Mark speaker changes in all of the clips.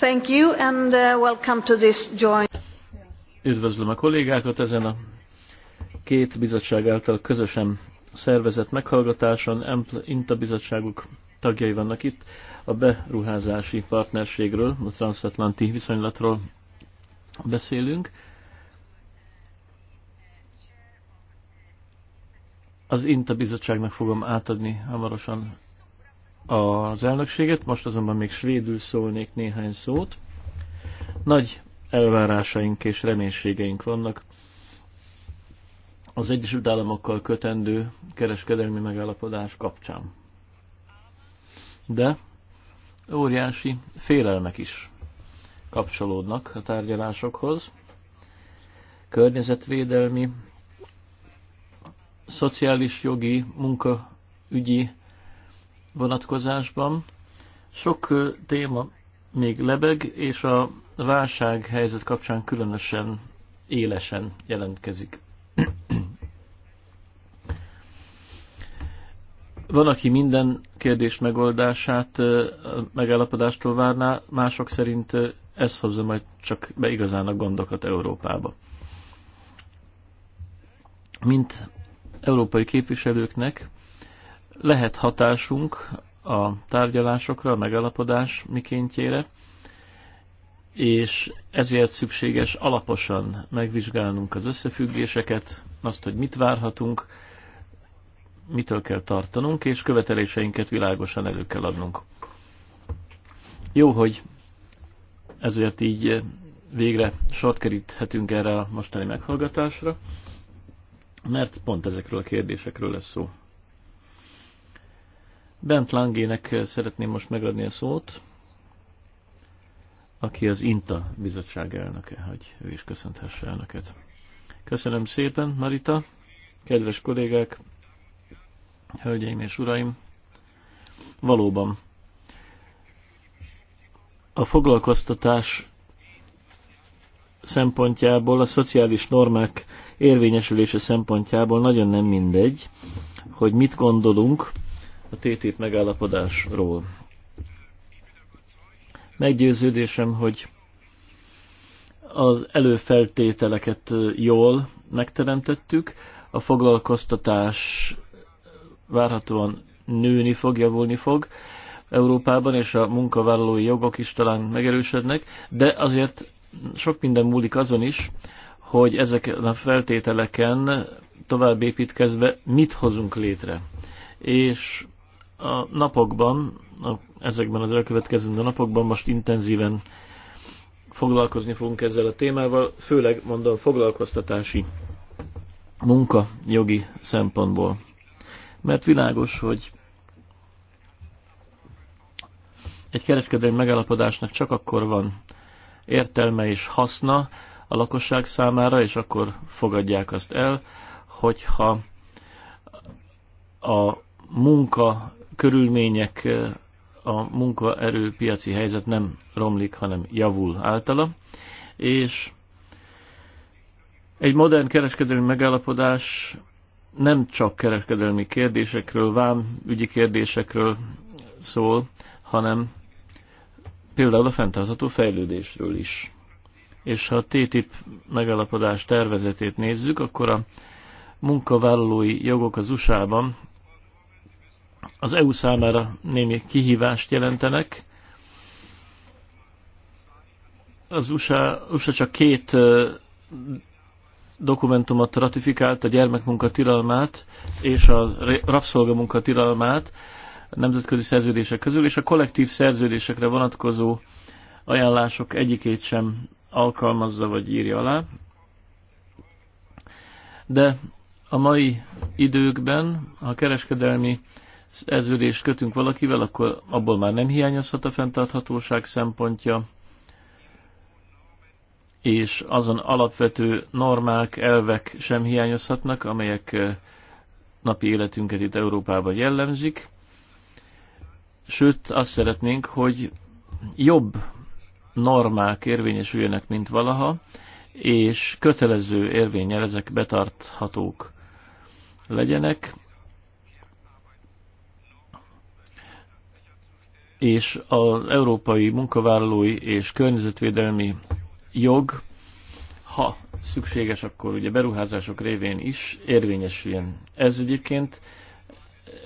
Speaker 1: Thank you and uh, welcome to this joint.
Speaker 2: Üdvözlöm a kollégákat ezen a két bizottság által közösen szervezett meghallgatáson. INTA bizottságuk tagjai vannak itt. A beruházási partnerségről, a transatlanti viszonylatról beszélünk. Az INTA bizottságnak fogom átadni hamarosan az elnökséget, most azonban még svédül szólnék néhány szót. Nagy elvárásaink és reménységeink vannak az Egyesült Államokkal kötendő kereskedelmi megállapodás kapcsán. De óriási félelmek is kapcsolódnak a tárgyalásokhoz. Környezetvédelmi, szociális jogi, munkaügyi vonatkozásban. Sok téma még lebeg, és a válság helyzet kapcsán különösen élesen jelentkezik. Van, aki minden kérdés megoldását megállapodástól várná, mások szerint ez hozza majd csak be igazán a gondokat Európába. Mint európai képviselőknek lehet hatásunk a tárgyalásokra, a megalapodás mikéntjére, és ezért szükséges alaposan megvizsgálnunk az összefüggéseket, azt, hogy mit várhatunk, mitől kell tartanunk, és követeléseinket világosan elő kell adnunk. Jó, hogy ezért így végre sort keríthetünk erre a mostani meghallgatásra, mert pont ezekről a kérdésekről lesz szó. Bent Langének szeretném most megadni a szót, aki az INTA bizottság elnöke, hogy ő is köszönthesse elnöket. Köszönöm szépen, Marita, kedves kollégák, hölgyeim és uraim. Valóban. A foglalkoztatás szempontjából, a szociális normák érvényesülése szempontjából nagyon nem mindegy, hogy mit gondolunk a TTIP megállapodásról. Meggyőződésem, hogy az előfeltételeket jól megteremtettük, a foglalkoztatás várhatóan nőni fog, javulni fog Európában, és a munkavállalói jogok is talán megerősödnek, de azért sok minden múlik azon is, hogy ezeken a feltételeken tovább építkezve mit hozunk létre. És a napokban, a, ezekben az elkövetkező napokban most intenzíven foglalkozni fogunk ezzel a témával, főleg mondom foglalkoztatási munka jogi szempontból. Mert világos, hogy egy kereskedelmi megállapodásnak csak akkor van értelme és haszna a lakosság számára, és akkor fogadják azt el, hogyha a munka körülmények, eh, a munkaerőpiaci helyzet nem romlik, hanem javul általa, és egy modern kereskedelmi megállapodás nem csak kereskedelmi kérdésekről, vám ügyi kérdésekről szól, hanem például a fenntartható fejlődésről is. És ha a TTIP megállapodás tervezetét nézzük, akkor a munkavállalói jogok az USA-ban az EU számára némi kihívást jelentenek. Az USA, USA csak két dokumentumot ratifikált, a gyermekmunka tilalmát és a rabszolgamunka tilalmát a nemzetközi szerződések közül, és a kollektív szerződésekre vonatkozó ajánlások egyikét sem alkalmazza vagy írja alá. De a mai időkben a kereskedelmi szerződést kötünk valakivel, akkor abból már nem hiányozhat a fenntarthatóság szempontja, és azon alapvető normák, elvek sem hiányozhatnak, amelyek eh, napi életünket itt Európában jellemzik. Sőt, azt szeretnénk, hogy jobb normák érvényesüljenek, mint valaha, és kötelező érvényel ezek betarthatók legyenek, és az európai munkavállalói és környezetvédelmi jog, ha szükséges, akkor ugye beruházások révén is érvényesüljön. Ez egyébként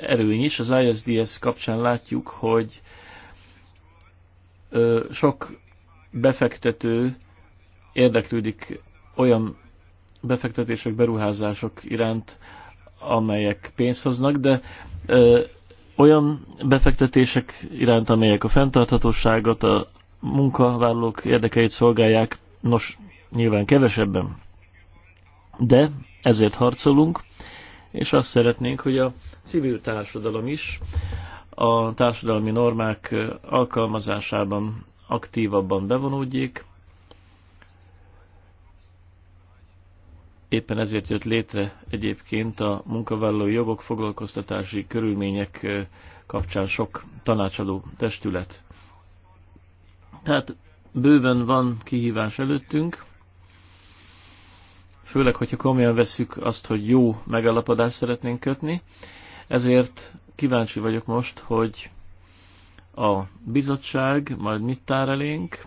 Speaker 2: erőny is. Az ISDS kapcsán látjuk, hogy sok befektető érdeklődik olyan befektetések, beruházások iránt, amelyek pénzt hoznak, de olyan befektetések iránt, amelyek a fenntarthatóságot, a munkavállalók érdekeit szolgálják, nos, nyilván kevesebben. De ezért harcolunk, és azt szeretnénk, hogy a civil társadalom is a társadalmi normák alkalmazásában aktívabban bevonódjék, Éppen ezért jött létre egyébként a munkavállalói jogok foglalkoztatási körülmények kapcsán sok tanácsadó testület. Tehát bőven van kihívás előttünk, főleg, hogyha komolyan vesszük azt, hogy jó megalapodást szeretnénk kötni. Ezért kíváncsi vagyok most, hogy a bizottság majd mit tár elénk,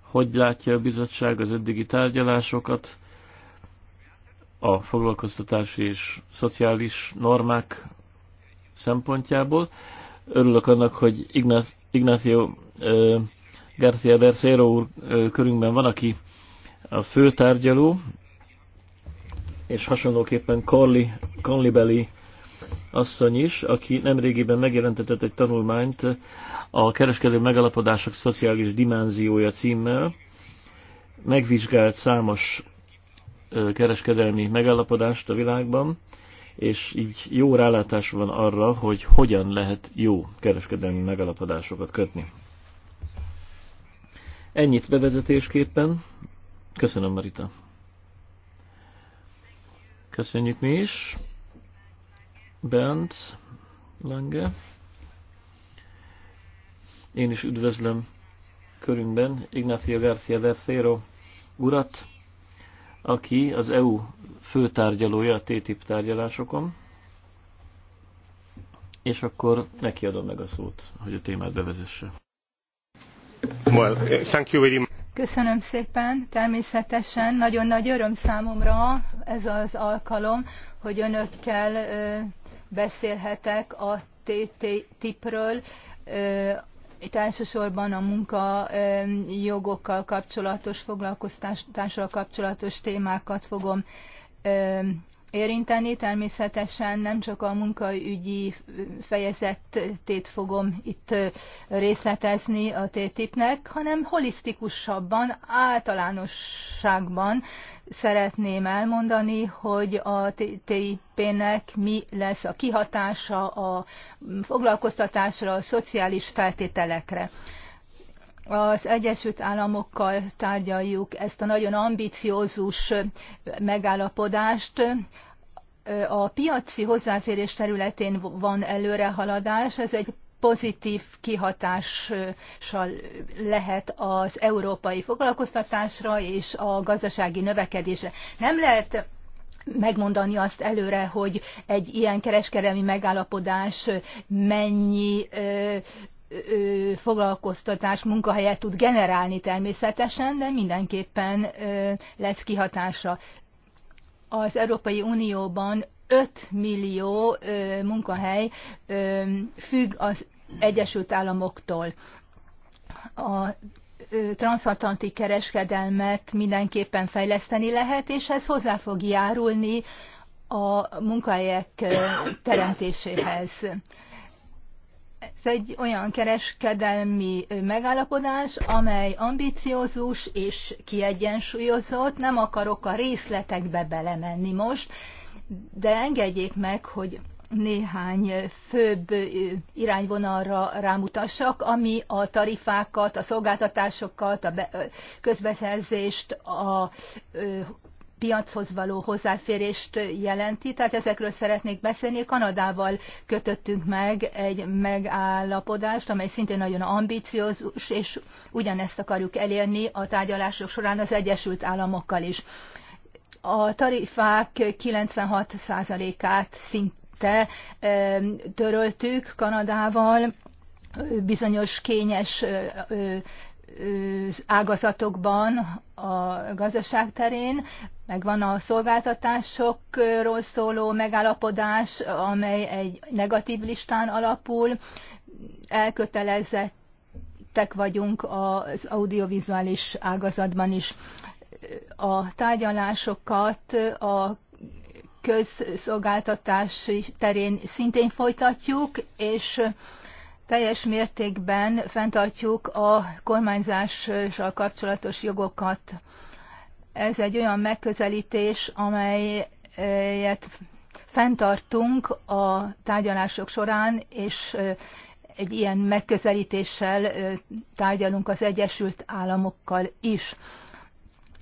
Speaker 2: hogy látja a bizottság az eddigi tárgyalásokat, a foglalkoztatási és szociális normák szempontjából. Örülök annak, hogy Ignacio García Bercero úr körünkben van, aki a főtárgyaló, és hasonlóképpen Corley, Conley Belli asszony is, aki nemrégiben megjelentetett egy tanulmányt a kereskedő megalapodások szociális dimenziója címmel, megvizsgált számos kereskedelmi megállapodást a világban, és így jó rálátás van arra, hogy hogyan lehet jó kereskedelmi megállapodásokat kötni. Ennyit bevezetésképpen. Köszönöm, Marita. Köszönjük mi is. Bent Lange. Én is üdvözlöm körünkben Ignacio García Bercero urat, aki az EU főtárgyalója a TTIP tárgyalásokon, és akkor neki adom meg a szót, hogy a témát bevezesse. Well, thank you very much.
Speaker 1: Köszönöm szépen, természetesen nagyon nagy öröm számomra ez az alkalom, hogy önökkel beszélhetek a TTIP-ről, itt elsősorban a jogokkal kapcsolatos, foglalkoztatással kapcsolatos témákat fogom érinteni. Természetesen nem csak a munkaügyi fejezetét fogom itt részletezni a TTIP-nek, hanem holisztikusabban, általánosságban szeretném elmondani, hogy a TTIP-nek mi lesz a kihatása a foglalkoztatásra, a szociális feltételekre az Egyesült Államokkal tárgyaljuk ezt a nagyon ambiciózus megállapodást. A piaci hozzáférés területén van előrehaladás, ez egy pozitív kihatással lehet az európai foglalkoztatásra és a gazdasági növekedésre. Nem lehet megmondani azt előre, hogy egy ilyen kereskedelmi megállapodás mennyi foglalkoztatás munkahelyet tud generálni természetesen, de mindenképpen lesz kihatása. Az Európai Unióban 5 millió munkahely függ az Egyesült Államoktól. A transatlanti kereskedelmet mindenképpen fejleszteni lehet, és ez hozzá fog járulni a munkahelyek teremtéséhez ez egy olyan kereskedelmi megállapodás, amely ambiciózus és kiegyensúlyozott, nem akarok a részletekbe belemenni most, de engedjék meg, hogy néhány főbb irányvonalra rámutassak, ami a tarifákat, a szolgáltatásokat, a közbeszerzést, a piachoz való hozzáférést jelenti, tehát ezekről szeretnék beszélni. Kanadával kötöttünk meg egy megállapodást, amely szintén nagyon ambiciózus, és ugyanezt akarjuk elérni a tárgyalások során az Egyesült Államokkal is. A tarifák 96%-át szinte töröltük Kanadával, bizonyos kényes ágazatokban a gazdaság terén, meg van a szolgáltatásokról szóló megállapodás, amely egy negatív listán alapul, elkötelezettek vagyunk az audiovizuális ágazatban is. A tárgyalásokat a közszolgáltatás terén szintén folytatjuk, és teljes mértékben fenntartjuk a kormányzással kapcsolatos jogokat. Ez egy olyan megközelítés, amelyet fenntartunk a tárgyalások során, és egy ilyen megközelítéssel tárgyalunk az Egyesült Államokkal is.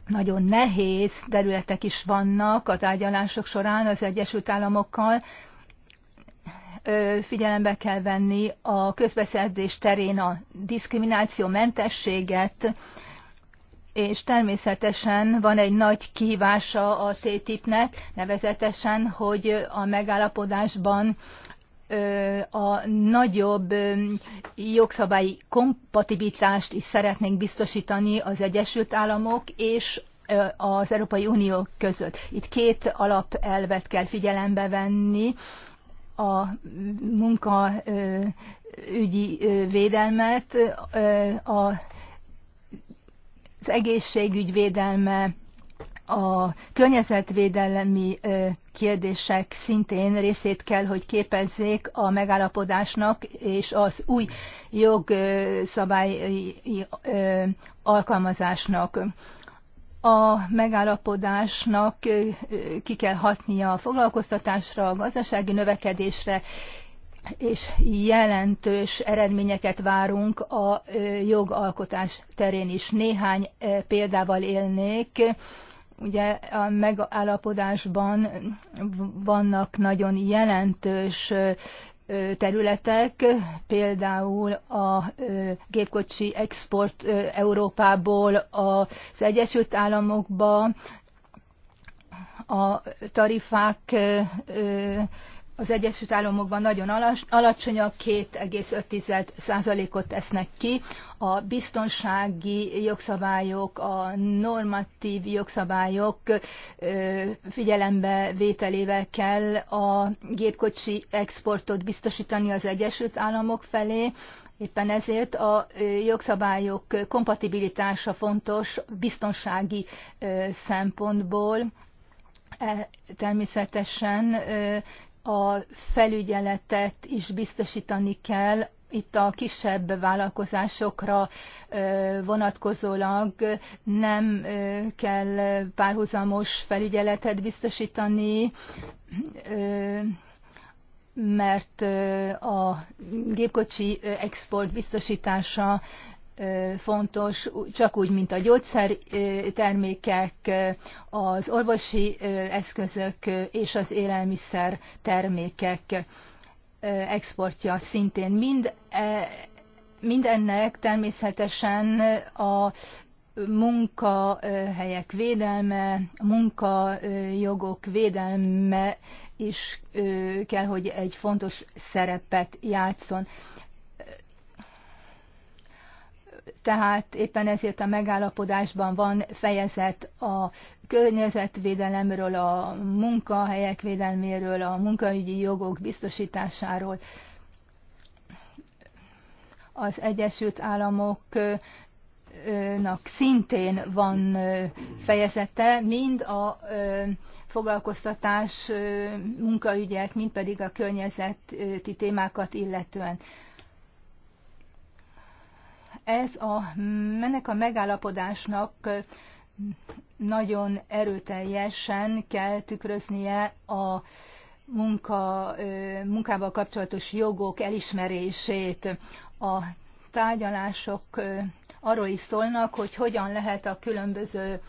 Speaker 1: Nagyon nehéz területek is vannak a tárgyalások során az Egyesült Államokkal, figyelembe kell venni a közbeszerzés terén a diszkrimináció mentességet, és természetesen van egy nagy kívása a TTIP-nek, nevezetesen, hogy a megállapodásban a nagyobb jogszabályi kompatibilitást is szeretnénk biztosítani az Egyesült Államok és az Európai Unió között. Itt két alapelvet kell figyelembe venni, a munkaügyi védelmet, az egészségügy védelme, a környezetvédelmi kérdések szintén részét kell, hogy képezzék a megállapodásnak, és az új jogszabályi alkalmazásnak a megállapodásnak ki kell hatnia a foglalkoztatásra, a gazdasági növekedésre, és jelentős eredményeket várunk a jogalkotás terén is. Néhány példával élnék. Ugye a megállapodásban vannak nagyon jelentős területek, például a gépkocsi export Európából az Egyesült Államokba, a tarifák az Egyesült Államokban nagyon alacsonyak, 2,5%-ot tesznek ki. A biztonsági jogszabályok, a normatív jogszabályok figyelembe vételével kell a gépkocsi exportot biztosítani az Egyesült Államok felé, Éppen ezért a jogszabályok kompatibilitása fontos biztonsági szempontból, e, természetesen a felügyeletet is biztosítani kell itt a kisebb vállalkozásokra vonatkozólag nem kell párhuzamos felügyeletet biztosítani, mert a gépkocsi export biztosítása fontos, csak úgy, mint a gyógyszertermékek, az orvosi eszközök és az élelmiszer termékek exportja szintén. Mind, e, mindennek természetesen a munkahelyek védelme, a munkajogok védelme is kell, hogy egy fontos szerepet játszon tehát éppen ezért a megállapodásban van fejezet a környezetvédelemről, a munkahelyek védelméről, a munkaügyi jogok biztosításáról. Az Egyesült Államoknak szintén van fejezete, mind a foglalkoztatás, munkaügyek, mind pedig a környezeti témákat illetően. Ez a, ennek a megállapodásnak nagyon erőteljesen kell tükröznie a munka, munkával kapcsolatos jogok elismerését. A tárgyalások arról is szólnak, hogy hogyan lehet a különböző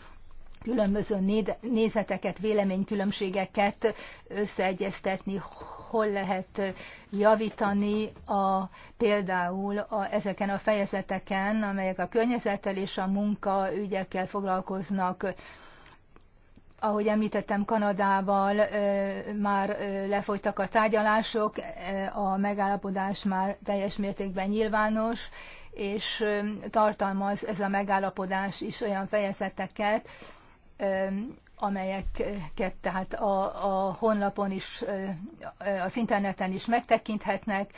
Speaker 1: különböző nézeteket, véleménykülönbségeket összeegyeztetni, hol lehet javítani a, például a, ezeken a fejezeteken, amelyek a környezettel és a munka ügyekkel foglalkoznak. Ahogy említettem, Kanadával már lefolytak a tárgyalások, a megállapodás már teljes mértékben nyilvános, és tartalmaz ez a megállapodás is olyan fejezeteket, amelyeket tehát a, a honlapon is, az interneten is megtekinthetnek.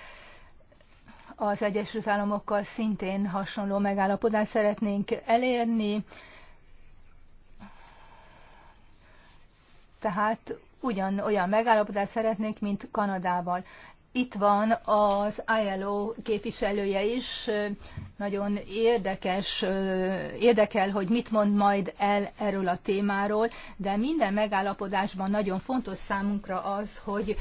Speaker 1: Az Egyesült Államokkal szintén hasonló megállapodást szeretnénk elérni. Tehát ugyan olyan megállapodást szeretnék, mint Kanadával itt van az ILO képviselője is, nagyon érdekes, érdekel, hogy mit mond majd el erről a témáról, de minden megállapodásban nagyon fontos számunkra az, hogy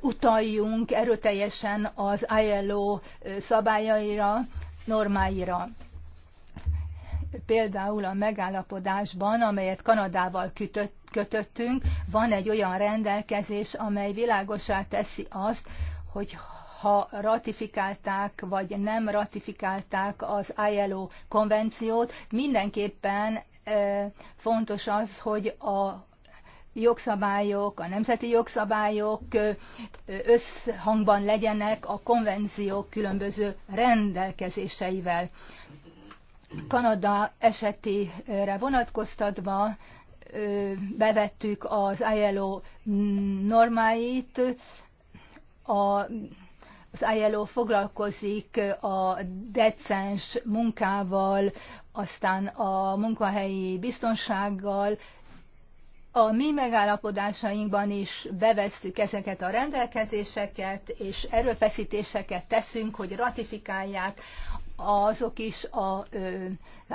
Speaker 1: utaljunk erőteljesen az ILO szabályaira, normáira például a megállapodásban, amelyet Kanadával kütött, kötöttünk, van egy olyan rendelkezés, amely világosá teszi azt, hogy ha ratifikálták vagy nem ratifikálták az ILO konvenciót, mindenképpen fontos az, hogy a jogszabályok, a nemzeti jogszabályok összhangban legyenek a konvenció különböző rendelkezéseivel. Kanada esetére vonatkoztatva bevettük az ILO normáit, a, az ILO foglalkozik a decens munkával, aztán a munkahelyi biztonsággal a mi megállapodásainkban is bevesztük ezeket a rendelkezéseket, és erőfeszítéseket teszünk, hogy ratifikálják azok is a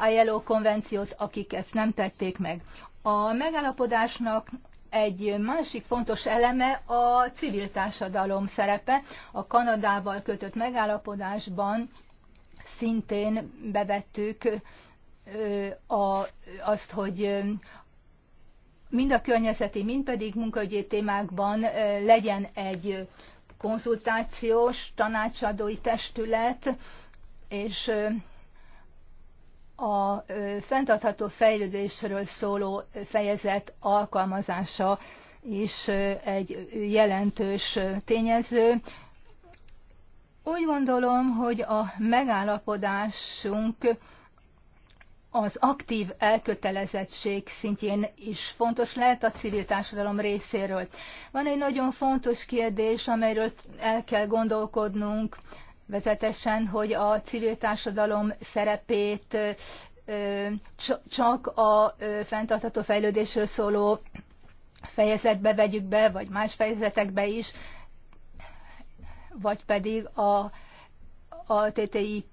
Speaker 1: ILO konvenciót, akik ezt nem tették meg. A megállapodásnak egy másik fontos eleme a civil társadalom szerepe. A Kanadával kötött megállapodásban szintén bevettük azt, hogy mind a környezeti, mind pedig munkaügyi témákban legyen egy konzultációs tanácsadói testület, és a fenntartható fejlődésről szóló fejezet alkalmazása is egy jelentős tényező. Úgy gondolom, hogy a megállapodásunk az aktív elkötelezettség szintjén is fontos lehet a civil társadalom részéről. Van egy nagyon fontos kérdés, amelyről el kell gondolkodnunk vezetesen, hogy a civil társadalom szerepét csak a fenntartható fejlődésről szóló fejezetbe vegyük be, vagy más fejezetekbe is, vagy pedig a, a TTIP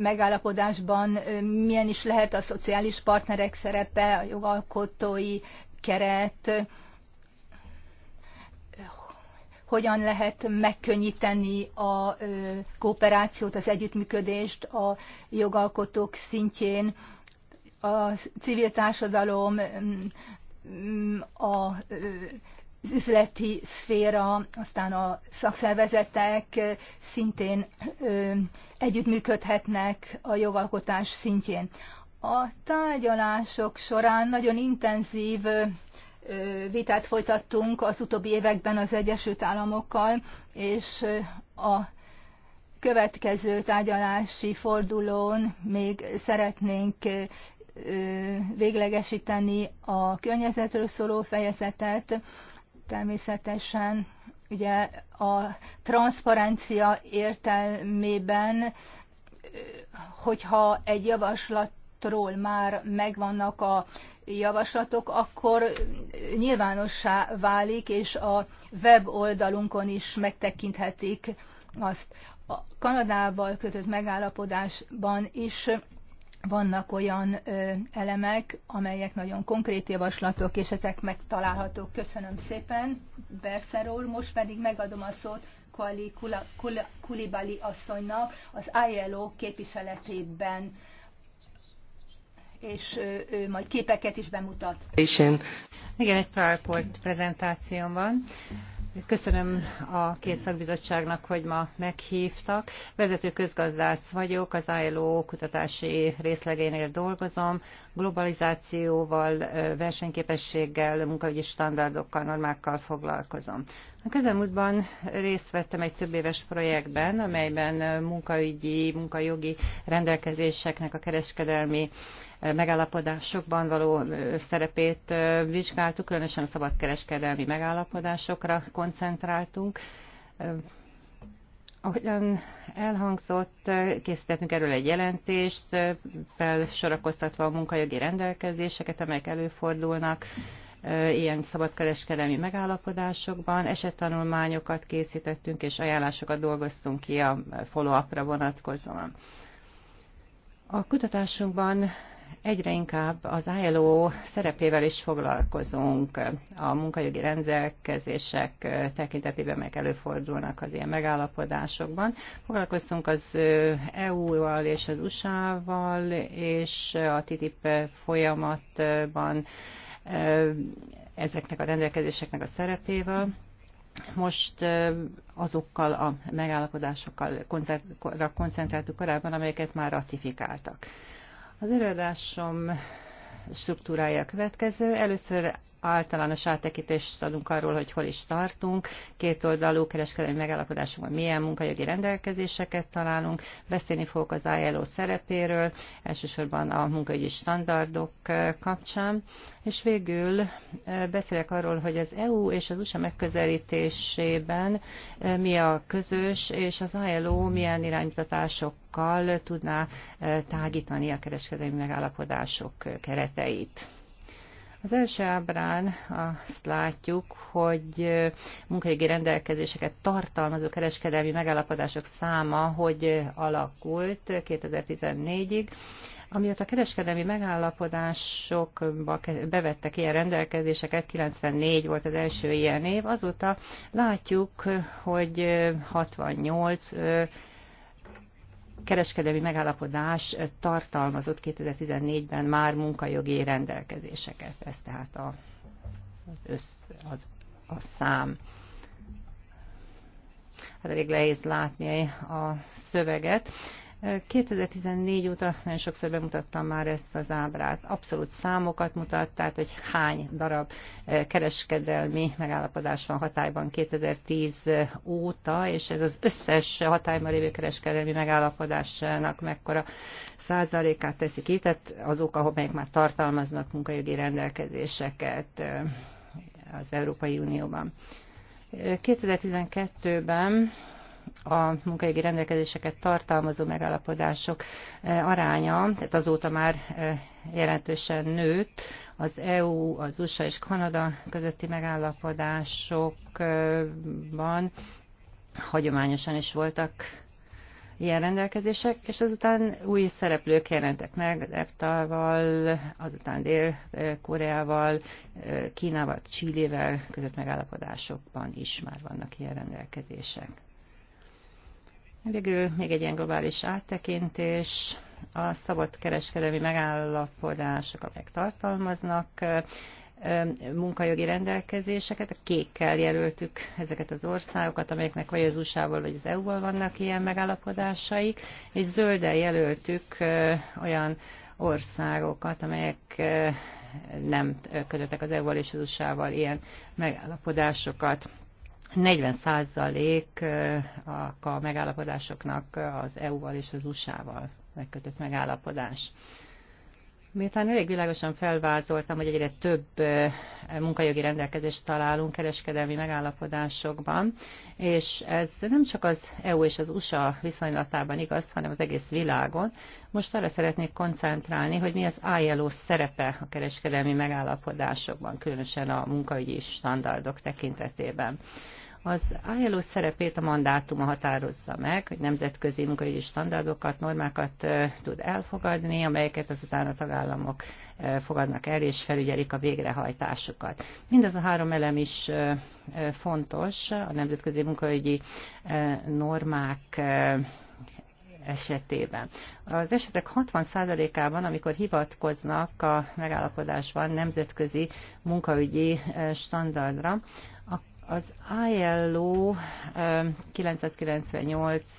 Speaker 1: megállapodásban milyen is lehet a szociális partnerek szerepe, a jogalkotói keret, hogyan lehet megkönnyíteni a kooperációt, az együttműködést a jogalkotók szintjén, a civil társadalom, mm, mm, a az üzleti szféra, aztán a szakszervezetek szintén együttműködhetnek a jogalkotás szintjén. A tárgyalások során nagyon intenzív vitát folytattunk az utóbbi években az Egyesült Államokkal, és a következő tárgyalási fordulón még szeretnénk véglegesíteni a környezetről szóló fejezetet, természetesen ugye a transzparencia értelmében, hogyha egy javaslatról már megvannak a javaslatok, akkor nyilvánossá válik, és a weboldalunkon is megtekinthetik azt. A Kanadával kötött megállapodásban is vannak olyan ö, elemek, amelyek nagyon konkrét javaslatok, és ezek megtalálhatók. Köszönöm szépen, Berszer úr. Most pedig megadom a szót Kuali Kula, Kula, Kulibali asszonynak az ILO képviseletében, és ő, ő majd képeket
Speaker 3: is bemutat. Igen, egy PowerPoint prezentációm van. Köszönöm a két szakbizottságnak, hogy ma meghívtak. Vezető közgazdász vagyok, az ILO kutatási részlegénél dolgozom. Globalizációval, versenyképességgel, munkahogyi standardokkal, normákkal foglalkozom. A közelmúltban részt vettem egy több éves projektben, amelyben munkaügyi, munkajogi rendelkezéseknek a kereskedelmi megállapodásokban való szerepét vizsgáltuk, különösen a szabadkereskedelmi megállapodásokra koncentráltunk. Ahogyan elhangzott, készítettünk erről egy jelentést, felsorakoztatva a munkajogi rendelkezéseket, amelyek előfordulnak ilyen szabadkereskedelmi megállapodásokban. Esettanulmányokat készítettünk, és ajánlásokat dolgoztunk ki a follow-upra vonatkozóan. A kutatásunkban egyre inkább az ILO szerepével is foglalkozunk a munkajogi rendelkezések tekintetében, meg előfordulnak az ilyen megállapodásokban. Foglalkoztunk az EU-val és az USA-val, és a TTIP folyamatban ezeknek a rendelkezéseknek a szerepével. Most azokkal a megállapodásokkal koncentráltuk korábban, amelyeket már ratifikáltak. Az előadásom struktúrája következő. Először általános áttekintést adunk arról, hogy hol is tartunk, kétoldalú kereskedelmi megállapodásunkban milyen munkajogi rendelkezéseket találunk, beszélni fogok az ILO szerepéről, elsősorban a munkaügyi standardok eh, kapcsán, és végül eh, beszélek arról, hogy az EU és az USA megközelítésében eh, mi a közös, és az ILO milyen irányítatásokkal tudná tágítani a kereskedelmi megállapodások kereteit. Az első ábrán azt látjuk, hogy munkajogi rendelkezéseket tartalmazó kereskedelmi megállapodások száma hogy alakult 2014-ig. Amióta a kereskedelmi megállapodásokba bevettek ilyen rendelkezéseket, 94 volt az első ilyen év, azóta látjuk, hogy 68 kereskedelmi megállapodás tartalmazott 2014-ben már munkajogi rendelkezéseket. Ez tehát a, össz, az, a szám. Hát elég lehéz látni a szöveget. 2014 óta nagyon sokszor bemutattam már ezt az ábrát. Abszolút számokat mutat, tehát hogy hány darab eh, kereskedelmi megállapodás van hatályban 2010 eh, óta, és ez az összes hatályban lévő kereskedelmi megállapodásnak mekkora százalékát teszik ki, tehát azok, amelyek már tartalmaznak munkajogi rendelkezéseket eh, az Európai Unióban. 2012-ben a munkajogi rendelkezéseket tartalmazó megállapodások eh, aránya, tehát azóta már eh, jelentősen nőtt. Az EU, az USA és Kanada közötti megállapodásokban hagyományosan is voltak ilyen rendelkezések, és azután új szereplők jelentek meg, az EFTA-val, azután Dél-Koreával, eh, Kínával, Csillével között megállapodásokban is már vannak ilyen rendelkezések. Végül még egy ilyen globális áttekintés. A szabad kereskedelmi megállapodások, amelyek tartalmaznak munkajogi rendelkezéseket, a kékkel jelöltük ezeket az országokat, amelyeknek vagy az USA-val, vagy az EU-val vannak ilyen megállapodásaik, és zölddel jelöltük olyan országokat, amelyek nem kötöttek az EU-val és az USA-val ilyen megállapodásokat. 40% százalék a megállapodásoknak az EU-val és az USA-val megkötött megállapodás. Miután elég világosan felvázoltam, hogy egyre több munkajogi rendelkezést találunk kereskedelmi megállapodásokban, és ez nem csak az EU és az USA viszonylatában igaz, hanem az egész világon. Most arra szeretnék koncentrálni, hogy mi az ILO szerepe a kereskedelmi megállapodásokban, különösen a munkaügyi standardok tekintetében. Az ILO szerepét a mandátuma határozza meg, hogy nemzetközi munkaügyi standardokat, normákat tud elfogadni, amelyeket azután a tagállamok fogadnak el és felügyelik a végrehajtásukat. Mindez a három elem is fontos a nemzetközi munkaügyi normák esetében. Az esetek 60%-ában, amikor hivatkoznak a megállapodásban nemzetközi munkaügyi standardra, az ILO 998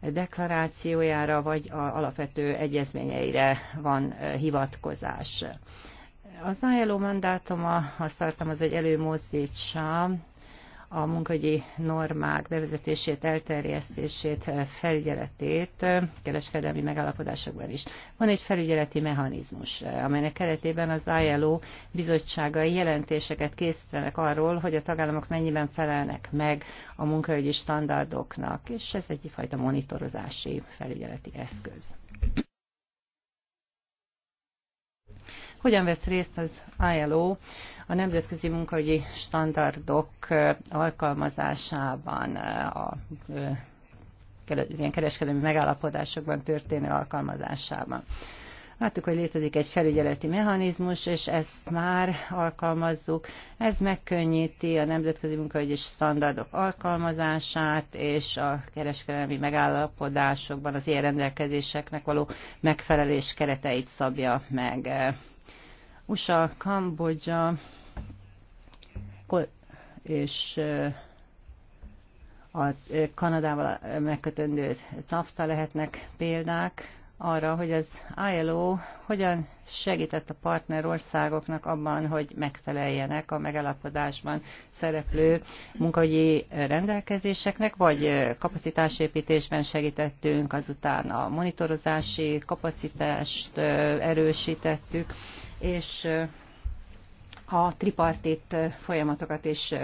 Speaker 3: deklarációjára vagy a alapvető egyezményeire van hivatkozás. Az ILO mandátuma azt tartom, az, egy előmozdítsa a munkahogyi normák bevezetését, elterjesztését, felügyeletét kereskedelmi megállapodásokban is. Van egy felügyeleti mechanizmus, amelynek keretében az ILO bizottságai jelentéseket készítenek arról, hogy a tagállamok mennyiben felelnek meg a munkahogyi standardoknak, és ez egyfajta monitorozási felügyeleti eszköz. Hogyan vesz részt az ILO a nemzetközi munkahogyi standardok alkalmazásában, a ilyen kereskedelmi megállapodásokban történő alkalmazásában. Láttuk, hogy létezik egy felügyeleti mechanizmus, és ezt már alkalmazzuk. Ez megkönnyíti a nemzetközi munkahogyi standardok alkalmazását, és a kereskedelmi megállapodásokban az ilyen rendelkezéseknek való megfelelés kereteit szabja meg. USA, Kambodzsa és a Kanadával megkötendő CAFTA lehetnek példák, arra, hogy az ILO hogyan segített a partnerországoknak abban, hogy megfeleljenek a megállapodásban szereplő munkahogyi rendelkezéseknek, vagy kapacitásépítésben segítettünk, azután a monitorozási kapacitást erősítettük, és a tripartit folyamatokat is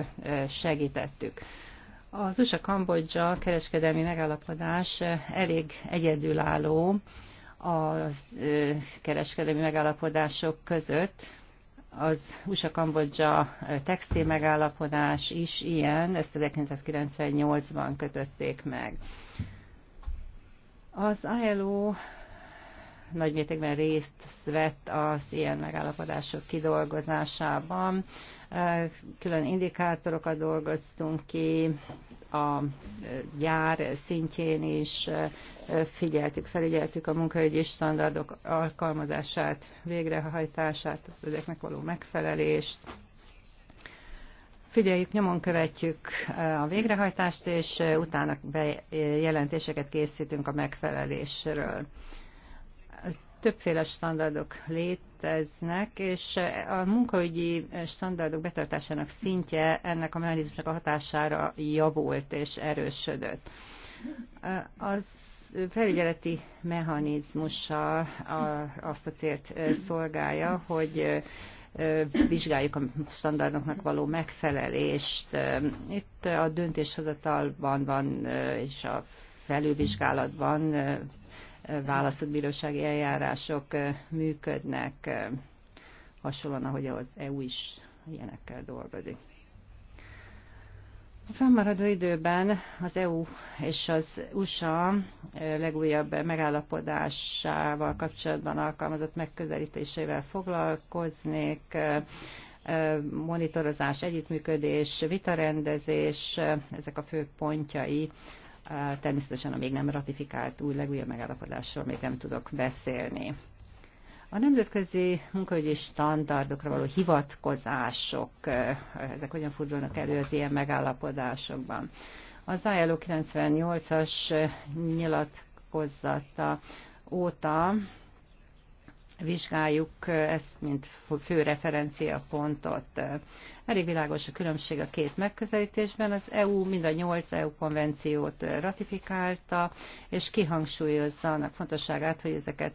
Speaker 3: segítettük. Az USA-Kambodzsa kereskedelmi megállapodás elég egyedülálló, a kereskedelmi megállapodások között. Az USA-Kambodzsa textil megállapodás is ilyen, ezt 1998-ban kötötték meg. Az ILO nagymértékben részt vett az ilyen megállapodások kidolgozásában. Külön indikátorokat dolgoztunk ki, a gyár szintjén is figyeltük, felügyeltük a munkaügyi standardok alkalmazását, végrehajtását, ezeknek való megfelelést figyeljük, nyomon követjük a végrehajtást, és utána bejelentéseket készítünk a megfelelésről. Többféle standardok léteznek, és a munkaügyi standardok betartásának szintje ennek a mechanizmusnak a hatására javult és erősödött. Az felügyeleti mechanizmusa azt a célt szolgálja, hogy vizsgáljuk a standardoknak való megfelelést. Itt a döntéshozatalban van és a felülvizsgálatban válaszok, bírósági eljárások működnek, hasonlóan, ahogy az EU is ilyenekkel dolgozik. A fennmaradó időben az EU és az USA legújabb megállapodásával kapcsolatban alkalmazott megközelítésével foglalkoznék, monitorozás, együttműködés, vitarendezés, ezek a fő pontjai Természetesen a még nem ratifikált új legújabb megállapodásról még nem tudok beszélni. A nemzetközi munkaügyi standardokra való hivatkozások, ezek hogyan fordulnak elő az ilyen megállapodásokban? Az ILO 98-as nyilatkozata óta vizsgáljuk ezt, mint fő referencia pontot. Elég világos a különbség a két megközelítésben. Az EU mind a nyolc EU konvenciót ratifikálta, és kihangsúlyozza annak fontosságát, hogy ezeket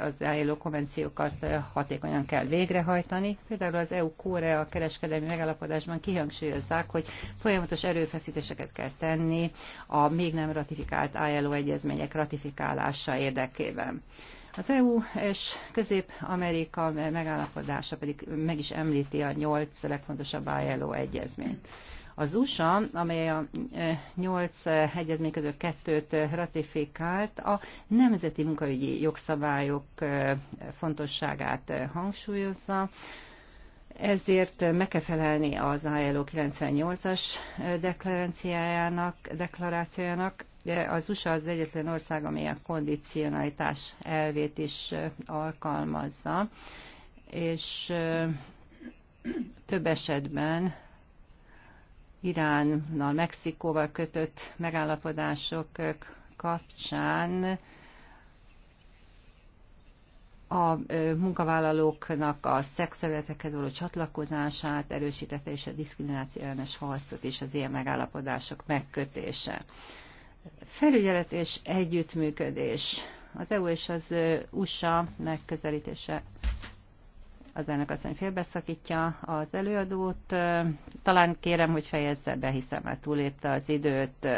Speaker 3: az ILO konvenciókat hatékonyan kell végrehajtani. Például az EU-Korea kereskedelmi megállapodásban kihangsúlyozzák, hogy folyamatos erőfeszítéseket kell tenni a még nem ratifikált ILO egyezmények ratifikálása érdekében. Az EU és Közép-Amerika megállapodása pedig meg is említi a nyolc legfontosabb ILO egyezményt. Az USA, amely a e, nyolc egyezmény közül kettőt ratifikált, a nemzeti munkaügyi jogszabályok e, fontosságát hangsúlyozza, ezért meg kell felelni az ILO 98-as e, deklarációjának, deklarációjának az USA az egyetlen ország, amely a kondicionalitás elvét is alkalmazza, és több esetben Iránnal, Mexikóval kötött megállapodások kapcsán a munkavállalóknak a szexterületekhez való csatlakozását erősítette, és a diszkrimináció ellenes harcot és az ilyen megállapodások megkötése. Felügyelet és együttműködés. Az EU és az USA megközelítése az elnök asszony félbeszakítja az előadót. Talán kérem, hogy fejezze be, hiszen már túlépte az időt.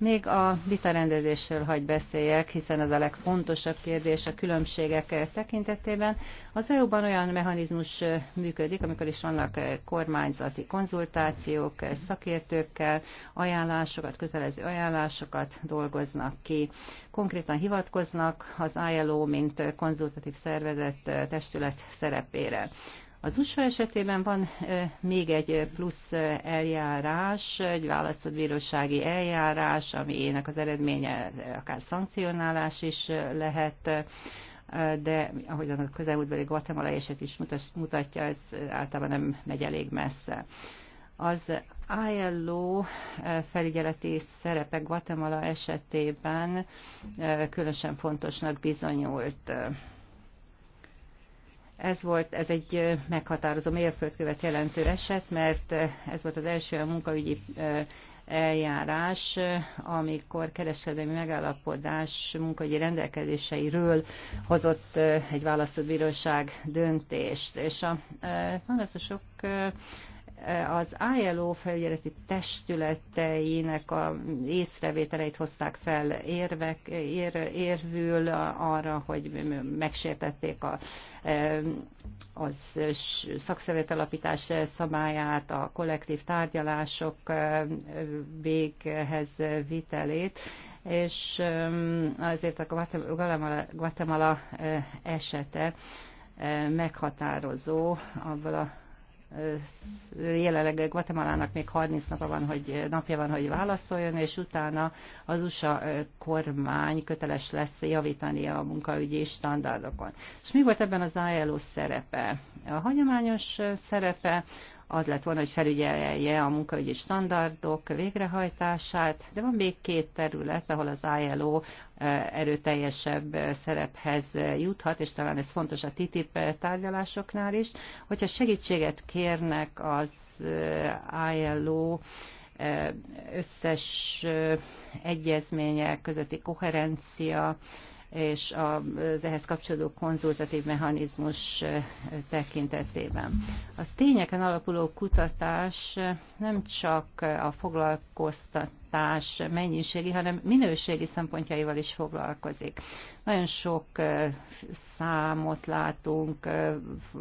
Speaker 3: Még a vitarendezésről hagy beszéljek, hiszen az a legfontosabb kérdés a különbségek tekintetében. Az EU-ban olyan mechanizmus működik, amikor is vannak kormányzati konzultációk szakértőkkel, ajánlásokat, kötelező ajánlásokat dolgoznak ki. Konkrétan hivatkoznak az ILO, mint konzultatív szervezet testület szerepére. Az USA esetében van még egy plusz eljárás, egy választott bírósági eljárás, aminek az eredménye akár szankcionálás is lehet, de ahogy a közelmúltbeli Guatemala eset is mutatja, ez általában nem megy elég messze. Az ILO felügyeleti szerepe Guatemala esetében különösen fontosnak bizonyult. Ez volt, ez egy meghatározó mérföldkövet jelentő eset, mert ez volt az első a munkaügyi eljárás, amikor kereskedelmi megállapodás munkahogyi rendelkezéseiről hozott egy választott bíróság döntést. És a panaszosok az ILO felügyeleti testületeinek a észrevételeit hozták fel érvek, ér, érvül arra, hogy megsértették a, az szakszervezet alapítás szabályát, a kollektív tárgyalások véghez vitelét, és azért a Guatemala, Guatemala esete meghatározó abból a jelenleg Guatemalának még 30 napja van, hogy, napja van, hogy válaszoljon, és utána az USA kormány köteles lesz javítani a munkaügyi standardokon. És mi volt ebben az ILO szerepe? A hagyományos szerepe az lett volna, hogy felügyelje a munkaügyi standardok végrehajtását, de van még két terület, ahol az ILO eh, erőteljesebb eh, szerephez eh, juthat, és talán ez fontos a TTIP tárgyalásoknál is, hogyha segítséget kérnek az ILO összes egyezmények közötti koherencia, és az ehhez kapcsolódó konzultatív mechanizmus tekintetében. A tényeken alapuló kutatás nem csak a foglalkoztat kutatás mennyiségi, hanem minőségi szempontjaival is foglalkozik. Nagyon sok számot látunk,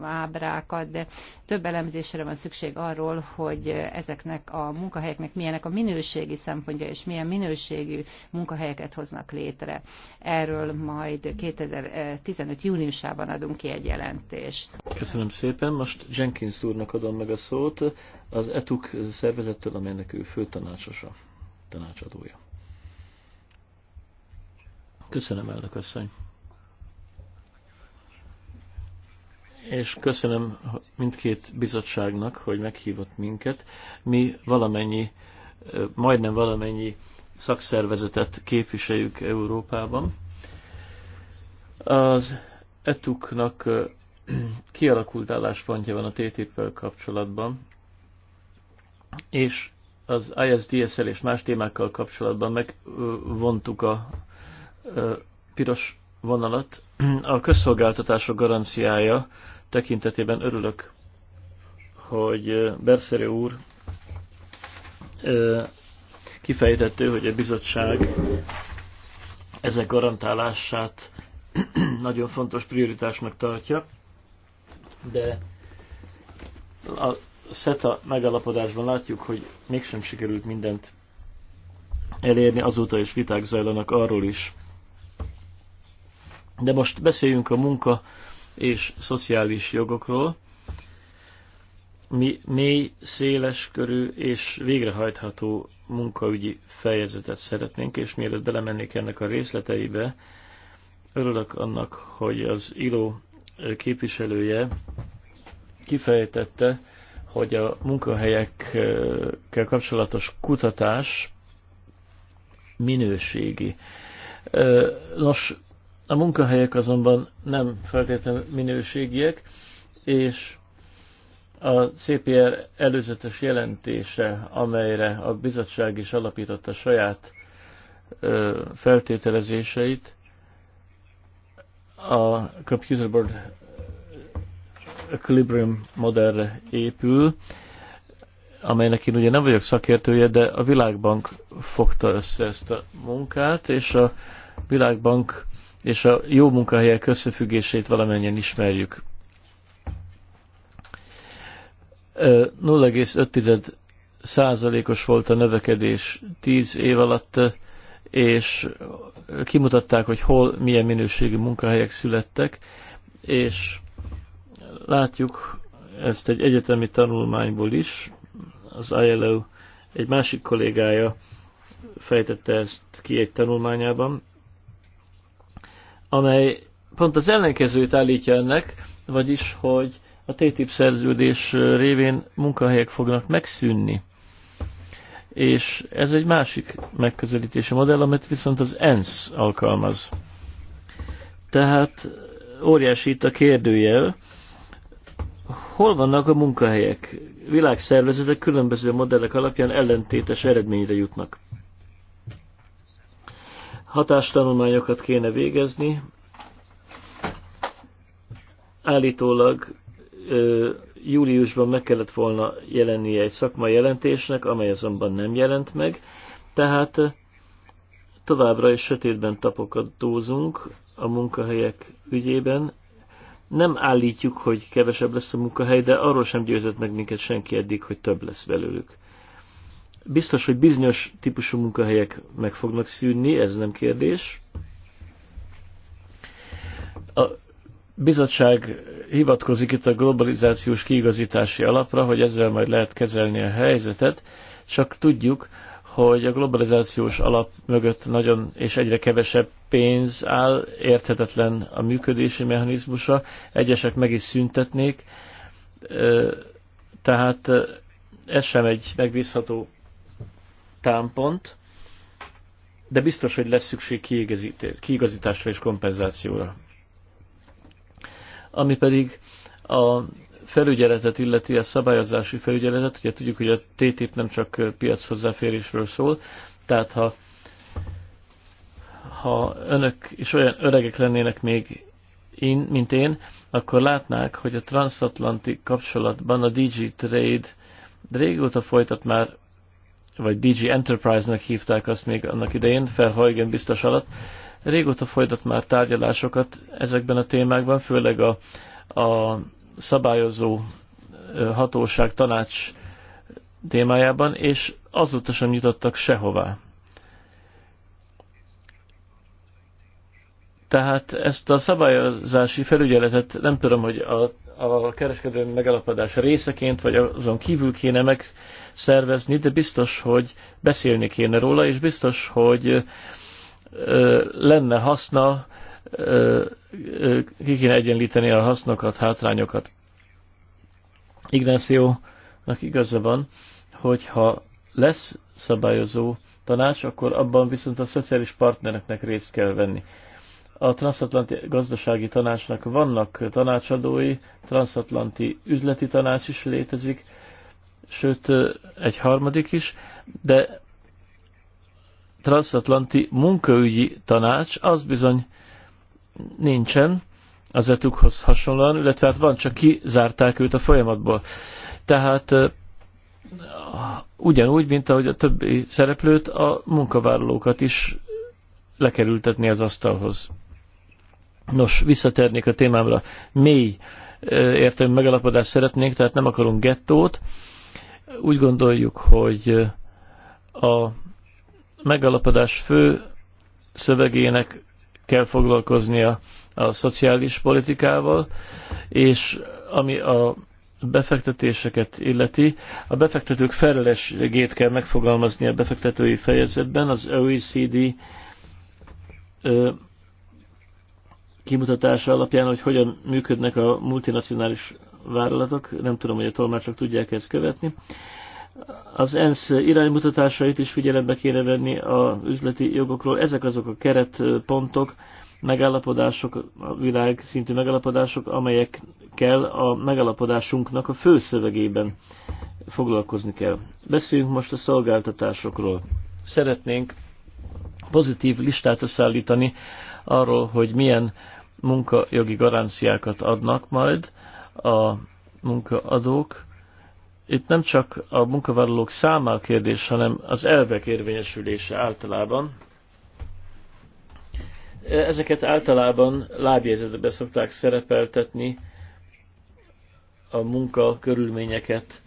Speaker 3: ábrákat, de több elemzésre van szükség arról, hogy ezeknek a munkahelyeknek milyenek a minőségi szempontja, és milyen minőségű munkahelyeket hoznak létre. Erről majd 2015. júniusában adunk ki egy jelentést.
Speaker 2: Köszönöm szépen. Most Jenkins úrnak adom meg a szót, az ETUK szervezettel, amelynek ő főtanácsosa tanácsadója. Köszönöm, elnök asszony. És köszönöm mindkét bizottságnak, hogy meghívott minket. Mi valamennyi, majdnem valamennyi szakszervezetet képviseljük Európában. Az etuknak kialakult álláspontja van a TTIP-vel kapcsolatban, és az ISDS-el és más témákkal kapcsolatban megvontuk a piros vonalat. A közszolgáltatások garanciája tekintetében örülök, hogy Berszerő úr kifejtette, hogy a bizottság ezek garantálását nagyon fontos prioritásnak tartja, de a SETA megalapodásban látjuk, hogy mégsem sikerült mindent elérni, azóta is viták zajlanak arról is. De most beszéljünk a munka és szociális jogokról. Mi mély, széles körű és végrehajtható munkaügyi fejezetet szeretnénk, és mielőtt belemennék ennek a részleteibe, örülök annak, hogy az ILO képviselője kifejtette, hogy a munkahelyekkel kapcsolatos kutatás minőségi. Nos, a munkahelyek azonban nem feltétlenül minőségiek, és a CPR előzetes jelentése, amelyre a bizottság is alapította saját feltételezéseit, a Computer Board equilibrium modellre épül, amelynek én ugye nem vagyok szakértője, de a Világbank fogta össze ezt a munkát, és a Világbank és a jó munkahelyek összefüggését valamennyien ismerjük. 0,5 százalékos volt a növekedés 10 év alatt, és kimutatták, hogy hol milyen minőségű munkahelyek születtek, és Látjuk ezt egy egyetemi tanulmányból is. Az ILO egy másik kollégája fejtette ezt ki egy tanulmányában, amely pont az ellenkezőt állítja ennek, vagyis, hogy a TTIP szerződés révén munkahelyek fognak megszűnni. És ez egy másik megközelítési modell, amit viszont az ENSZ alkalmaz. Tehát óriási itt a kérdőjel, hol vannak a munkahelyek? Világszervezetek különböző modellek alapján ellentétes eredményre jutnak. Hatástanulmányokat kéne végezni. Állítólag ö, júliusban meg kellett volna jelennie egy szakmai jelentésnek, amely azonban nem jelent meg, tehát továbbra is sötétben tapokat dózunk a munkahelyek ügyében, nem állítjuk, hogy kevesebb lesz a munkahely, de arról sem győzött meg minket senki eddig, hogy több lesz belőlük. Biztos, hogy bizonyos típusú munkahelyek meg fognak szűnni, ez nem kérdés. A bizottság hivatkozik itt a globalizációs kiigazítási alapra, hogy ezzel majd lehet kezelni a helyzetet, csak tudjuk, hogy a globalizációs alap mögött nagyon és egyre kevesebb pénz áll, érthetetlen a működési mechanizmusa, egyesek meg is szüntetnék, tehát ez sem egy megbízható támpont, de biztos, hogy lesz szükség kiigazításra és kompenzációra. Ami pedig a felügyeletet illeti, a szabályozási felügyeletet, ugye tudjuk, hogy a TTIP nem csak piac hozzáférésről szól, tehát ha, ha önök is olyan öregek lennének még én, mint én, akkor látnák, hogy a transatlanti kapcsolatban a DG Trade régóta folytat már, vagy DG Enterprise-nak hívták azt még annak idején, felhajgen biztos alatt, régóta folytat már tárgyalásokat ezekben a témákban, főleg a, a szabályozó hatóság tanács témájában, és azóta sem jutottak sehová. Tehát ezt a szabályozási felügyeletet nem tudom, hogy a, a kereskedelmi megalapodás részeként, vagy azon kívül kéne megszervezni, de biztos, hogy beszélni kéne róla, és biztos, hogy ö, lenne haszna ö, ki kéne egyenlíteni a hasznokat, hátrányokat. Ignációnak igaza van, hogyha lesz szabályozó tanács, akkor abban viszont a szociális partnereknek részt kell venni. A transatlanti gazdasági tanácsnak vannak tanácsadói, transatlanti üzleti tanács is létezik, sőt egy harmadik is, de transatlanti munkaügyi tanács az bizony nincsen az etukhoz hasonlóan, illetve hát van, csak kizárták őt a folyamatból. Tehát ugyanúgy, mint ahogy a többi szereplőt, a munkavállalókat is lekerültetni az asztalhoz. Nos, visszatérnék a témámra. Mély értelmű megalapodást szeretnénk, tehát nem akarunk gettót. Úgy gondoljuk, hogy a megalapodás fő szövegének kell foglalkoznia a szociális politikával, és ami a befektetéseket illeti, a befektetők felelősségét kell megfogalmazni a befektetői fejezetben, az OECD ö, kimutatása alapján, hogy hogyan működnek a multinacionális vállalatok, nem tudom, hogy a tolmácsok tudják ezt követni az ENSZ iránymutatásait is figyelembe kéne venni a üzleti jogokról. Ezek azok a keretpontok, megállapodások, a világ szintű megállapodások, amelyek kell a megállapodásunknak a főszövegében foglalkozni kell. Beszéljünk most a szolgáltatásokról. Szeretnénk pozitív listát összeállítani arról, hogy milyen munkajogi garanciákat adnak majd a munkaadók, itt nem csak a munkavállalók száma a kérdés, hanem az elvek érvényesülése általában. Ezeket általában lábjegyzetbe szokták szerepeltetni, a munka körülményeket,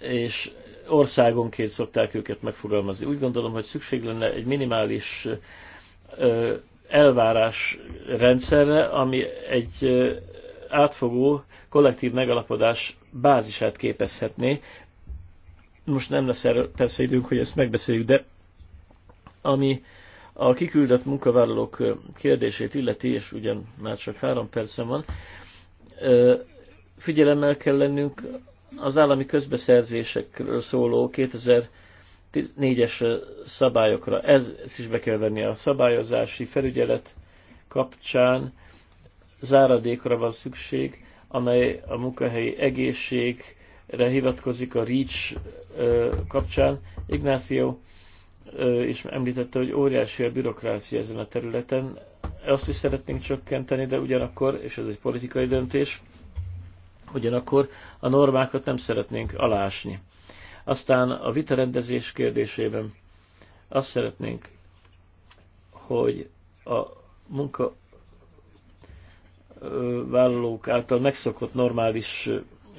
Speaker 2: és országonként szokták őket megfogalmazni. Úgy gondolom, hogy szükség lenne egy minimális elvárás rendszerre, ami egy átfogó kollektív megalapodás bázisát képezhetné. Most nem lesz erről persze időnk, hogy ezt megbeszéljük, de ami a kiküldött munkavállalók kérdését illeti, és ugyan már csak három percem van, figyelemmel kell lennünk az állami közbeszerzésekről szóló 2004-es szabályokra. Ez, ezt is be kell venni a szabályozási felügyelet kapcsán, záradékra van szükség, amely a munkahelyi egészségre hivatkozik a REACH kapcsán. Ignácio is említette, hogy óriási a bürokrácia ezen a területen. Azt is szeretnénk csökkenteni, de ugyanakkor, és ez egy politikai döntés, ugyanakkor a normákat nem szeretnénk alásni. Aztán a vitarendezés kérdésében azt szeretnénk, hogy a munka vállalók által megszokott normális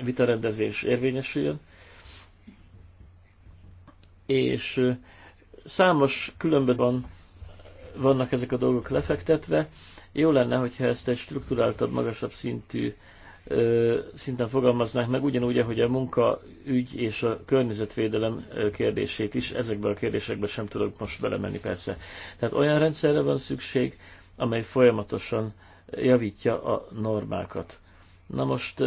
Speaker 2: vitarendezés érvényesüljön. És számos különböző van, vannak ezek a dolgok lefektetve. Jó lenne, hogyha ezt egy struktúráltabb, magasabb szintű szinten fogalmaznák meg, ugyanúgy, ahogy a munkaügy és a környezetvédelem kérdését is, ezekben a kérdésekben sem tudok most belemenni persze. Tehát olyan rendszerre van szükség, amely folyamatosan javítja a normákat. Na most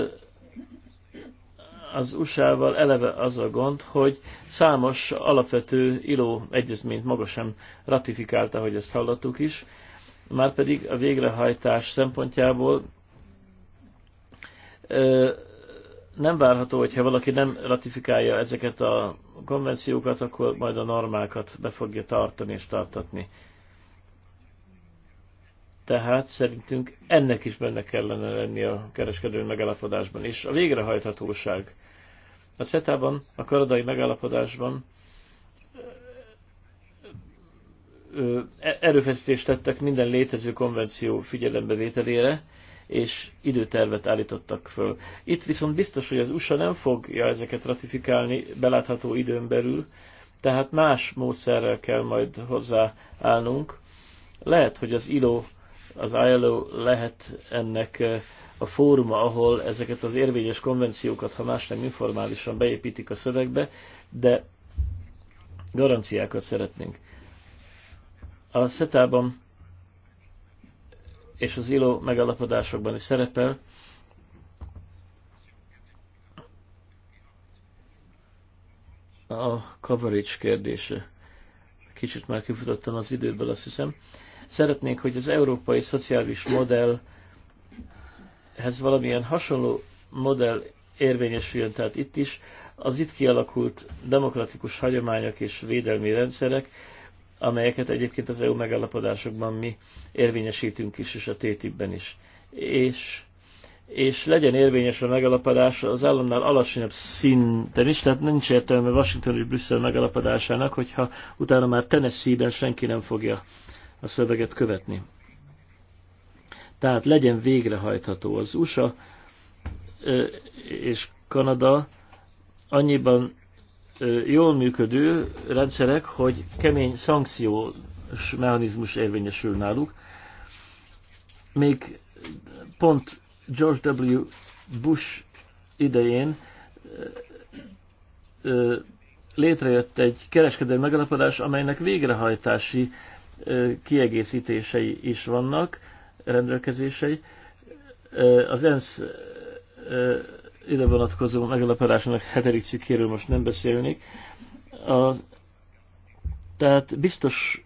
Speaker 2: az USA-val eleve az a gond, hogy számos alapvető ILO egyezményt maga sem ratifikálta, hogy ezt hallottuk is, Már pedig a végrehajtás szempontjából nem várható, hogyha valaki nem ratifikálja ezeket a konvenciókat, akkor majd a normákat be fogja tartani és tartatni. Tehát szerintünk ennek is benne kellene lenni a kereskedő megállapodásban. És a végrehajthatóság. A CETA-ban, a karadai megállapodásban erőfeszítést tettek minden létező konvenció figyelembevételére, és időtervet állítottak föl. Itt viszont biztos, hogy az USA nem fogja ezeket ratifikálni belátható időn belül, tehát más módszerrel kell majd hozzáállnunk. Lehet, hogy az ILO az ILO lehet ennek eh, a fóruma, ahol ezeket az érvényes konvenciókat, ha más nem informálisan beépítik a szövegbe, de garanciákat szeretnénk. A SETA-ban és az ILO megalapodásokban is szerepel, a coverage kérdése. Kicsit már kifutottam az időből, azt hiszem. Szeretnénk, hogy az európai szociális modellhez valamilyen hasonló modell érvényesüljön, tehát itt is az itt kialakult demokratikus hagyományok és védelmi rendszerek, amelyeket egyébként az EU megállapodásokban mi érvényesítünk is, és a TTIP-ben is. És, és legyen érvényes a megállapodás az államnál alacsonyabb szinten is, tehát nincs értelme Washington és Brüsszel megállapodásának, hogyha utána már Tennessee-ben senki nem fogja a szöveget követni. Tehát legyen végrehajtható. Az USA és Kanada annyiban jól működő rendszerek, hogy kemény szankciós mechanizmus érvényesül náluk. Még pont George W. Bush idején létrejött egy kereskedelmi megalapodás, amelynek végrehajtási kiegészítései is vannak, rendelkezései. Az ENSZ ide vonatkozó megalapodásának hetedik cikkéről most nem beszélnék. A, tehát biztos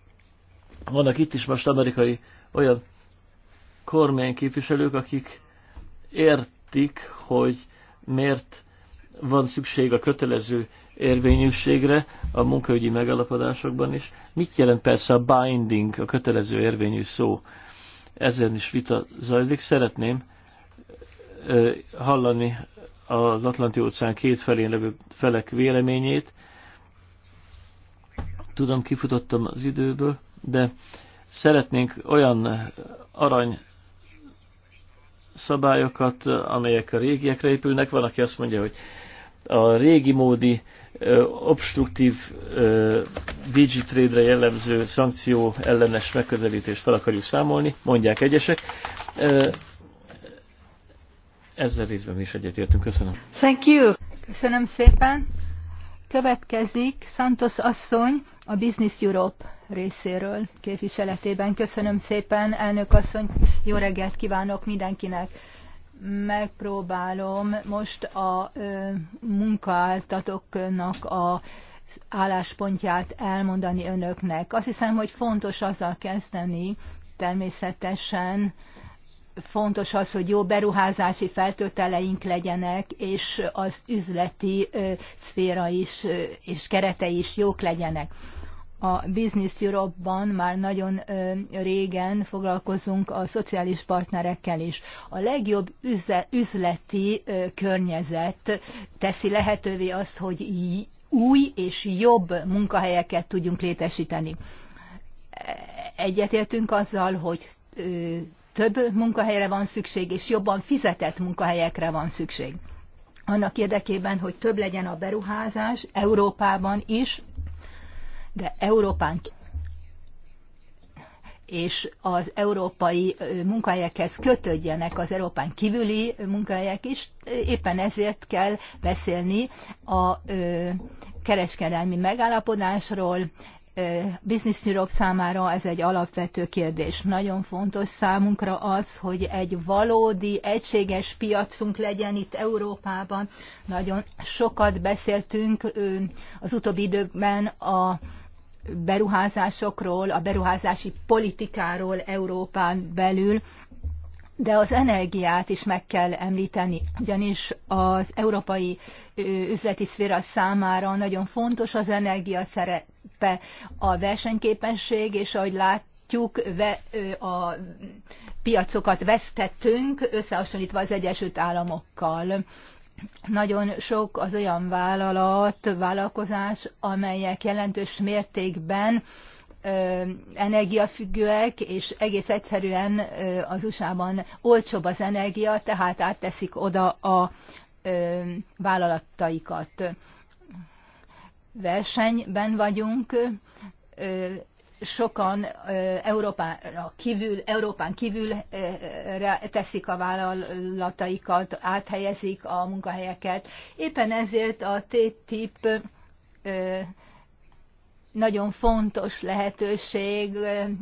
Speaker 2: vannak itt is most amerikai olyan kormányképviselők, akik értik, hogy miért van szükség a kötelező érvényűségre a munkaügyi megalapodásokban is. Mit jelent persze a binding, a kötelező érvényű szó? Ezen is vita zajlik. Szeretném hallani az Atlanti óceán két felén levő felek véleményét. Tudom, kifutottam az időből, de szeretnénk olyan arany szabályokat, amelyek a régiekre épülnek. Van, aki azt mondja, hogy a régi módi obstruktív digitrade-re jellemző szankció ellenes megközelítést fel akarjuk számolni, mondják egyesek. Ezzel részben is egyetértünk. Köszönöm.
Speaker 1: Thank you. Köszönöm szépen. Következik Santos asszony a Business Europe részéről képviseletében. Köszönöm szépen, elnök asszony, jó reggelt kívánok mindenkinek megpróbálom most a munkáltatóknak a álláspontját elmondani önöknek. Azt hiszem, hogy fontos azzal kezdeni, természetesen fontos az, hogy jó beruházási feltöteleink legyenek, és az üzleti szféra is és keretei is jók legyenek a Business Europe-ban már nagyon régen foglalkozunk a szociális partnerekkel is. A legjobb üzleti környezet teszi lehetővé azt, hogy új és jobb munkahelyeket tudjunk létesíteni. Egyetértünk azzal, hogy több munkahelyre van szükség, és jobban fizetett munkahelyekre van szükség annak érdekében, hogy több legyen a beruházás Európában is, de Európán és az európai munkahelyekhez kötődjenek az Európán kívüli munkahelyek is. Éppen ezért kell beszélni a kereskedelmi megállapodásról. Business Europe számára ez egy alapvető kérdés. Nagyon fontos számunkra az, hogy egy valódi, egységes piacunk legyen itt Európában. Nagyon sokat beszéltünk az utóbbi időben a beruházásokról, a beruházási politikáról Európán belül, de az energiát is meg kell említeni, ugyanis az európai üzleti szféra számára nagyon fontos az energia szerepe, a versenyképesség, és ahogy látjuk, a piacokat vesztettünk, összehasonlítva az Egyesült Államokkal. Nagyon sok az olyan vállalat, vállalkozás, amelyek jelentős mértékben energiafüggőek, és egész egyszerűen az USA-ban olcsóbb az energia, tehát átteszik oda a vállalataikat. Versenyben vagyunk, sokan Európára kívül, Európán kívül teszik a vállalataikat, áthelyezik a munkahelyeket. Éppen ezért a TTIP nagyon fontos lehetőség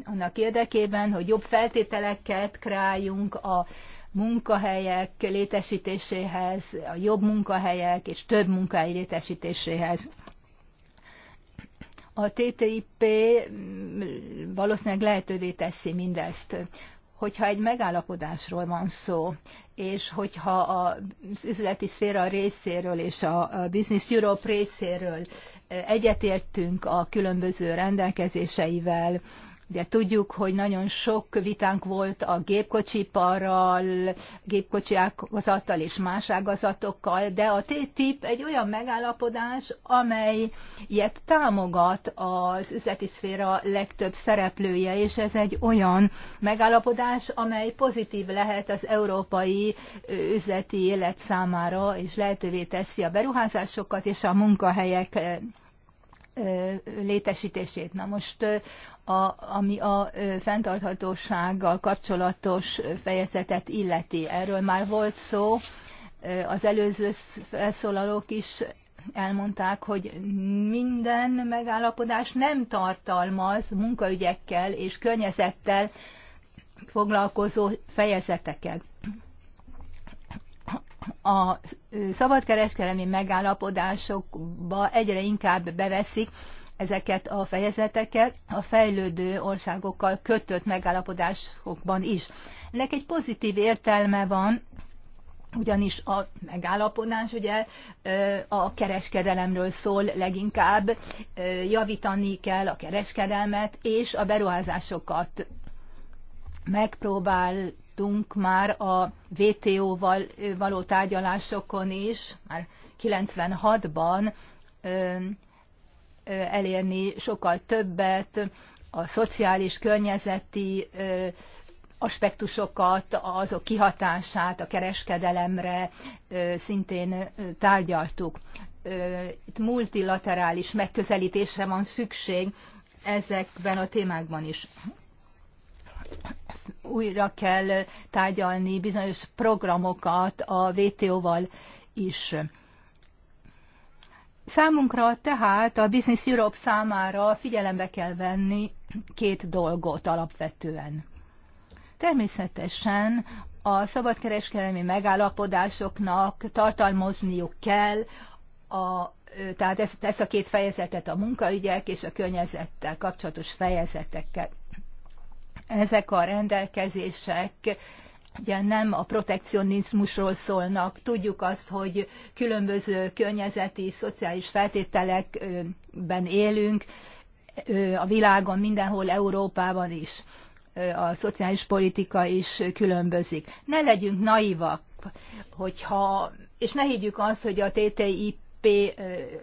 Speaker 1: annak érdekében, hogy jobb feltételeket kreáljunk a munkahelyek létesítéséhez, a jobb munkahelyek és több munkahely létesítéséhez. A TTIP mm, valószínűleg lehetővé teszi mindezt hogyha egy megállapodásról van szó, és hogyha az üzleti szféra részéről és a Business Europe részéről e, egyetértünk a különböző rendelkezéseivel, Ugye tudjuk, hogy nagyon sok vitánk volt a gépkocsiparral, gépkocsi ágazattal és más ágazatokkal, de a TTIP egy olyan megállapodás, amelyet támogat az üzleti szféra legtöbb szereplője, és ez egy olyan megállapodás, amely pozitív lehet az európai üzleti élet számára, és lehetővé teszi a beruházásokat és a munkahelyek létesítését. Na most, a, ami a fenntarthatósággal kapcsolatos fejezetet illeti, erről már volt szó, az előző felszólalók is elmondták, hogy minden megállapodás nem tartalmaz munkaügyekkel és környezettel foglalkozó fejezeteket a szabadkereskedelmi megállapodásokba egyre inkább beveszik ezeket a fejezeteket a fejlődő országokkal kötött megállapodásokban is. Ennek egy pozitív értelme van, ugyanis a megállapodás ugye a kereskedelemről szól leginkább, javítani kell a kereskedelmet és a beruházásokat megpróbál voltunk már a VTO-val való tárgyalásokon is, már 96-ban elérni sokkal többet, a szociális, környezeti aspektusokat, azok kihatását a kereskedelemre szintén tárgyaltuk. Itt multilaterális megközelítésre van szükség ezekben a témákban is újra kell tárgyalni bizonyos programokat a WTO-val is. Számunkra tehát a Business Europe számára figyelembe kell venni két dolgot alapvetően. Természetesen a szabadkereskedelmi megállapodásoknak tartalmazniuk kell a tehát ezt, ezt a két fejezetet, a munkaügyek és a környezettel kapcsolatos fejezeteket ezek a rendelkezések ugye nem a protekcionizmusról szólnak. Tudjuk azt, hogy különböző környezeti, szociális feltételekben élünk, a világon, mindenhol, Európában is a szociális politika is különbözik. Ne legyünk naivak, hogyha, és ne higgyük azt, hogy a TTIP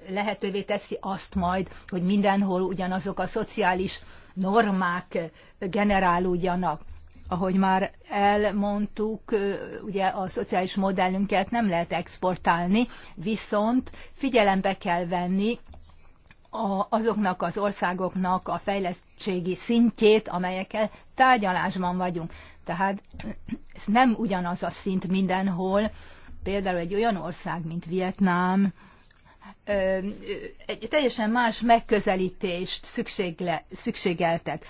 Speaker 1: lehetővé teszi azt majd, hogy mindenhol ugyanazok a szociális normák generálódjanak. Ahogy már elmondtuk, ugye a szociális modellünket nem lehet exportálni, viszont figyelembe kell venni a, azoknak az országoknak a fejlettségi szintjét, amelyekkel tárgyalásban vagyunk. Tehát ez nem ugyanaz a szint mindenhol. Például egy olyan ország, mint Vietnám, egy teljesen más megközelítést szükségle, szükségeltek.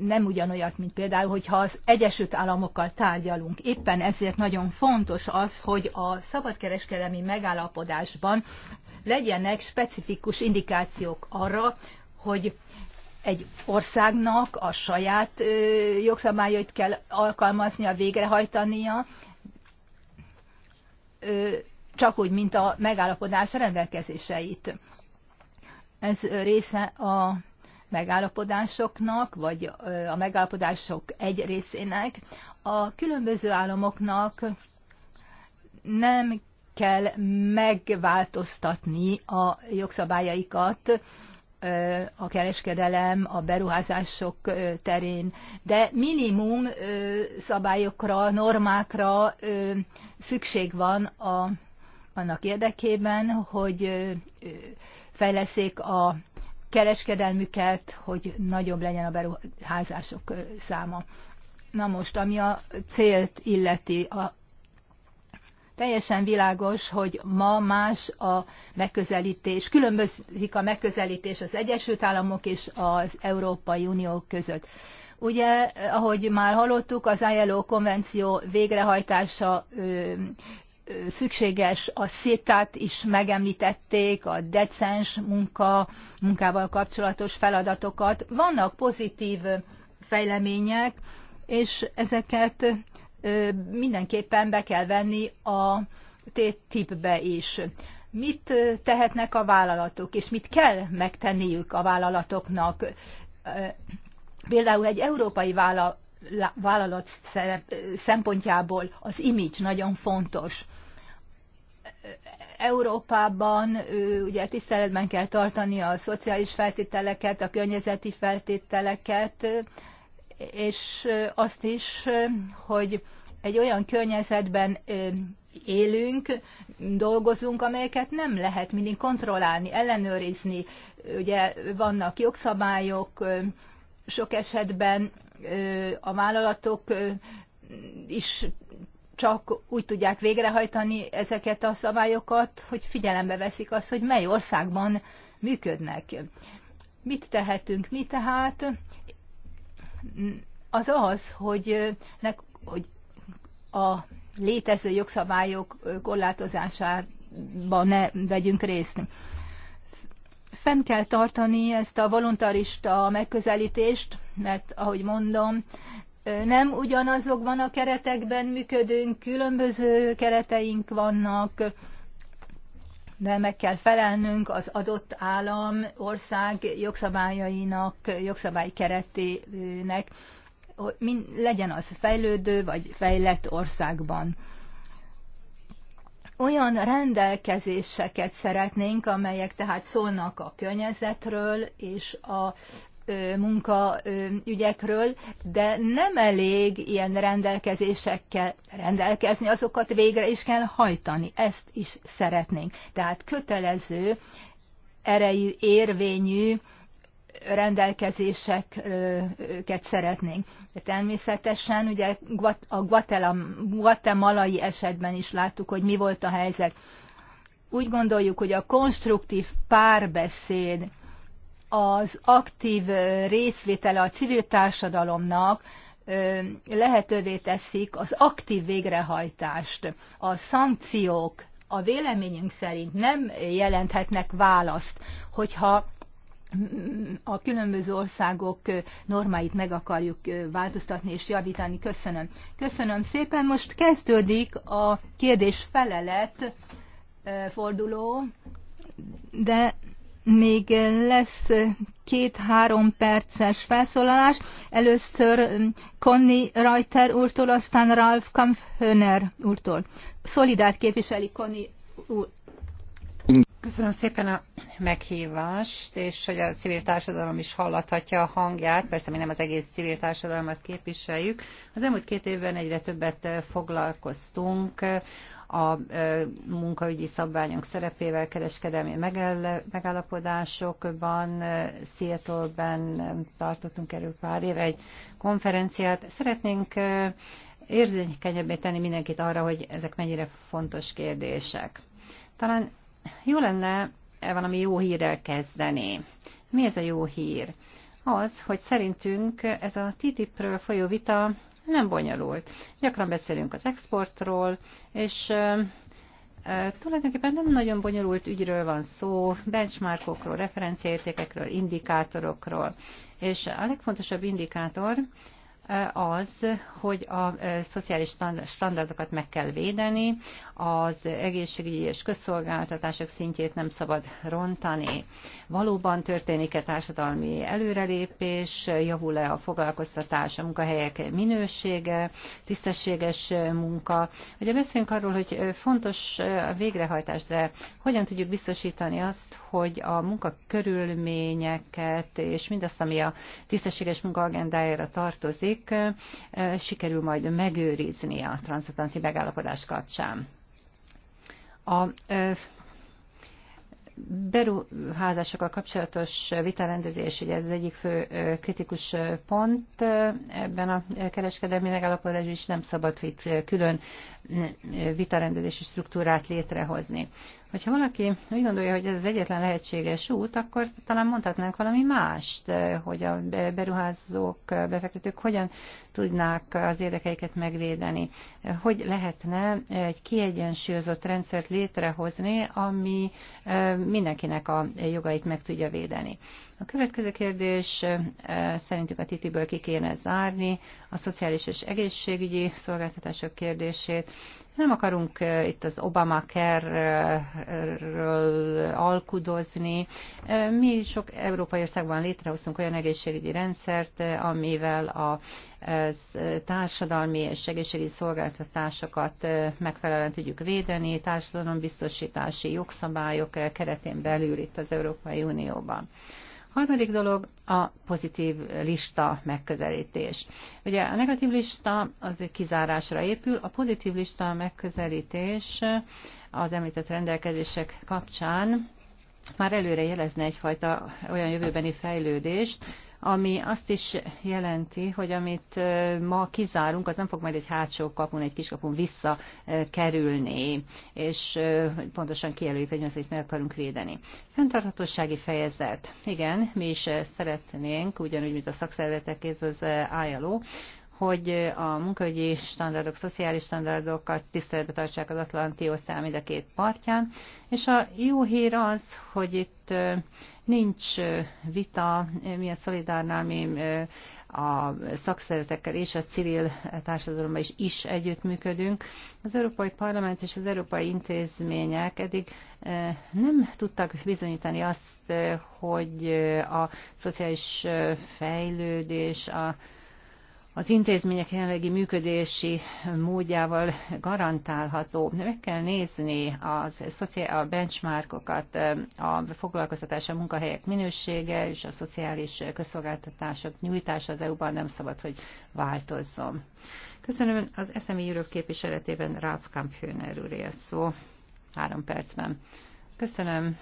Speaker 1: Nem ugyanolyat, mint például, hogyha az Egyesült Államokkal tárgyalunk. Éppen ezért nagyon fontos az, hogy a szabadkereskedelmi megállapodásban legyenek specifikus indikációk arra, hogy egy országnak a saját jogszabályait kell alkalmaznia, végrehajtania, csak úgy, mint a megállapodás rendelkezéseit. Ez része a megállapodásoknak, vagy a megállapodások egy részének. A különböző államoknak nem kell megváltoztatni a jogszabályaikat a kereskedelem, a beruházások terén, de minimum szabályokra, normákra szükség van a annak érdekében, hogy fejleszék a kereskedelmüket, hogy nagyobb legyen a beruházások száma. Na most, ami a célt illeti, a teljesen világos, hogy ma más a megközelítés, különbözik a megközelítés az Egyesült Államok és az Európai Unió között. Ugye, ahogy már hallottuk, az ILO konvenció végrehajtása szükséges a szétát is megemlítették, a decens munka, munkával kapcsolatos feladatokat. Vannak pozitív fejlemények, és ezeket mindenképpen be kell venni a ttip is. Mit tehetnek a vállalatok, és mit kell megtenniük a vállalatoknak? Például egy európai vállalat vállalat szempontjából az image nagyon fontos. Európában ugye tiszteletben kell tartani a szociális feltételeket, a környezeti feltételeket, és azt is, hogy egy olyan környezetben élünk, dolgozunk, amelyeket nem lehet mindig kontrollálni, ellenőrizni. Ugye vannak jogszabályok, sok esetben a vállalatok is csak úgy tudják végrehajtani ezeket a szabályokat, hogy figyelembe veszik azt, hogy mely országban működnek. Mit tehetünk mi tehát? Az az, hogy, hogy a létező jogszabályok korlátozásában ne vegyünk részt fenn kell tartani ezt a voluntarista megközelítést, mert ahogy mondom, nem ugyanazokban a keretekben működünk, különböző kereteink vannak, de meg kell felelnünk az adott állam, ország jogszabályainak, jogszabály keretének, hogy legyen az fejlődő vagy fejlett országban. Olyan rendelkezéseket szeretnénk, amelyek tehát szólnak a környezetről és a munkaügyekről, de nem elég ilyen rendelkezésekkel rendelkezni, azokat végre is kell hajtani. Ezt is szeretnénk. Tehát kötelező, erejű, érvényű rendelkezéseket szeretnénk. De természetesen ugye a guatemalai esetben is láttuk, hogy mi volt a helyzet. Úgy gondoljuk, hogy a konstruktív párbeszéd, az aktív részvétele a civil társadalomnak lehetővé teszik az aktív végrehajtást. A szankciók a véleményünk szerint nem jelenthetnek választ, hogyha a különböző országok normáit meg akarjuk változtatni és javítani. Köszönöm. Köszönöm szépen. Most kezdődik a kérdés-felelet forduló, de még lesz két-három perces felszólalás. Először Conny Reuter úrtól, aztán Ralf Kampfhöner úrtól. Szolidárt képviseli Conny
Speaker 3: Köszönöm szépen a meghívást, és hogy a civil társadalom is hallathatja a hangját. Persze mi nem az egész civil társadalmat képviseljük. Az elmúlt két évben egyre többet foglalkoztunk a munkaügyi szabványunk szerepével kereskedelmi megállapodásokban. Seattle-ben tartottunk erről pár éve egy konferenciát. Szeretnénk érzékenyebbé tenni mindenkit arra, hogy ezek mennyire fontos kérdések. Talán jó lenne eh, valami jó hírrel kezdeni. Mi ez a jó hír? Az, hogy szerintünk ez a TTIP-ről folyó vita nem bonyolult. Gyakran beszélünk az exportról, és eh, eh, tulajdonképpen nem nagyon bonyolult ügyről van szó, benchmarkokról, referenciértékekről, indikátorokról. És a legfontosabb indikátor az, hogy a e, szociális standardokat meg kell védeni, az egészségügyi és közszolgáltatások szintjét nem szabad rontani. Valóban történik-e társadalmi előrelépés, javul-e a foglalkoztatás, a munkahelyek minősége, tisztességes munka. Ugye beszélünk arról, hogy fontos a végrehajtás, de hogyan tudjuk biztosítani azt, hogy a munkakörülményeket és mindazt, ami a tisztességes munka tartozik, működik, sikerül majd megőrizni a transzatlanti megállapodás kapcsán. A beruházásokkal kapcsolatos vitarendezés, ugye ez az egyik fő kritikus pont ebben a kereskedelmi megállapodásban is nem szabad itt külön vitarendezési struktúrát létrehozni. Hogyha valaki úgy gondolja, hogy ez az egyetlen lehetséges út, akkor talán mondhatnánk valami mást, eh, hogy a beruházók, eh, befektetők hogyan tudnák az érdekeiket megvédeni. Eh, hogy lehetne egy kiegyensúlyozott rendszert létrehozni, ami mindenkinek a jogait meg tudja védeni. A következő kérdés szerintük a titiből ki kéne zárni, a szociális és egészségügyi szolgáltatások kérdését. Nem akarunk itt az Obama ről alkudozni. Mi sok európai országban létrehoztunk olyan egészségügyi rendszert, amivel a társadalmi és egészségügyi szolgáltatásokat megfelelően tudjuk védeni, társadalombiztosítási jogszabályok keretén belül itt az Európai Unióban. Harmadik dolog a pozitív lista megközelítés. Ugye a negatív lista az kizárásra épül, a pozitív lista megközelítés az említett rendelkezések kapcsán már előre jelezne egyfajta olyan jövőbeni fejlődést, ami azt is jelenti, hogy amit ma kizárunk, az nem fog majd egy hátsó kapun, egy kiskapun visszakerülni, és pontosan kijelöljük, hogy azért meg akarunk védeni. Fentartatossági fejezet. Igen, mi is szeretnénk, ugyanúgy, mint a szakszervezetek, ez az ILO, hogy a munkahogyi standardok, szociális standardokat tiszteletbe tartsák az Atlanti óceán mind a két partján. És a jó hír az, hogy itt nincs vita, mi a szolidárnál, mi a szakszeretekkel és a civil társadalomban is, is együttműködünk. Az Európai Parlament és az európai intézmények eddig nem tudtak bizonyítani azt, hogy a szociális fejlődés, a az intézmények jelenlegi működési módjával garantálható. Meg kell nézni az, a benchmarkokat, a foglalkoztatás, a munkahelyek minősége és a szociális közszolgáltatások nyújtása az EU-ban nem szabad, hogy változzon. Köszönöm az SMI Europe képviseletében Ralf Kampfhöner úr él szó. Három percben. Köszönöm.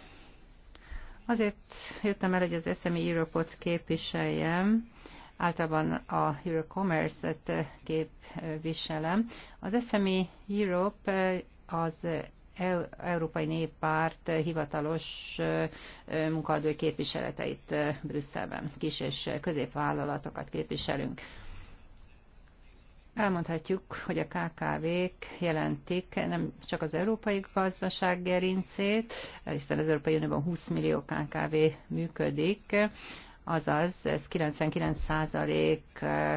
Speaker 3: Azért jöttem el, hogy az SMI Europe-ot képviseljem, általában a commerce et eh, képviselem. Az SME Europe eh, az Európai Néppárt eh, hivatalos munkahadói képviseleteit Brüsszelben, kis és középvállalatokat képviselünk. Elmondhatjuk, hogy a KKV-k jelentik nem csak az európai gazdaság gerincét, hiszen az Európai Unióban 20 millió KKV működik, azaz ez 99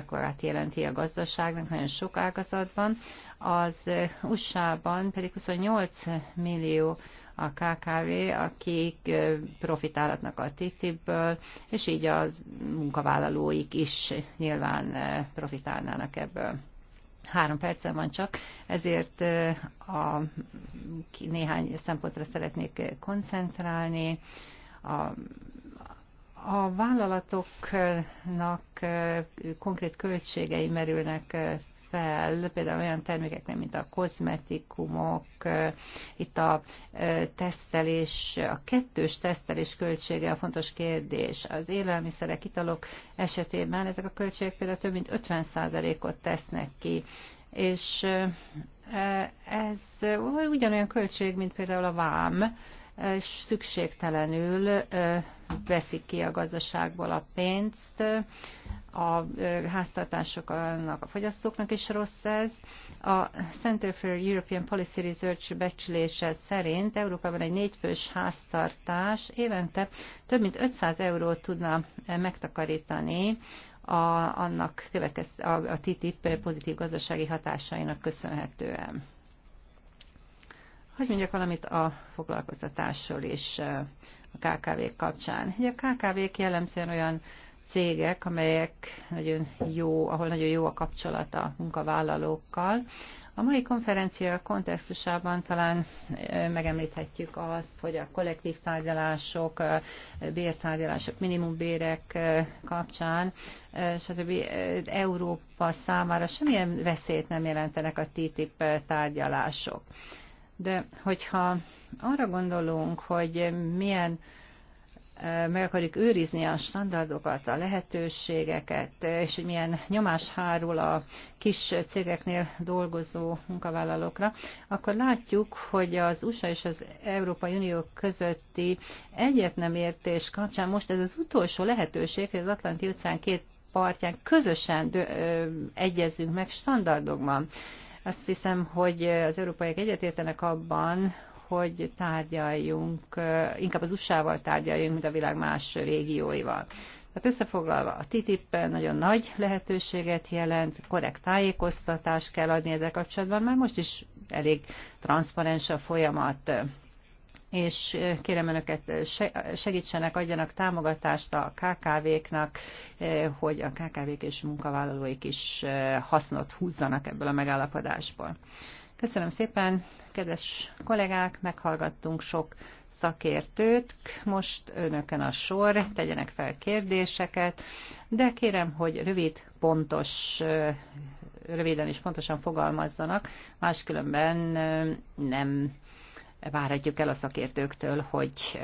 Speaker 3: korát jelenti a gazdaságnak nagyon sok ágazatban, az USA-ban pedig 28 millió a KKV, akik profitálhatnak a TTIP-ből, és így az munkavállalóik is nyilván profitálnának ebből. Három percen van csak, ezért a néhány szempontra szeretnék koncentrálni. A a vállalatoknak konkrét költségei merülnek fel, például olyan termékeknek, mint a kozmetikumok, itt a tesztelés, a kettős tesztelés költsége a fontos kérdés. Az élelmiszerek, italok esetében ezek a költségek például több mint 50%-ot tesznek ki, és ez ugyanolyan költség, mint például a vám, szükségtelenül veszik ki a gazdaságból a pénzt, a háztartásoknak, a fogyasztóknak is rossz ez. A Center for European Policy Research becslése szerint Európában egy négyfős háztartás évente több mint 500 eurót tudna megtakarítani a, annak következ, a, a TTIP pozitív gazdasági hatásainak köszönhetően. Hogy mondjak valamit a foglalkoztatásról is a kkv kapcsán. Ugye a KKV-k jellemzően olyan cégek, amelyek nagyon jó, ahol nagyon jó a kapcsolat a munkavállalókkal. A mai konferencia kontextusában talán megemlíthetjük azt, hogy a kollektív tárgyalások, bértárgyalások, minimumbérek kapcsán, stb. Európa számára semmilyen veszélyt nem jelentenek a TTIP tárgyalások. De hogyha arra gondolunk, hogy milyen e, meg akarjuk őrizni a standardokat, a lehetőségeket, és hogy milyen nyomás hárul a kis cégeknél dolgozó munkavállalókra, akkor látjuk, hogy az USA és az Európai Unió közötti egyet nem értés kapcsán most ez az utolsó lehetőség, hogy az Atlanti utcán két partján közösen egyezünk meg standardokban. Azt hiszem, hogy az európaiak egyetértenek abban, hogy tárgyaljunk, inkább az USA-val tárgyaljunk, mint a világ más régióival. Tehát összefoglalva, a TTIP nagyon nagy lehetőséget jelent, korrekt tájékoztatást kell adni ezzel kapcsolatban, már most is elég transzparens a folyamat és kérem önöket segítsenek, adjanak támogatást a KKV-knak, hogy a KKV-k és munkavállalóik is hasznot húzzanak ebből a megállapodásból. Köszönöm szépen, kedves kollégák, meghallgattunk sok szakértőt. Most önöken a sor, tegyenek fel kérdéseket, de kérem, hogy rövid, pontos, röviden és pontosan fogalmazzanak, máskülönben nem várhatjuk el a szakértőktől, hogy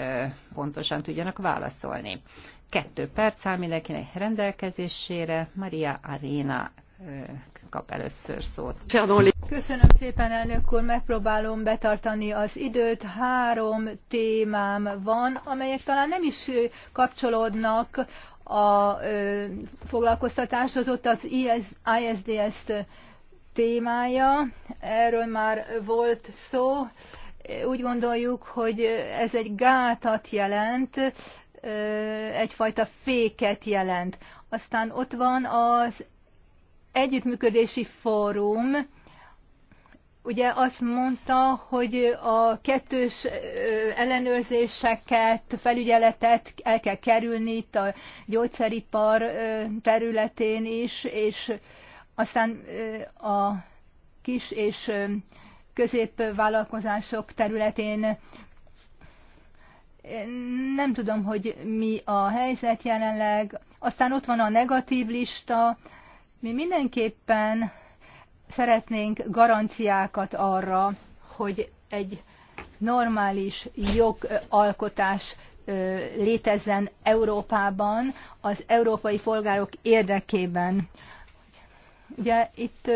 Speaker 3: pontosan tudjanak válaszolni. Kettő perc áll mindenkinek rendelkezésére. Maria Arena kap először szót.
Speaker 1: Köszönöm szépen, elnök úr, megpróbálom betartani az időt. Három témám van, amelyek talán nem is kapcsolódnak a foglalkoztatáshoz, ott az ISDS témája, erről már volt szó úgy gondoljuk, hogy ez egy gátat jelent, egyfajta féket jelent. Aztán ott van az együttműködési fórum, ugye azt mondta, hogy a kettős ellenőrzéseket, felügyeletet el kell kerülni itt a gyógyszeripar területén is, és aztán a kis és középvállalkozások területén. Nem tudom, hogy mi a helyzet jelenleg. Aztán ott van a negatív lista. Mi mindenképpen szeretnénk garanciákat arra, hogy egy normális jogalkotás létezzen Európában az európai polgárok érdekében. Ugye itt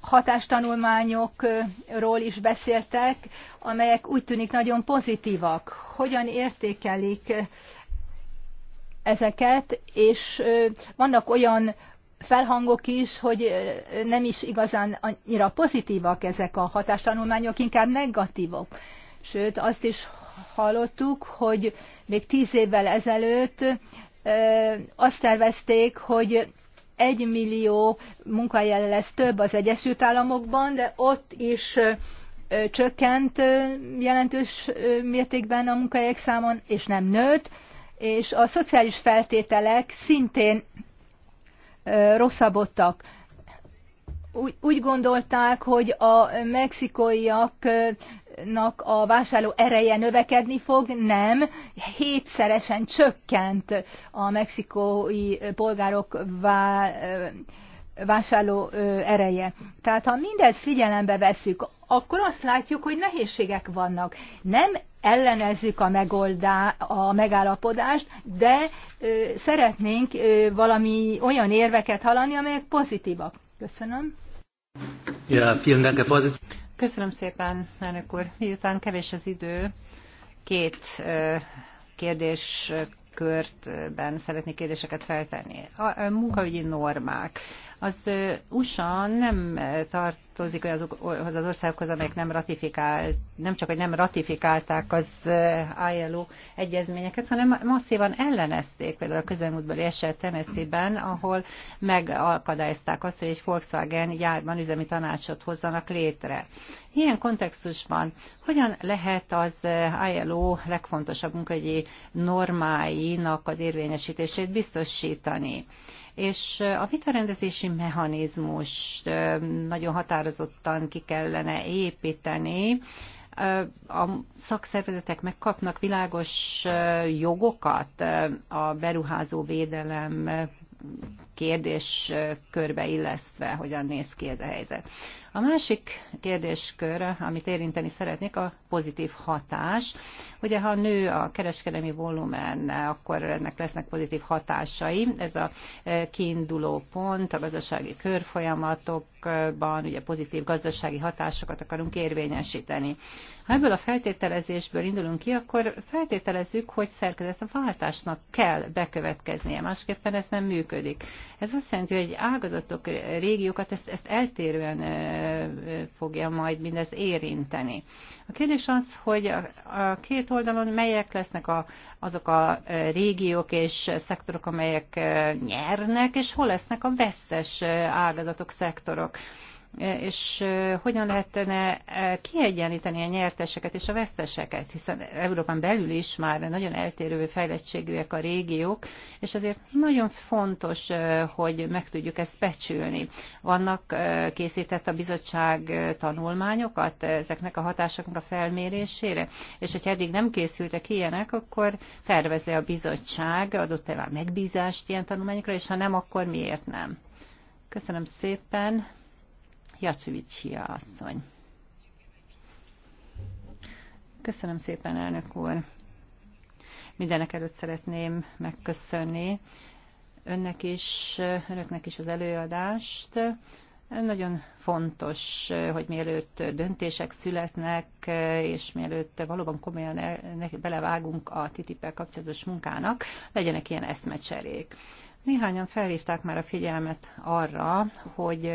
Speaker 1: hatástanulmányokról is beszéltek, amelyek úgy tűnik nagyon pozitívak. Hogyan értékelik ezeket, és vannak olyan felhangok is, hogy nem is igazán annyira pozitívak ezek a hatástanulmányok, inkább negatívok. Sőt, azt is hallottuk, hogy még tíz évvel ezelőtt azt tervezték, hogy egy millió munkahelyen lesz több az Egyesült Államokban, de ott is csökkent jelentős mértékben a munkahelyek számon, és nem nőtt, és a szociális feltételek szintén rosszabbodtak. Úgy, úgy gondolták, hogy a mexikóiak nak a vásárló ereje növekedni fog, nem, hétszeresen csökkent a mexikói polgárok vá, vásárló ereje. Tehát ha mindezt figyelembe veszük, akkor azt látjuk, hogy nehézségek vannak. Nem ellenezzük a, megoldá, a megállapodást, de ö, szeretnénk ö, valami olyan érveket hallani, amelyek pozitívak. Köszönöm.
Speaker 3: Ja, vielen Dank, Herr Köszönöm szépen, elnök úr. Miután kevés az idő, két kérdéskörtben szeretnék kérdéseket feltenni. A munkaügyi normák. Az USA nem tartozik azokhoz az országokhoz, amelyek nem ratifikált, nem csak, hogy nem ratifikálták az ILO egyezményeket, hanem masszívan ellenezték, például a közelmúltbeli eset Tennessee-ben, ahol megakadályozták azt, hogy egy Volkswagen járban üzemi tanácsot hozzanak létre. Ilyen kontextusban hogyan lehet az ILO legfontosabb munkahogyi normáinak az érvényesítését biztosítani? és a vitarendezési mechanizmus nagyon határozottan ki kellene építeni, a szakszervezetek megkapnak világos jogokat a beruházó védelem kérdéskörbe illesztve, hogyan néz ki ez a helyzet. A másik kérdéskör, amit érinteni szeretnék, a pozitív hatás. Ugye, ha nő a kereskedelmi volumen, akkor ennek lesznek pozitív hatásai. Ez a e, kiinduló pont a gazdasági körfolyamatokban, ugye pozitív gazdasági hatásokat akarunk érvényesíteni. Ha ebből a feltételezésből indulunk ki, akkor feltételezzük, hogy szerkezetváltásnak kell bekövetkeznie, másképpen ez nem működik. Ez azt jelenti, hogy ágazatok, eh, régiókat ezt, ezt eltérően eh, eh, fogja majd mindez érinteni. A kérdés az, hogy a két oldalon melyek lesznek a, azok a régiók és szektorok, amelyek nyernek, és hol lesznek a vesztes ágazatok, szektorok és hogyan lehetne kiegyenlíteni a nyerteseket és a veszteseket, hiszen Európán belül is már nagyon eltérő fejlettségűek a régiók, és ezért nagyon fontos, hogy meg tudjuk ezt becsülni. Vannak készített a bizottság tanulmányokat ezeknek a hatásoknak a felmérésére, és hogyha eddig nem készültek ilyenek, akkor tervezze a bizottság, adott el már megbízást ilyen tanulmányokra, és ha nem, akkor miért nem? Köszönöm szépen. Jacevicsia asszony. Köszönöm szépen, elnök úr. Mindenek előtt szeretném megköszönni önnek is, önöknek is az előadást. Nagyon fontos, hogy mielőtt döntések születnek, és mielőtt valóban komolyan belevágunk a ttip kapcsolatos munkának, legyenek ilyen eszmecserék. Néhányan felhívták már a figyelmet arra, hogy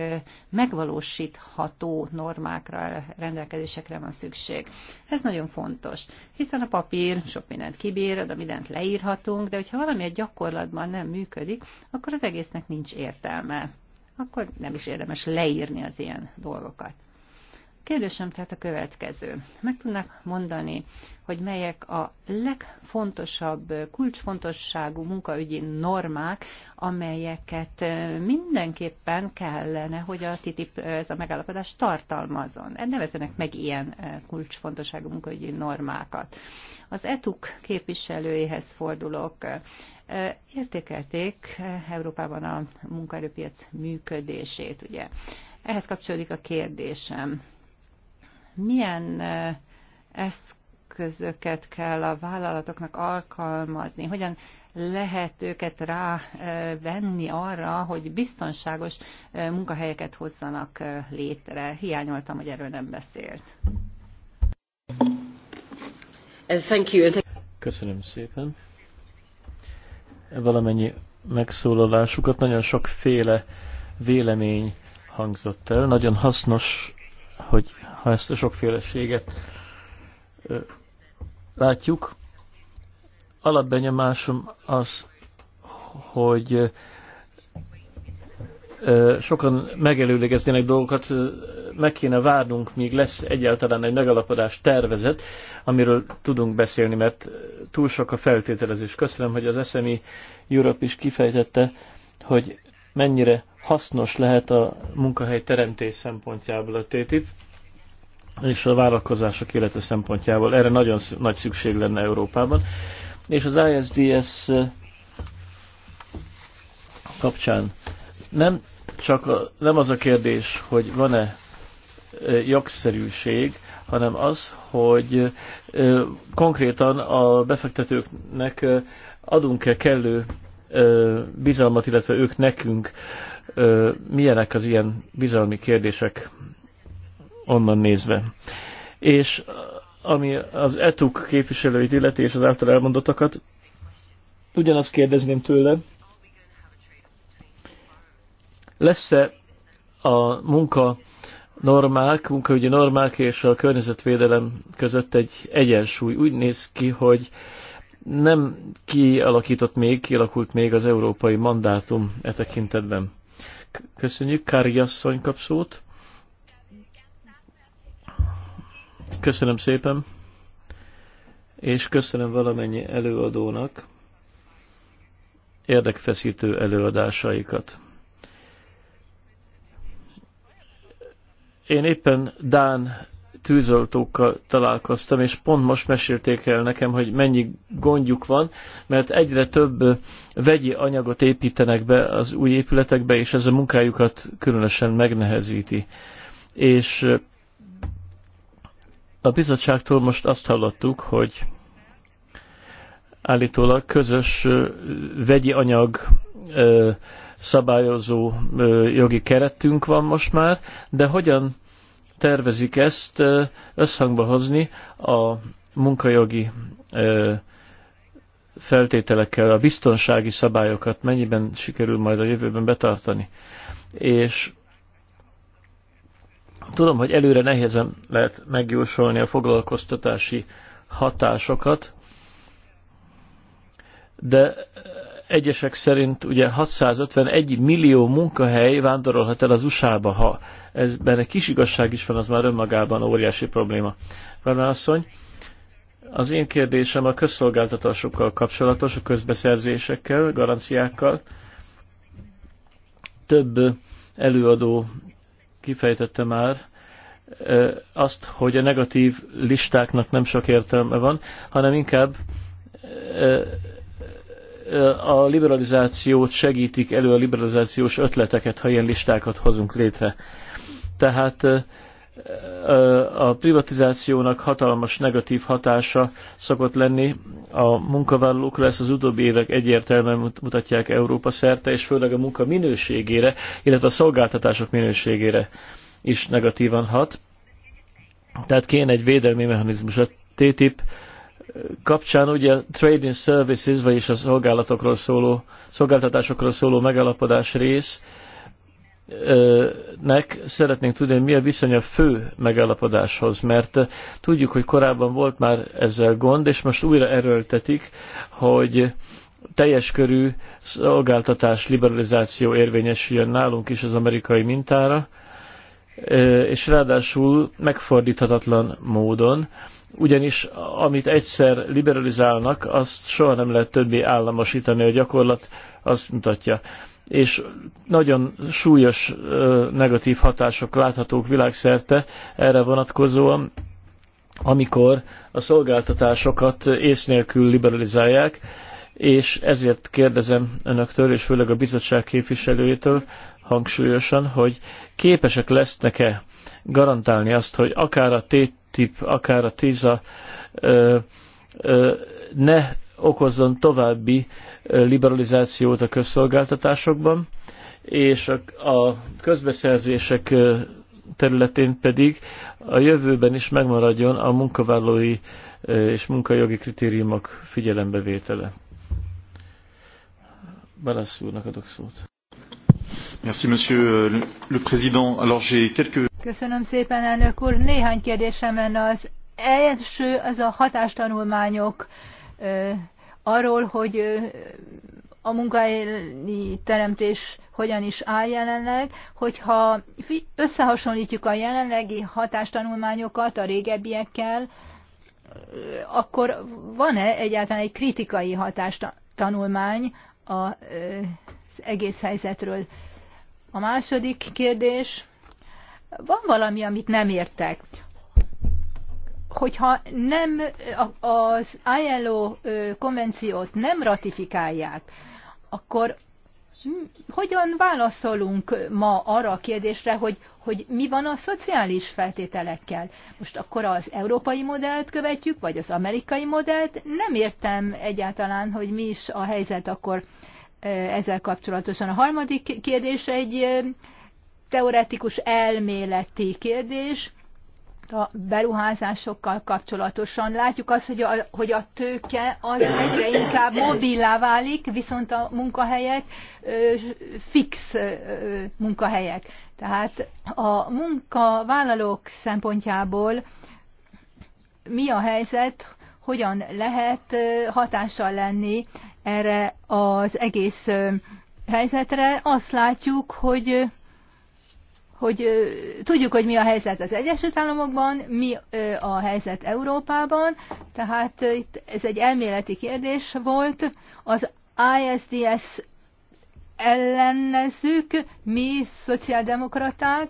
Speaker 3: megvalósítható normákra, rendelkezésekre van szükség. Ez nagyon fontos, hiszen a papír sok mindent kibír, de mindent leírhatunk, de hogyha valami a gyakorlatban nem működik, akkor az egésznek nincs értelme. Akkor nem is érdemes leírni az ilyen dolgokat. Kérdésem tehát a következő. Meg tudnak mondani, hogy melyek a legfontosabb, kulcsfontosságú munkaügyi normák, amelyeket mindenképpen kellene, hogy a TTIP, ez a megállapodás tartalmazon. E, nevezzenek meg ilyen kulcsfontosságú munkaügyi normákat. Az ETUK képviselőjéhez fordulok. Értékelték Európában a munkaerőpiac működését, ugye. Ehhez kapcsolódik a kérdésem milyen eszközöket kell a vállalatoknak alkalmazni, hogyan lehet őket rávenni arra, hogy biztonságos munkahelyeket hozzanak létre. Hiányoltam, hogy erről nem beszélt.
Speaker 2: Uh, thank you. Köszönöm szépen. Valamennyi megszólalásukat nagyon sokféle vélemény hangzott el. Nagyon hasznos, hogy ha ezt a sokféleséget látjuk. Alapbenyomásom az, hogy sokan megelőlegeznének dolgokat, meg kéne várnunk, míg lesz egyáltalán egy megalapodás tervezet, amiről tudunk beszélni, mert túl sok a feltételezés. Köszönöm, hogy az SMI Europe is kifejtette, hogy mennyire hasznos lehet a munkahely teremtés szempontjából a TTIP és a vállalkozások élete szempontjából. Erre nagyon nagy szükség lenne Európában. És az ISDS eh, kapcsán nem, csak a, nem az a kérdés, hogy van-e eh, jogszerűség, hanem az, hogy eh, konkrétan a befektetőknek adunk-e kellő bizalmat, illetve ők nekünk milyenek az ilyen bizalmi kérdések onnan nézve. És uh, ami az ETUK képviselőit illeti és az által elmondottakat, ugyanazt kérdezném tőle, lesz-e a munka normák, munkaügyi normák és a környezetvédelem között egy egyensúly. Úgy néz ki, hogy nem kialakított még, kialakult még az európai mandátum e tekintetben. Köszönjük, Kári asszony kap szót. Köszönöm szépen, és köszönöm valamennyi előadónak érdekfeszítő előadásaikat. Én éppen Dán tűzoltókkal találkoztam, és pont most mesélték el nekem, hogy mennyi gondjuk van, mert egyre több vegyi anyagot építenek be az új épületekbe, és ez a munkájukat különösen megnehezíti. És a bizottságtól most azt hallottuk, hogy állítólag közös vegyi anyag szabályozó jogi keretünk van most már, de hogyan tervezik ezt összhangba hozni a munkajogi feltételekkel, a biztonsági szabályokat mennyiben sikerül majd a jövőben betartani. És Tudom, hogy előre nehézen lehet megjósolni a foglalkoztatási hatásokat, de egyesek szerint ugye 651 millió munkahely vándorolhat el az USA-ba, ha ez benne kis igazság is van, az már önmagában óriási probléma. Van asszony, az én kérdésem a közszolgáltatásokkal kapcsolatos, a közbeszerzésekkel, garanciákkal. Több előadó kifejtette már azt, hogy a negatív listáknak nem sok értelme van, hanem inkább a liberalizációt segítik elő a liberalizációs ötleteket, ha ilyen listákat hozunk létre. Tehát a privatizációnak hatalmas negatív hatása szokott lenni a munkavállalókra, ezt az utóbbi évek egyértelműen mutatják Európa szerte, és főleg a munka minőségére, illetve a szolgáltatások minőségére is negatívan hat. Tehát kéne egy védelmi mechanizmus. A TTIP kapcsán ugye a Trading Services, vagyis a szóló, szolgáltatásokról szóló megalapodás rész, nek szeretnénk tudni, hogy mi a viszony a fő megállapodáshoz, mert eh, tudjuk, hogy korábban volt már ezzel gond, és most újra erőltetik, hogy teljes körű szolgáltatás liberalizáció érvényesüljön nálunk is az amerikai mintára, eh, és ráadásul megfordíthatatlan módon, ugyanis amit egyszer liberalizálnak, azt soha nem lehet többé államosítani, a gyakorlat azt mutatja és nagyon súlyos negatív hatások láthatók világszerte erre vonatkozóan, amikor a szolgáltatásokat ész nélkül liberalizálják, és ezért kérdezem önöktől, és főleg a bizottság képviselőjétől hangsúlyosan, hogy képesek lesznek-e garantálni azt, hogy akár a T-tip, akár a TISA ö, ö, ne okozzon további liberalizációt a közszolgáltatásokban, és a közbeszerzések területén pedig a jövőben is megmaradjon a munkavállalói és munkajogi kritériumok figyelembevétele. Balasz úrnak adok szót. Merci, monsieur le président. Alors, quelques...
Speaker 1: Köszönöm szépen, elnök úr. Néhány kérdésem lenne. Az első az a hatástanulmányok arról, hogy a munkahelyi teremtés hogyan is áll jelenleg, hogyha összehasonlítjuk a jelenlegi hatástanulmányokat a régebbiekkel, akkor van-e egyáltalán egy kritikai hatástanulmány az egész helyzetről? A második kérdés, van valami, amit nem értek hogyha nem az ILO konvenciót nem ratifikálják, akkor hogyan válaszolunk ma arra a kérdésre, hogy, hogy mi van a szociális feltételekkel? Most akkor az európai modellt követjük, vagy az amerikai modellt? Nem értem egyáltalán, hogy mi is a helyzet akkor ezzel kapcsolatosan. A harmadik kérdés egy teoretikus elméleti kérdés a beruházásokkal kapcsolatosan. Látjuk azt, hogy a, hogy a tőke az egyre inkább mobillá válik, viszont a munkahelyek fix munkahelyek. Tehát a munkavállalók szempontjából mi a helyzet, hogyan lehet hatással lenni erre az egész helyzetre? Azt látjuk, hogy hogy tudjuk, hogy mi a helyzet az Egyesült Államokban, mi a helyzet Európában, tehát itt ez egy elméleti kérdés volt. Az ISDS ellenezzük, mi szociáldemokraták,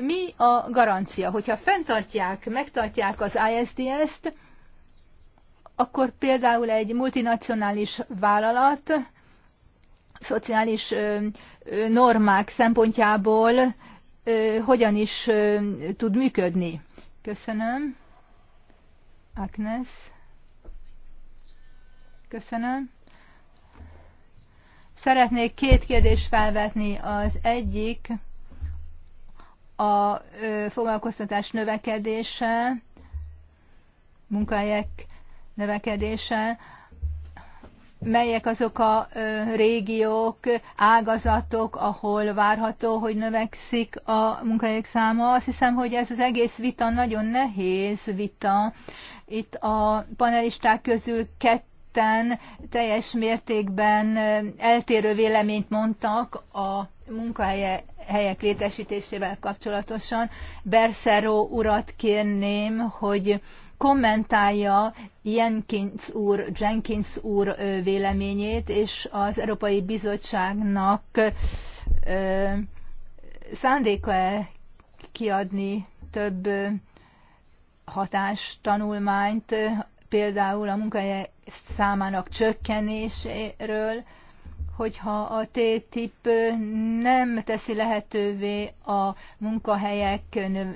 Speaker 1: mi a garancia, hogyha fenntartják, megtartják az ISDS-t, akkor például egy multinacionális vállalat szociális normák szempontjából hogyan is tud működni. Köszönöm. Agnes. Köszönöm. Szeretnék két kérdést felvetni. Az egyik a foglalkoztatás növekedése, munkahelyek növekedése melyek azok a régiók, ágazatok, ahol várható, hogy növekszik a munkahelyek száma. Azt hiszem, hogy ez az egész vita nagyon nehéz vita. Itt a panelisták közül kettő teljes mértékben eltérő véleményt mondtak a munkahelyek létesítésével kapcsolatosan. Berszeró urat kérném, hogy kommentálja Jenkins úr, Jenkins úr véleményét, és az Európai Bizottságnak szándéka-e kiadni több hatástanulmányt, például a munkahelyek számának csökkenéséről, hogyha a TTIP nem teszi lehetővé a munkahelyek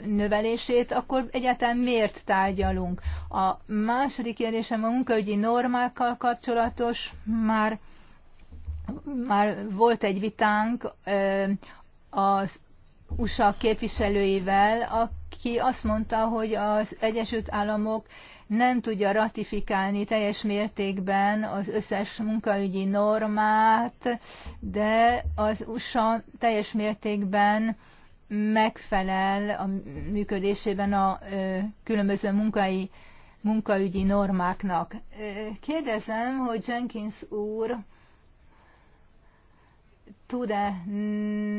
Speaker 1: növelését, akkor egyáltalán miért tárgyalunk? A második kérdésem a munkaügyi normákkal kapcsolatos. Már, már volt egy vitánk az USA képviselőivel, aki azt mondta, hogy az Egyesült Államok nem tudja ratifikálni teljes mértékben az összes munkaügyi normát, de az USA teljes mértékben megfelel a működésében a különböző munkai, munkaügyi normáknak. Kérdezem, hogy Jenkins úr tud-e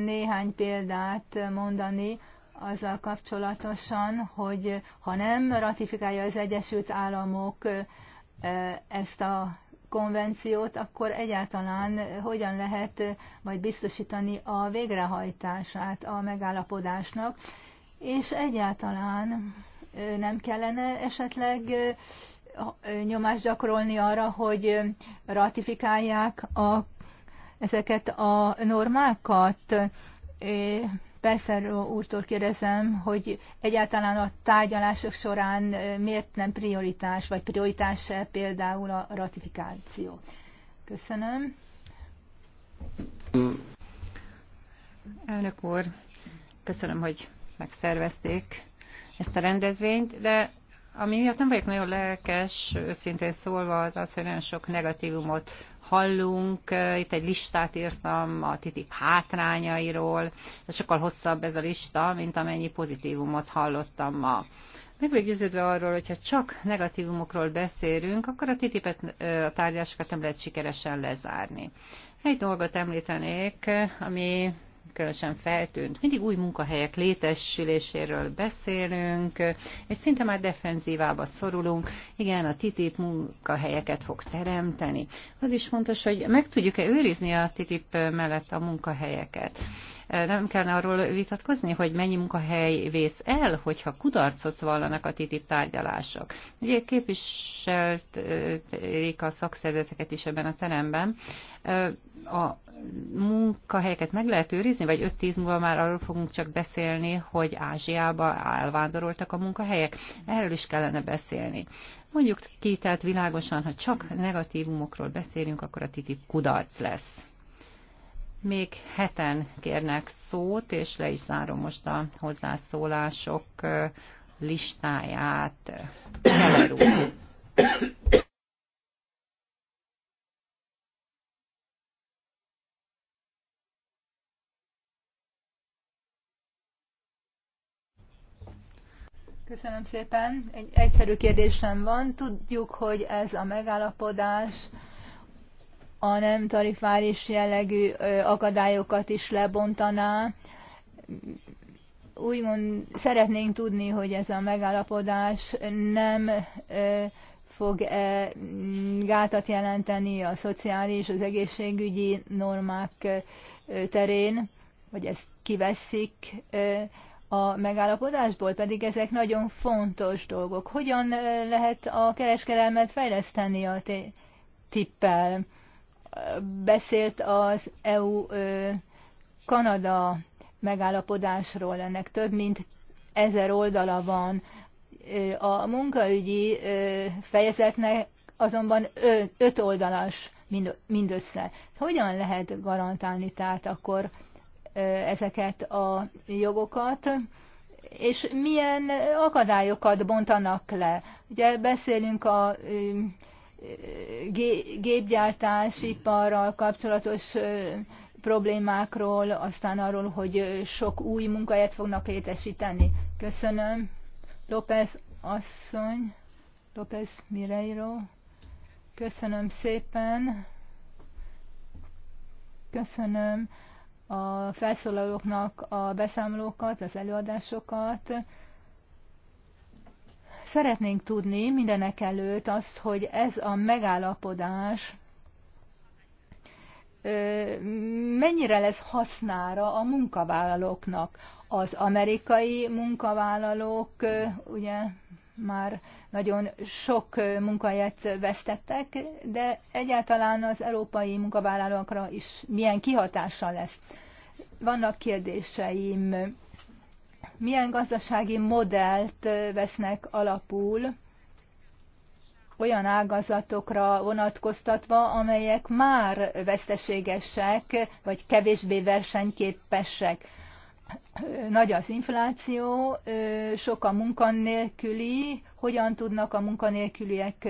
Speaker 1: néhány példát mondani azzal kapcsolatosan, hogy ha nem ratifikálja az Egyesült Államok ezt a konvenciót, akkor egyáltalán hogyan lehet majd biztosítani a végrehajtását a megállapodásnak, és egyáltalán nem kellene esetleg nyomást gyakorolni arra, hogy ratifikálják a, ezeket a normákat, Persze úrtól kérdezem, hogy egyáltalán a tárgyalások során miért nem prioritás, vagy prioritás -e például a ratifikáció. Köszönöm.
Speaker 3: Elnök úr, köszönöm, hogy megszervezték ezt a rendezvényt, de ami miatt nem vagyok nagyon lelkes, őszintén szólva, az az, hogy nagyon sok negatívumot hallunk. Itt egy listát írtam a TTIP hátrányairól. Ez sokkal hosszabb ez a lista, mint amennyi pozitívumot hallottam ma. Meg vagyok győződve arról, hogyha csak negatívumokról beszélünk, akkor a ttip a tárgyásokat nem lehet sikeresen lezárni. Egy dolgot említenék, ami különösen feltűnt. Mindig új munkahelyek létesüléséről beszélünk, és szinte már defenzívába szorulunk. Igen, a TTIP munkahelyeket fog teremteni. Az is fontos, hogy meg tudjuk-e őrizni a TTIP mellett a munkahelyeket. Nem kellene arról vitatkozni, hogy mennyi munkahely vész el, hogyha kudarcot vallanak a TTIP tárgyalások. Ugye képviselték a szakszervezeteket is ebben a teremben. A munkahelyeket meg lehet őrizni, vagy 5-10 múlva már arról fogunk csak beszélni, hogy Ázsiába elvándoroltak a munkahelyek. Erről is kellene beszélni. Mondjuk ki, tehát világosan, ha csak negatívumokról beszélünk, akkor a TTIP kudarc lesz. Még heten kérnek szót, és le is zárom most a hozzászólások listáját.
Speaker 1: Köszönöm szépen. Egy egyszerű kérdésem van. Tudjuk, hogy ez a megállapodás a nem tarifális jellegű akadályokat is lebontaná. Úgy mond, szeretnénk tudni, hogy ez a megállapodás nem fog -e gátat jelenteni a szociális, az egészségügyi normák terén, vagy ezt kiveszik a megállapodásból, pedig ezek nagyon fontos dolgok. Hogyan lehet a kereskedelmet fejleszteni a tippel? beszélt az EU-Kanada megállapodásról, ennek több mint ezer oldala van. A munkaügyi fejezetnek azonban öt oldalas mindössze. Hogyan lehet garantálni tehát akkor ezeket a jogokat, és milyen akadályokat bontanak le? Ugye beszélünk a gépgyártás iparral kapcsolatos problémákról, aztán arról, hogy sok új munkahelyet fognak létesíteni. Köszönöm. López asszony, López Mireiro. Köszönöm szépen. Köszönöm a felszólalóknak a beszámolókat, az előadásokat. Szeretnénk tudni mindenek előtt azt, hogy ez a megállapodás mennyire lesz hasznára a munkavállalóknak. Az amerikai munkavállalók ugye már nagyon sok munkahelyet vesztettek, de egyáltalán az európai munkavállalókra is milyen kihatással lesz. Vannak kérdéseim milyen gazdasági modellt vesznek alapul, olyan ágazatokra vonatkoztatva, amelyek már veszteségesek, vagy kevésbé versenyképesek. Nagy az infláció, sok a munkanélküli, hogyan tudnak a munkanélküliek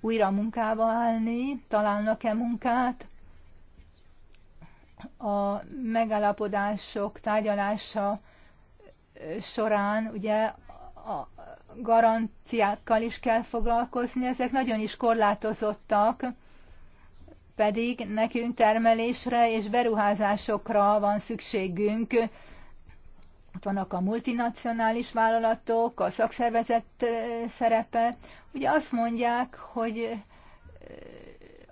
Speaker 1: újra munkába állni, találnak-e munkát? A megállapodások tárgyalása során ugye a garanciákkal is kell foglalkozni, ezek nagyon is korlátozottak, pedig nekünk termelésre és beruházásokra van szükségünk. Ott vannak a multinacionális vállalatok, a szakszervezet szerepe. Ugye azt mondják, hogy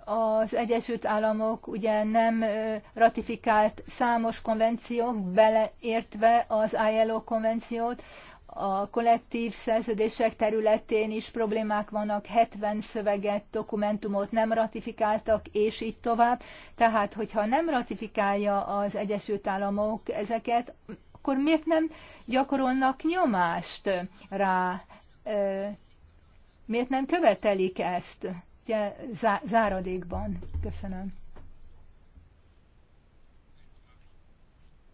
Speaker 1: az Egyesült Államok ugye nem ratifikált számos konvenciók, beleértve az ILO konvenciót, a kollektív szerződések területén is problémák vannak, 70 szöveget, dokumentumot nem ratifikáltak, és így tovább. Tehát, hogyha nem ratifikálja az Egyesült Államok ezeket, akkor miért nem gyakorolnak nyomást rá? Miért nem követelik ezt? záradékban. Köszönöm.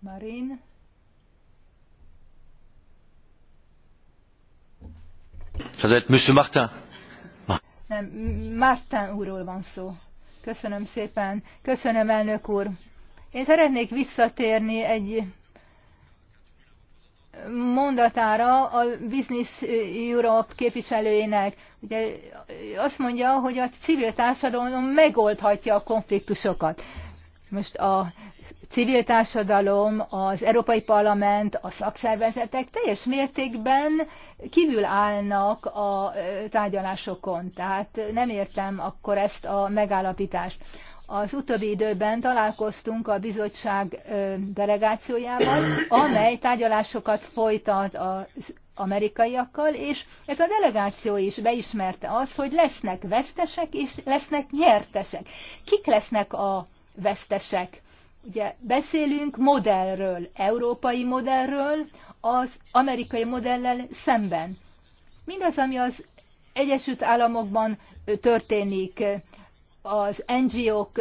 Speaker 1: Marin.
Speaker 3: Ça doit être Monsieur Martin.
Speaker 1: Nem, Martin úrról van szó. Köszönöm szépen. Köszönöm, elnök úr. Én szeretnék visszatérni egy mondatára a Business Europe képviselőjének. Ugye azt mondja, hogy a civil társadalom megoldhatja a konfliktusokat. Most a civil társadalom, az Európai Parlament, a szakszervezetek teljes mértékben kívül állnak a tárgyalásokon. Tehát nem értem akkor ezt a megállapítást. Az utóbbi időben találkoztunk a bizottság delegációjával, amely tárgyalásokat folytat az amerikaiakkal, és ez a delegáció is beismerte azt, hogy lesznek vesztesek és lesznek nyertesek. Kik lesznek a vesztesek? Ugye beszélünk modellről, európai modellről, az amerikai modellel szemben. Mindaz, ami az Egyesült Államokban történik, az NGO-k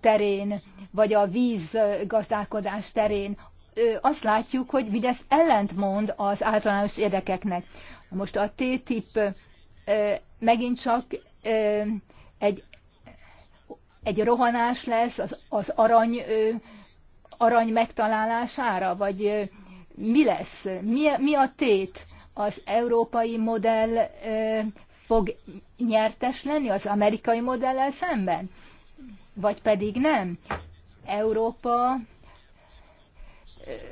Speaker 1: terén, vagy a vízgazdálkodás terén azt látjuk, hogy mindez ellentmond az általános érdekeknek. Most a TTIP megint csak egy, egy rohanás lesz az, az arany, arany megtalálására, vagy mi lesz? Mi, mi a tét? Az európai modell fog nyertes lenni az amerikai modellel szemben? Vagy pedig nem? Európa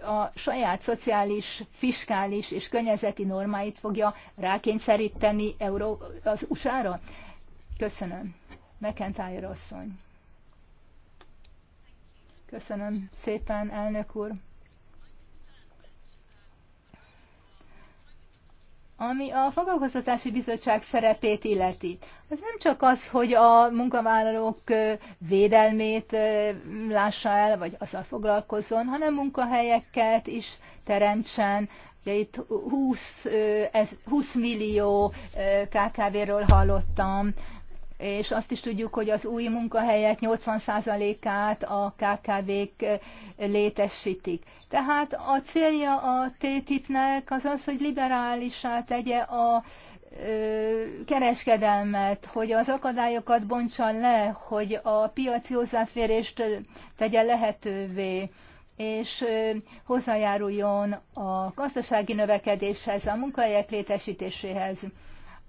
Speaker 1: a saját szociális, fiskális és környezeti normáit fogja rákényszeríteni Euró- az USA-ra? Köszönöm. McIntyre asszony. Köszönöm szépen, elnök úr. Ami a foglalkoztatási bizottság szerepét illeti, az nem csak az, hogy a munkavállalók védelmét lássa el, vagy azzal foglalkozzon, hanem munkahelyeket is teremtsen. Ugye itt 20, 20 millió KKV-ről hallottam, és azt is tudjuk, hogy az új munkahelyek 80%-át a KKV-k létesítik. Tehát a célja a TTIP-nek az az, hogy liberálisá tegye a kereskedelmet, hogy az akadályokat bontsa le, hogy a piaci hozzáférést tegye lehetővé, és hozzájáruljon a gazdasági növekedéshez, a munkahelyek létesítéséhez.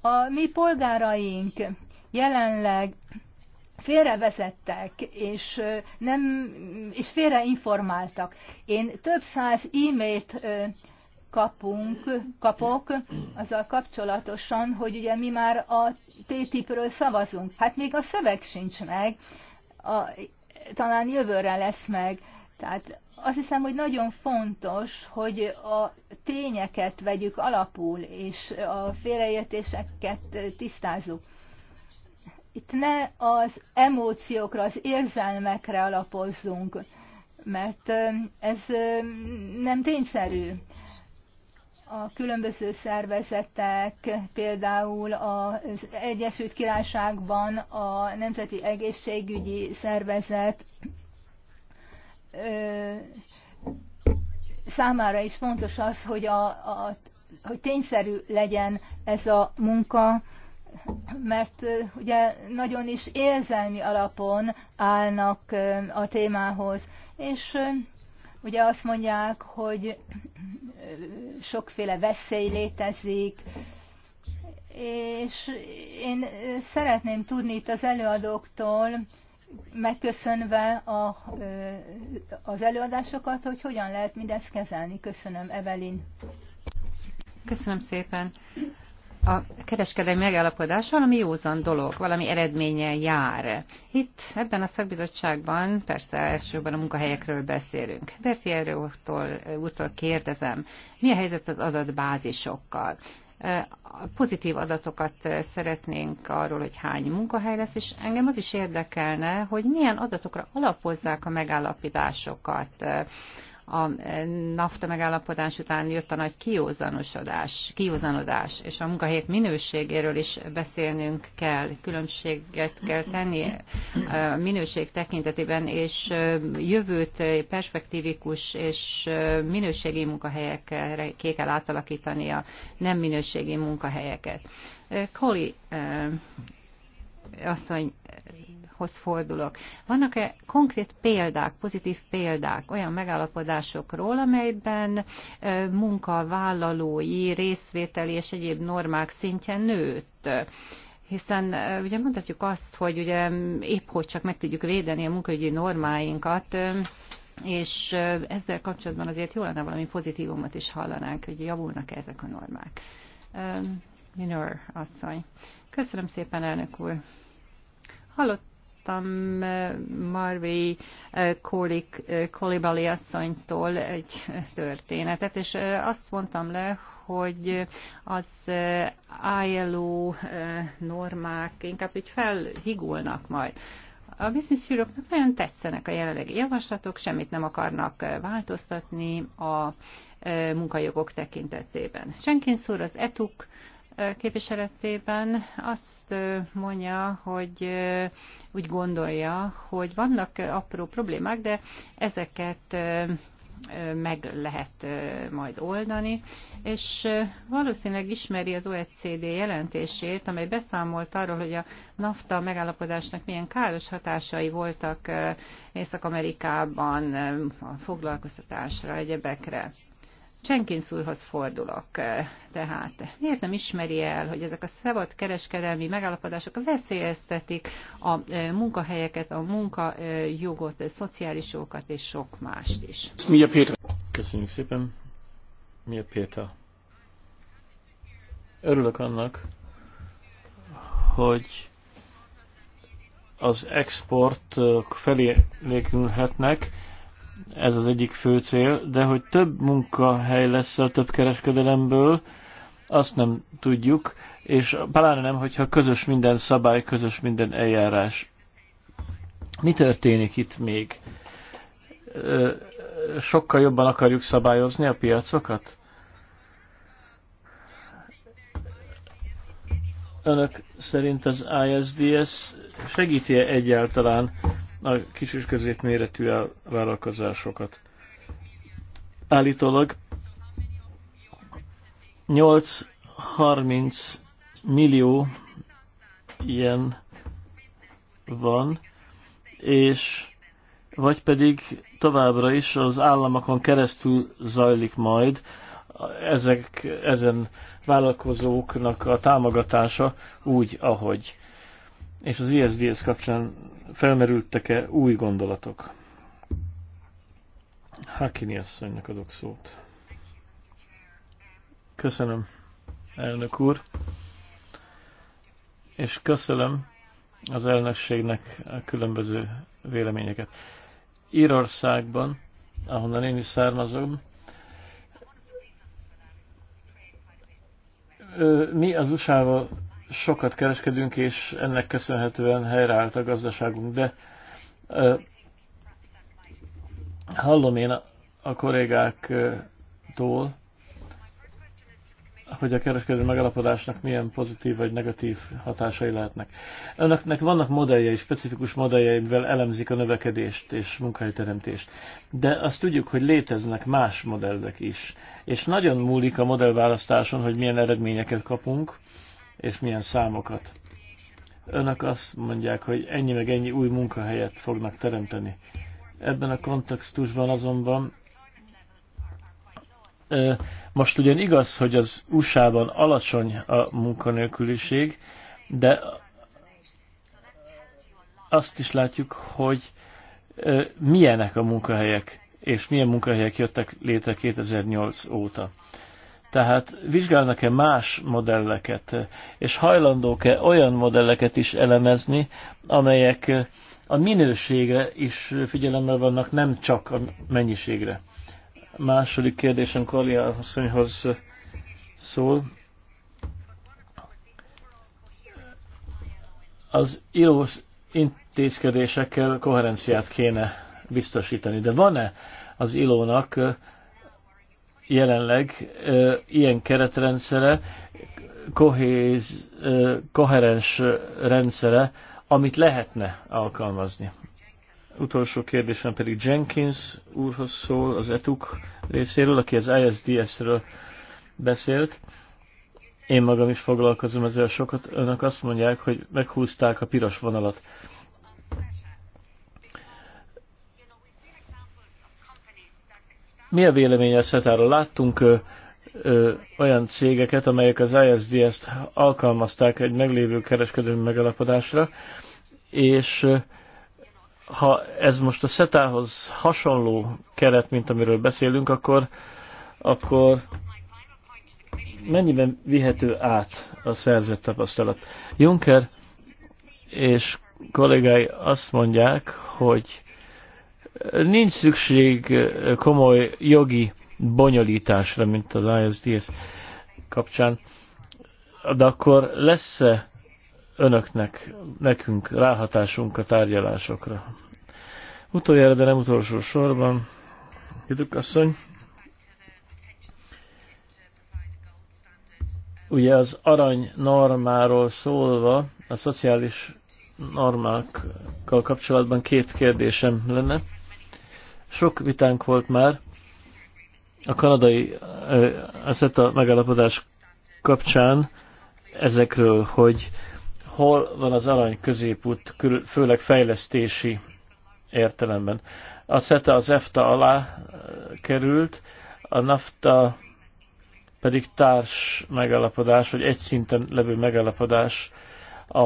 Speaker 1: A mi polgáraink jelenleg félrevezettek, és, nem, és félreinformáltak. Én több száz e-mailt kapunk, kapok azzal kapcsolatosan, hogy ugye mi már a TTIP-ről szavazunk. Hát még a szöveg sincs meg, a, talán jövőre lesz meg. Tehát azt hiszem, hogy nagyon fontos, hogy a tényeket vegyük alapul, és a félreértéseket tisztázzuk itt ne az emóciókra, az érzelmekre alapozzunk, mert ez nem tényszerű. A különböző szervezetek, például az Egyesült Királyságban a Nemzeti Egészségügyi Szervezet számára is fontos az, hogy, a, a, hogy tényszerű legyen ez a munka, mert ugye nagyon is érzelmi alapon állnak a témához, és ugye azt mondják, hogy sokféle veszély létezik, és én szeretném tudni itt az előadóktól, megköszönve a, az előadásokat, hogy hogyan lehet mindezt kezelni. Köszönöm, Evelin.
Speaker 3: Köszönöm szépen a kereskedelmi megállapodás valami józan dolog, valami eredménye jár. Itt ebben a szakbizottságban persze elsőben a munkahelyekről beszélünk. Bertier úrtól, úrtól kérdezem, mi a helyzet az adatbázisokkal? Pozitív adatokat szeretnénk arról, hogy hány munkahely lesz, és engem az is érdekelne, hogy milyen adatokra alapozzák a megállapításokat a NAFTA megállapodás után jött a nagy kiózanosodás, kiózanodás, és a munkahelyek minőségéről is beszélnünk kell, különbséget kell tenni a minőség tekintetében, és jövőt perspektívikus és minőségi munkahelyekre ké kell átalakítani a nem minőségi munkahelyeket. Koli mondja, eh, önökhoz fordulok. Vannak-e konkrét példák, pozitív példák olyan megállapodásokról, amelyben munkavállalói részvételi és egyéb normák szintje nőtt? hiszen ugye mondhatjuk azt, hogy ugye épp hogy csak meg tudjuk védeni a munkaügyi normáinkat, és ezzel kapcsolatban azért jó lenne valami pozitívumot is hallanánk, hogy javulnak -e ezek a normák. Minor asszony. Köszönöm szépen, elnök úr. Hallott hallottam eh, Marvi eh, eh, Kolibali asszonytól egy történetet, és azt mondtam le, hogy az ILO normák inkább így felhigulnak majd. A Business europe nagyon tetszenek a jelenlegi javaslatok, semmit nem akarnak változtatni a munkajogok tekintetében. Jenkins úr, az ETUK képviseletében azt mondja, hogy úgy gondolja, hogy vannak apró problémák, de ezeket meg lehet majd oldani, és valószínűleg ismeri az OECD jelentését, amely beszámolt arról, hogy a NAFTA megállapodásnak milyen káros hatásai voltak Észak-Amerikában a foglalkoztatásra, egyebekre. Jenkins úrhoz fordulok. Eh, tehát miért nem ismeri el, hogy ezek a szabad kereskedelmi megállapodások veszélyeztetik a eh, munkahelyeket, a munkajogot, a eh, szociális jogokat és sok mást is? Mi a Péter?
Speaker 2: Köszönjük szépen. Mi a Péter? Örülök annak, hogy az export felé nélkülhetnek, ez az egyik fő cél, de hogy több munkahely lesz a több kereskedelemből, azt nem tudjuk, és pláne nem, hogyha közös minden szabály, közös minden eljárás. Mi történik itt még? Sokkal jobban akarjuk szabályozni a piacokat? Önök szerint az ISDS segíti -e egyáltalán a kis és középméretű vállalkozásokat. Állítólag 8-30 millió ilyen van, és vagy pedig továbbra is az államokon keresztül zajlik majd ezek, ezen vállalkozóknak a támogatása úgy, ahogy. És az ISDS kapcsán felmerültek-e új gondolatok? Hakini asszonynak adok szót. Köszönöm, elnök úr, és köszönöm az elnökségnek a különböző véleményeket. Írországban, ahonnan én is származom, mi az USA-val sokat kereskedünk, és ennek köszönhetően helyreállt a gazdaságunk, de ö, hallom én a, a kollégáktól, hogy a kereskedő megalapodásnak milyen pozitív vagy negatív hatásai lehetnek. Önöknek vannak modelljei, specifikus modelljei, mivel elemzik a növekedést és munkahelyteremtést. De azt tudjuk, hogy léteznek más modellek is. És nagyon múlik a modellválasztáson, hogy milyen eredményeket kapunk és milyen számokat. Önök azt mondják, hogy ennyi meg ennyi új munkahelyet fognak teremteni. Ebben a kontextusban azonban most ugyan igaz, hogy az USA-ban alacsony a munkanélküliség, de azt is látjuk, hogy milyenek a munkahelyek, és milyen munkahelyek jöttek létre 2008 óta. Tehát vizsgálnak-e más modelleket, és hajlandók-e olyan modelleket is elemezni, amelyek a minőségre is figyelemmel vannak, nem csak a mennyiségre. A második kérdésem Kalia asszonyhoz szól. Az jó intézkedésekkel koherenciát kéne biztosítani, de van-e az ilónak jelenleg ö, ilyen keretrendszere, kohéz, ö, koherens rendszere, amit lehetne alkalmazni. Utolsó kérdésem pedig Jenkins úrhoz szól, az ETUK részéről, aki az ISDS-ről beszélt. Én magam is foglalkozom ezzel sokat. Önök azt mondják, hogy meghúzták a piros vonalat. Mi a véleménye Szetáról? Láttunk ö, ö, olyan cégeket, amelyek az ISDS-t alkalmazták egy meglévő kereskedelmi megalapodásra, és ö, ha ez most a szetához hasonló keret, mint amiről beszélünk, akkor, akkor mennyiben vihető át a szerzett tapasztalat? Juncker és kollégái azt mondják, hogy Nincs szükség eh, komoly jogi bonyolításra, mint az ISDS kapcsán, de akkor lesz-e önöknek, nekünk ráhatásunk a tárgyalásokra? Utoljára, de nem utolsó sorban, Judok asszony, ugye az arany normáról szólva, a szociális normákkal kapcsolatban két kérdésem lenne. Sok vitánk volt már a kanadai a megállapodás kapcsán ezekről, hogy hol van az arany középút, főleg fejlesztési értelemben. A CETA az EFTA alá került, a NAFTA pedig társ megállapodás, vagy egy szinten levő megállapodás a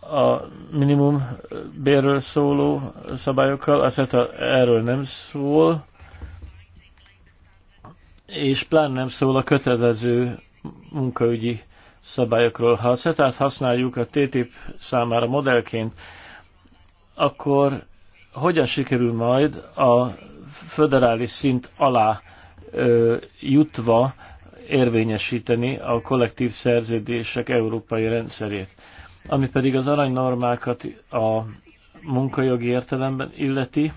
Speaker 2: a minimum bérről szóló szabályokkal, a CETA erről nem szól, és plán nem szól a kötelező munkaügyi szabályokról. Ha a ceta használjuk a TTIP számára modellként, akkor hogyan sikerül majd a föderális szint alá ö, jutva érvényesíteni a kollektív szerződések európai rendszerét? Ami pedig az aranynormákat a munkajogi értelemben illeti,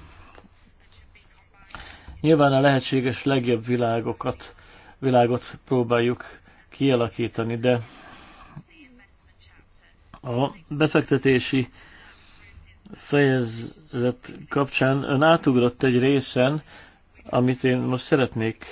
Speaker 2: nyilván a lehetséges legjobb világokat, világot próbáljuk kialakítani, de a befektetési fejezet kapcsán ön átugrott egy részen, amit én most szeretnék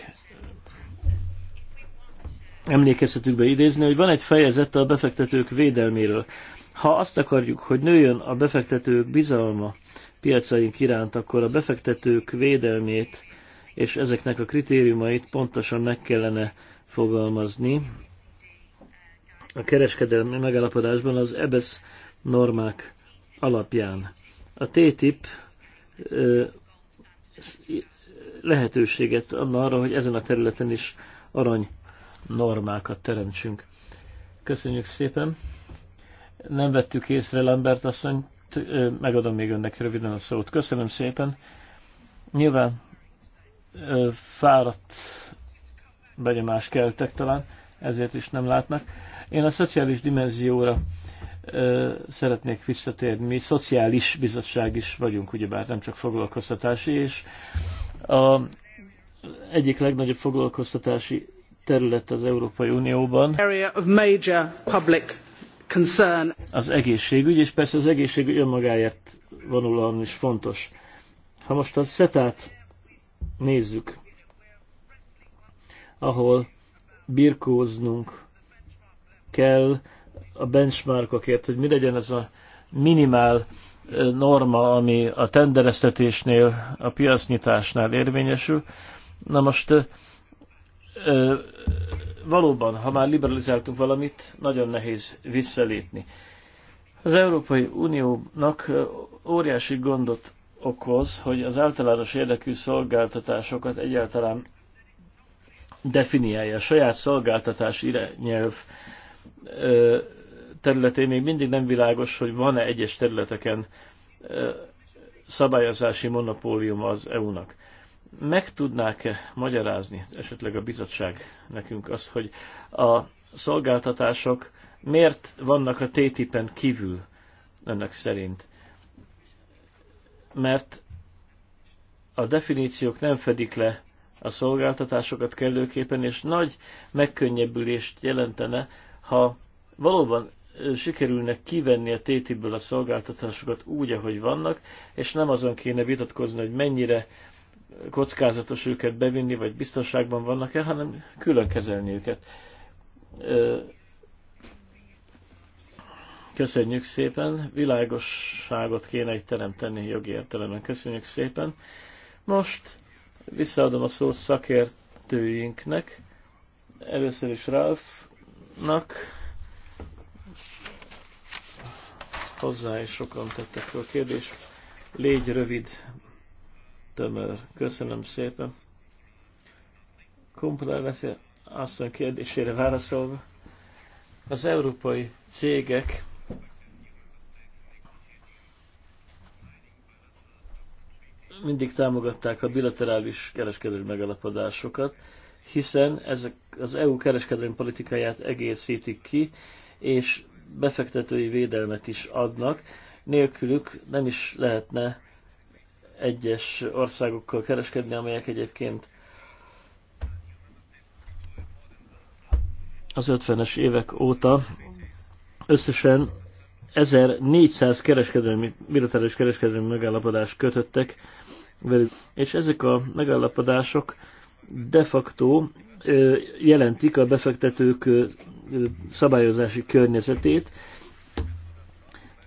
Speaker 2: emlékezetükbe idézni, hogy van egy fejezet a befektetők védelméről. Ha azt akarjuk, hogy nőjön a befektetők bizalma piacaink iránt, akkor a befektetők védelmét és ezeknek a kritériumait pontosan meg kellene fogalmazni. A kereskedelmi megállapodásban az EBS normák alapján. A T T-tip lehetőséget adna arra, hogy ezen a területen is arany normákat teremtsünk. Köszönjük szépen! Nem vettük észre Lambert asszonyt, megadom még önnek röviden a szót. Köszönöm szépen! Nyilván fáradt benyomást keltek talán, ezért is nem látnak. Én a szociális dimenzióra ö, szeretnék visszatérni. Mi szociális bizottság is vagyunk, ugyebár nem csak foglalkoztatási, és a egyik legnagyobb foglalkoztatási terület az Európai Unióban. Az egészségügy, és persze az egészségügy önmagáért vonulóan is fontos. Ha most a szetát nézzük, ahol birkóznunk kell a benchmarkokért, hogy mi legyen ez a minimál norma, ami a tendereztetésnél, a piacnyitásnál érvényesül. Na most ö, valóban, ha már liberalizáltunk valamit, nagyon nehéz visszalépni. Az Európai Uniónak óriási gondot okoz, hogy az általános érdekű szolgáltatásokat egyáltalán definiálja. A saját szolgáltatás irányelv területén még mindig nem világos, hogy van-e egyes területeken szabályozási monopólium az EU-nak meg tudnák-e magyarázni esetleg a bizottság nekünk azt, hogy a szolgáltatások miért vannak a TTIP-en kívül önnek szerint? Mert a definíciók nem fedik le a szolgáltatásokat kellőképpen, és nagy megkönnyebbülést jelentene, ha valóban sikerülnek kivenni a tétiből a szolgáltatásokat úgy, ahogy vannak, és nem azon kéne vitatkozni, hogy mennyire kockázatos őket bevinni, vagy biztonságban vannak-e, hanem külön kezelni őket. Köszönjük szépen, világosságot kéne egy teremteni jogi értelemben. Köszönjük szépen. Most visszaadom a szót szakértőinknek. Először is Ralfnak. Hozzá is sokan tettek fel a kérdést. Légy rövid, tömör. Köszönöm szépen. Kumpler veszi asszony kérdésére válaszolva. Az európai cégek mindig támogatták a bilaterális kereskedelmi megalapodásokat, hiszen ezek az EU kereskedelmi politikáját egészítik ki, és befektetői védelmet is adnak, nélkülük nem is lehetne egyes országokkal kereskedni, amelyek egyébként az 50-es évek óta összesen 1400 kereskedelmi, bilaterális kereskedelmi megállapodást kötöttek velük, és ezek a megállapodások de facto jelentik a befektetők szabályozási környezetét,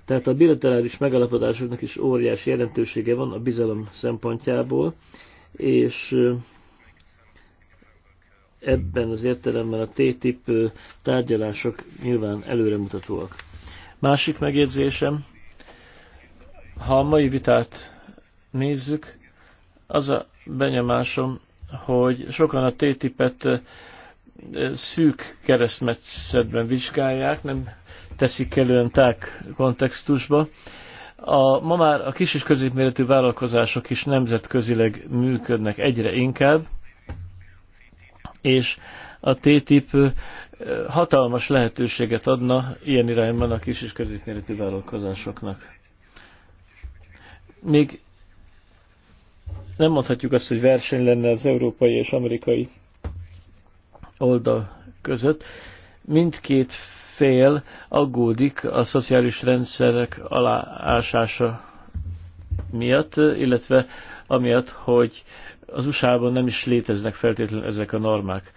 Speaker 2: tehát a bilaterális megalapodásoknak is óriási jelentősége van a bizalom szempontjából, és ebben az értelemben a TTIP tárgyalások nyilván előremutatóak. Másik megjegyzésem, ha a mai vitát nézzük, az a benyomásom, hogy sokan a TTIP-et szűk keresztmetszetben vizsgálják, nem teszik tág kontextusba. A, ma már a kis és középméretű vállalkozások is nemzetközileg működnek egyre inkább, és a TTIP hatalmas lehetőséget adna ilyen irányban a kis és középméretű vállalkozásoknak. Még nem mondhatjuk azt, hogy verseny lenne az európai és amerikai oldal között. Mindkét fél aggódik a szociális rendszerek aláásása miatt, illetve amiatt, hogy az USA-ban nem is léteznek feltétlenül ezek a normák.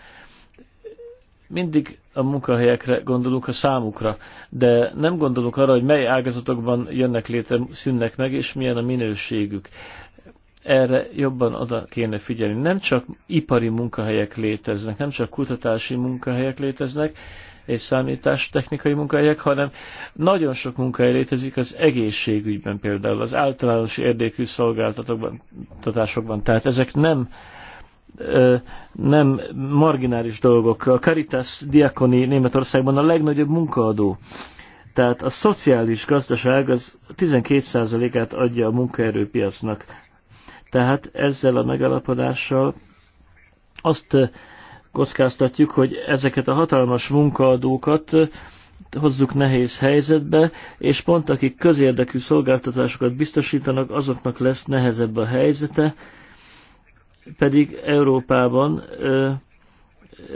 Speaker 2: Mindig a munkahelyekre gondolunk, a számukra, de nem gondolunk arra, hogy mely ágazatokban jönnek létre, szűnnek meg, és milyen a minőségük. Erre jobban oda kéne figyelni. Nem csak ipari munkahelyek léteznek, nem csak kutatási munkahelyek léteznek, és számítás technikai munkahelyek, hanem nagyon sok munkahely létezik az egészségügyben például, az általános érdekű szolgáltatásokban. Tehát ezek nem nem marginális dolgok. A Caritas diakoni Németországban a legnagyobb munkaadó. Tehát a szociális gazdaság az 12%-át adja a munkaerőpiacnak. Tehát ezzel a megalapodással azt kockáztatjuk, hogy ezeket a hatalmas munkaadókat hozzuk nehéz helyzetbe, és pont akik közérdekű szolgáltatásokat biztosítanak, azoknak lesz nehezebb a helyzete, pedig Európában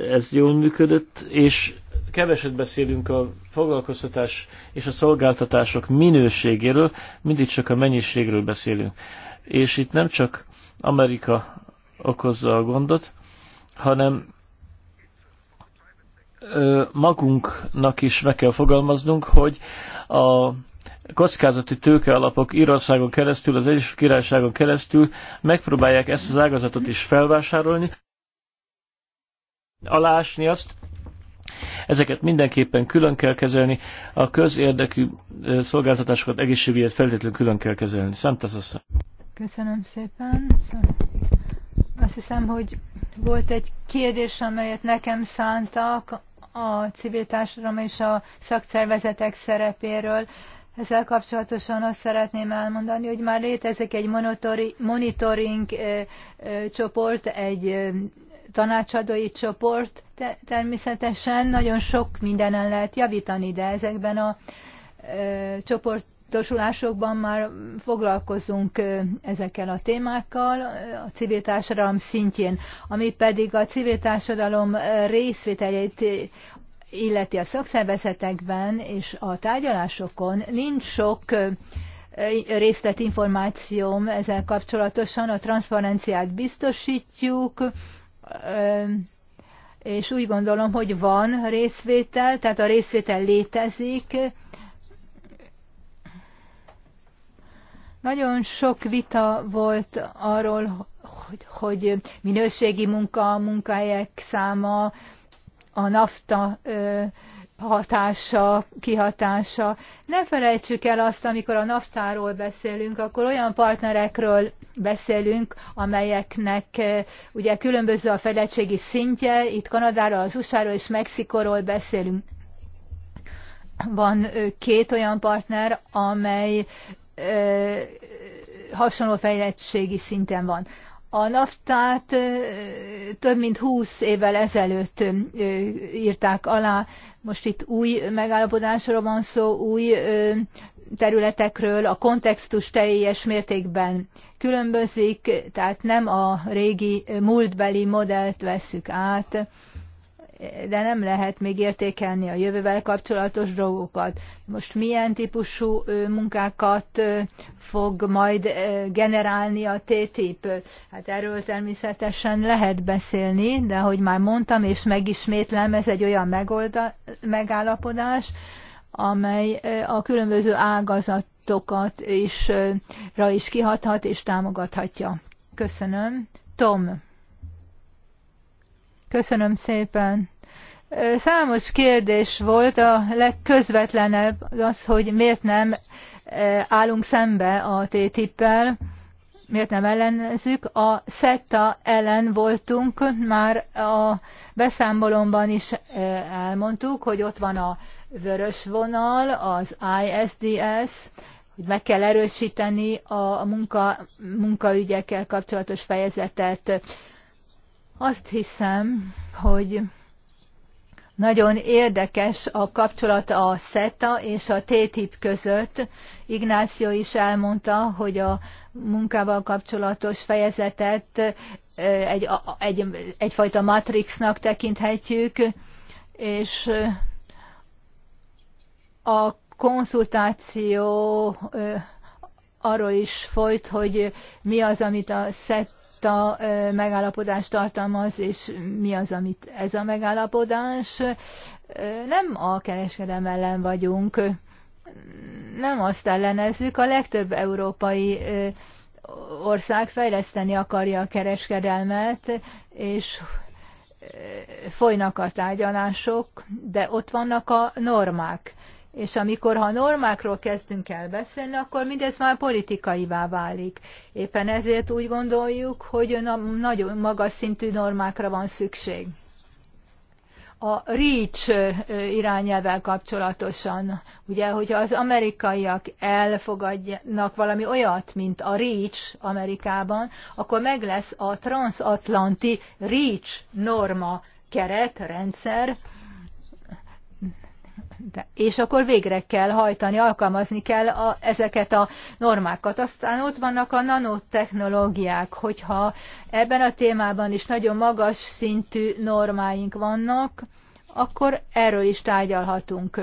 Speaker 2: ez jól működött, és keveset beszélünk a foglalkoztatás és a szolgáltatások minőségéről, mindig csak a mennyiségről beszélünk. És itt nem csak Amerika okozza a gondot, hanem magunknak is meg kell fogalmaznunk, hogy a kockázati tőkealapok Írországon keresztül, az Egyesült Királyságon keresztül megpróbálják ezt az ágazatot is felvásárolni, alásni azt, Ezeket mindenképpen külön kell kezelni, a közérdekű szolgáltatásokat, egészségügyet feltétlenül külön kell kezelni. Számtasz
Speaker 1: Köszönöm szépen. Azt hiszem, hogy volt egy kérdés, amelyet nekem szántak, a civil társadalom és a szakszervezetek szerepéről. Ezzel kapcsolatosan azt szeretném elmondani, hogy már létezik egy monitoring csoport, egy tanácsadói csoport. természetesen nagyon sok mindenen lehet javítani, de ezekben a csoport csoportosulásokban már foglalkozunk ezekkel a témákkal a civil társadalom szintjén, ami pedig a civil társadalom részvételét illeti a szakszervezetekben és a tárgyalásokon. Nincs sok információm ezzel kapcsolatosan, a transzparenciát biztosítjuk, és úgy gondolom, hogy van részvétel, tehát a részvétel létezik, Nagyon sok vita volt arról, hogy, hogy minőségi munka, munkahelyek száma, a NAFTA hatása, kihatása. Ne felejtsük el azt, amikor a naftáról beszélünk, akkor olyan partnerekről beszélünk, amelyeknek ugye különböző a fedettségi szintje, itt Kanadáról, az USA-ról és Mexikóról beszélünk. Van két olyan partner, amely hasonló fejlettségi szinten van. A naftát több mint 20 évvel ezelőtt írták alá, most itt új megállapodásról van szó, új területekről, a kontextus teljes mértékben különbözik, tehát nem a régi múltbeli modellt vesszük át, de nem lehet még értékelni a jövővel kapcsolatos dolgokat. Most milyen típusú munkákat fog majd generálni a TTIP? Hát erről természetesen lehet beszélni, de ahogy már mondtam, és megismétlem, ez egy olyan megolda, megállapodás, amely a különböző ágazatokat is, ra is kihathat és támogathatja. Köszönöm. Tom. Köszönöm szépen. Számos kérdés volt, a legközvetlenebb az, hogy miért nem állunk szembe a TTIP-el, miért nem ellenezzük. A SETA ellen voltunk, már a beszámolomban is elmondtuk, hogy ott van a vörös vonal, az ISDS, hogy meg kell erősíteni a munka, munkaügyekkel kapcsolatos fejezetet azt hiszem, hogy nagyon érdekes a kapcsolat a SETA és a TTIP között. Ignácio is elmondta, hogy a munkával kapcsolatos fejezetet egy, egy, egyfajta matrixnak tekinthetjük, és a konzultáció arról is folyt, hogy mi az, amit a SETA fajta megállapodást tartalmaz, és mi az, amit ez a megállapodás. Nem a kereskedelem ellen vagyunk, nem azt ellenezzük, a legtöbb európai ország fejleszteni akarja a kereskedelmet, és folynak a tárgyalások, de ott vannak a normák. És amikor, ha normákról kezdünk el beszélni, akkor mindez már politikaivá válik. Éppen ezért úgy gondoljuk, hogy nagyon magas szintű normákra van szükség. A REACH irányelvel kapcsolatosan, ugye, hogyha az amerikaiak elfogadnak valami olyat, mint a REACH Amerikában, akkor meg lesz a transatlanti REACH norma keretrendszer, de, és akkor végre kell hajtani, alkalmazni kell a, ezeket a normákat. Aztán ott vannak a nanotechnológiák, hogyha ebben a témában is nagyon magas szintű normáink vannak, akkor erről is tárgyalhatunk.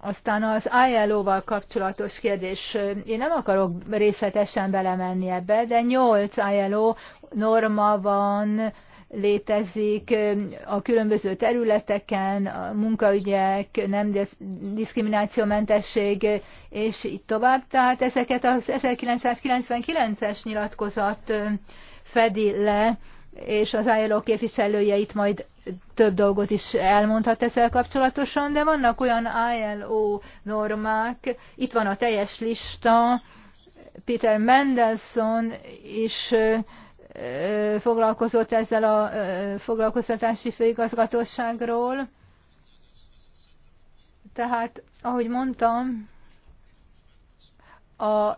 Speaker 1: Aztán az ILO-val kapcsolatos kérdés, én nem akarok részletesen belemenni ebbe, de 8 ILO norma van, létezik a különböző területeken, a munkaügyek, nem diszkriminációmentesség, és így tovább. Tehát ezeket az 1999-es nyilatkozat fedi le, és az ILO képviselője itt majd több dolgot is elmondhat ezzel kapcsolatosan, de vannak olyan ILO normák, itt van a teljes lista, Peter Mendelssohn is foglalkozott ezzel a foglalkoztatási főigazgatóságról. Tehát, ahogy mondtam, a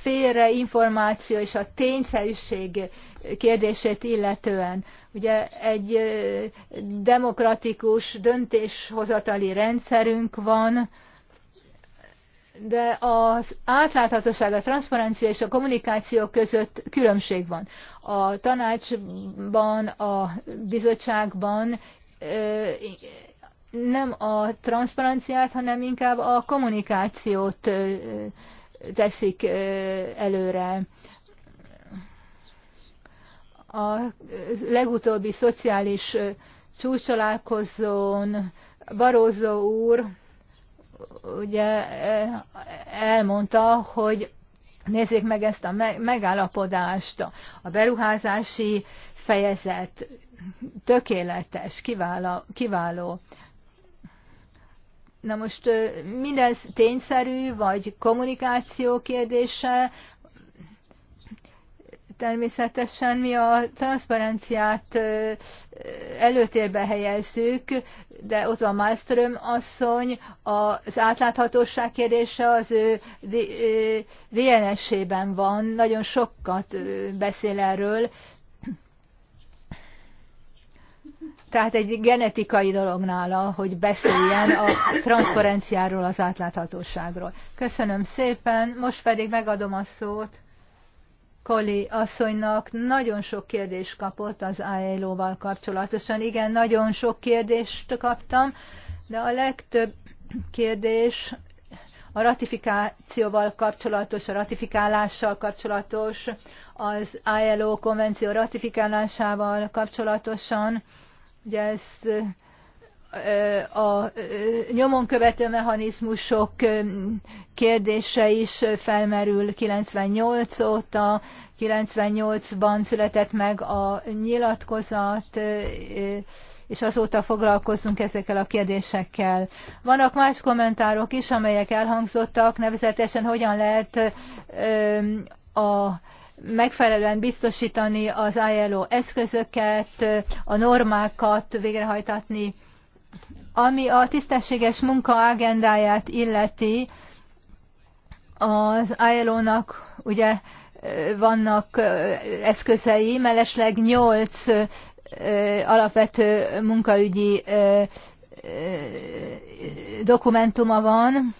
Speaker 1: félreinformáció és a tényszerűség kérdését illetően. Ugye egy demokratikus döntéshozatali rendszerünk van, de az átláthatóság, a transzparencia és a kommunikáció között különbség van. A tanácsban, a bizottságban nem a transzparenciát, hanem inkább a kommunikációt teszik előre. A legutóbbi szociális csúcsalálkozón Barózó úr ugye eh, elmondta, hogy nézzék meg ezt a megállapodást, a beruházási fejezet tökéletes, kiváló, kiváló. Na most eh, mindez tényszerű, vagy kommunikáció kérdése, Természetesen mi a transzparenciát előtérbe helyezzük, de ott van Malmström asszony, az átláthatóság kérdése az ő DNS-ében van, nagyon sokat beszél erről. Tehát egy genetikai dolog nála, hogy beszéljen a transzparenciáról, az átláthatóságról. Köszönöm szépen, most pedig megadom a szót. Koli asszonynak nagyon sok kérdést kapott az ILO-val e kapcsolatosan. Igen, nagyon sok kérdést kaptam, de a legtöbb kérdés a ratifikációval kapcsolatos, a ratifikálással kapcsolatos, az ILO e konvenció ratifikálásával kapcsolatosan. Ugye ezt a nyomon követő mechanizmusok kérdése is felmerül 98 óta. 98-ban született meg a nyilatkozat, és azóta foglalkozunk ezekkel a kérdésekkel. Vannak más kommentárok is, amelyek elhangzottak, nevezetesen hogyan lehet a megfelelően biztosítani az ILO eszközöket, a normákat végrehajtatni. Ami a tisztességes munka agendáját illeti, az ILO-nak ugye vannak eszközei, mellesleg nyolc alapvető munkaügyi dokumentuma van,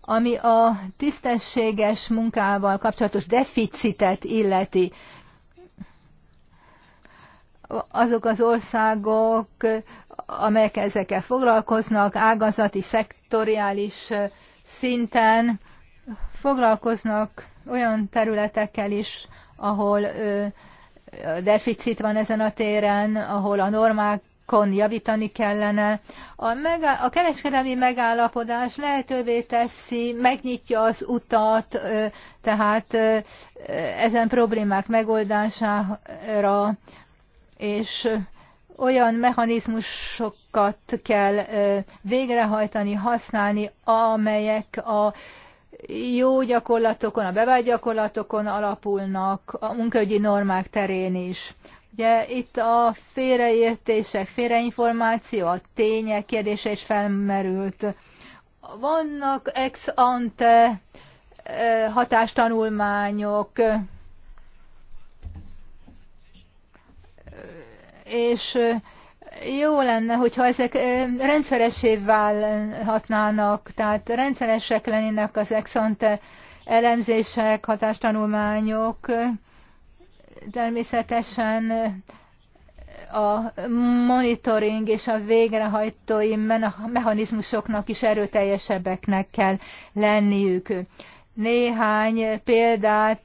Speaker 1: ami a tisztességes munkával kapcsolatos deficitet illeti. Azok az országok, amelyek ezekkel foglalkoznak, ágazati, szektoriális szinten foglalkoznak olyan területekkel is, ahol deficit van ezen a téren, ahol a normákon javítani kellene. A, megá- a kereskedelmi megállapodás lehetővé teszi, megnyitja az utat, tehát ezen problémák megoldására, és olyan mechanizmusokat kell végrehajtani, használni, amelyek a jó gyakorlatokon, a bevált gyakorlatokon alapulnak, a munkaügyi normák terén is. Ugye itt a félreértések, félreinformáció, a tények kérdése is felmerült. Vannak ex ante hatástanulmányok, és jó lenne, hogyha ezek rendszeressé válhatnának, tehát rendszeresek lennének az exante elemzések, hatástanulmányok. Természetesen a monitoring és a végrehajtói mechanizmusoknak is erőteljesebbeknek kell lenniük. Néhány példát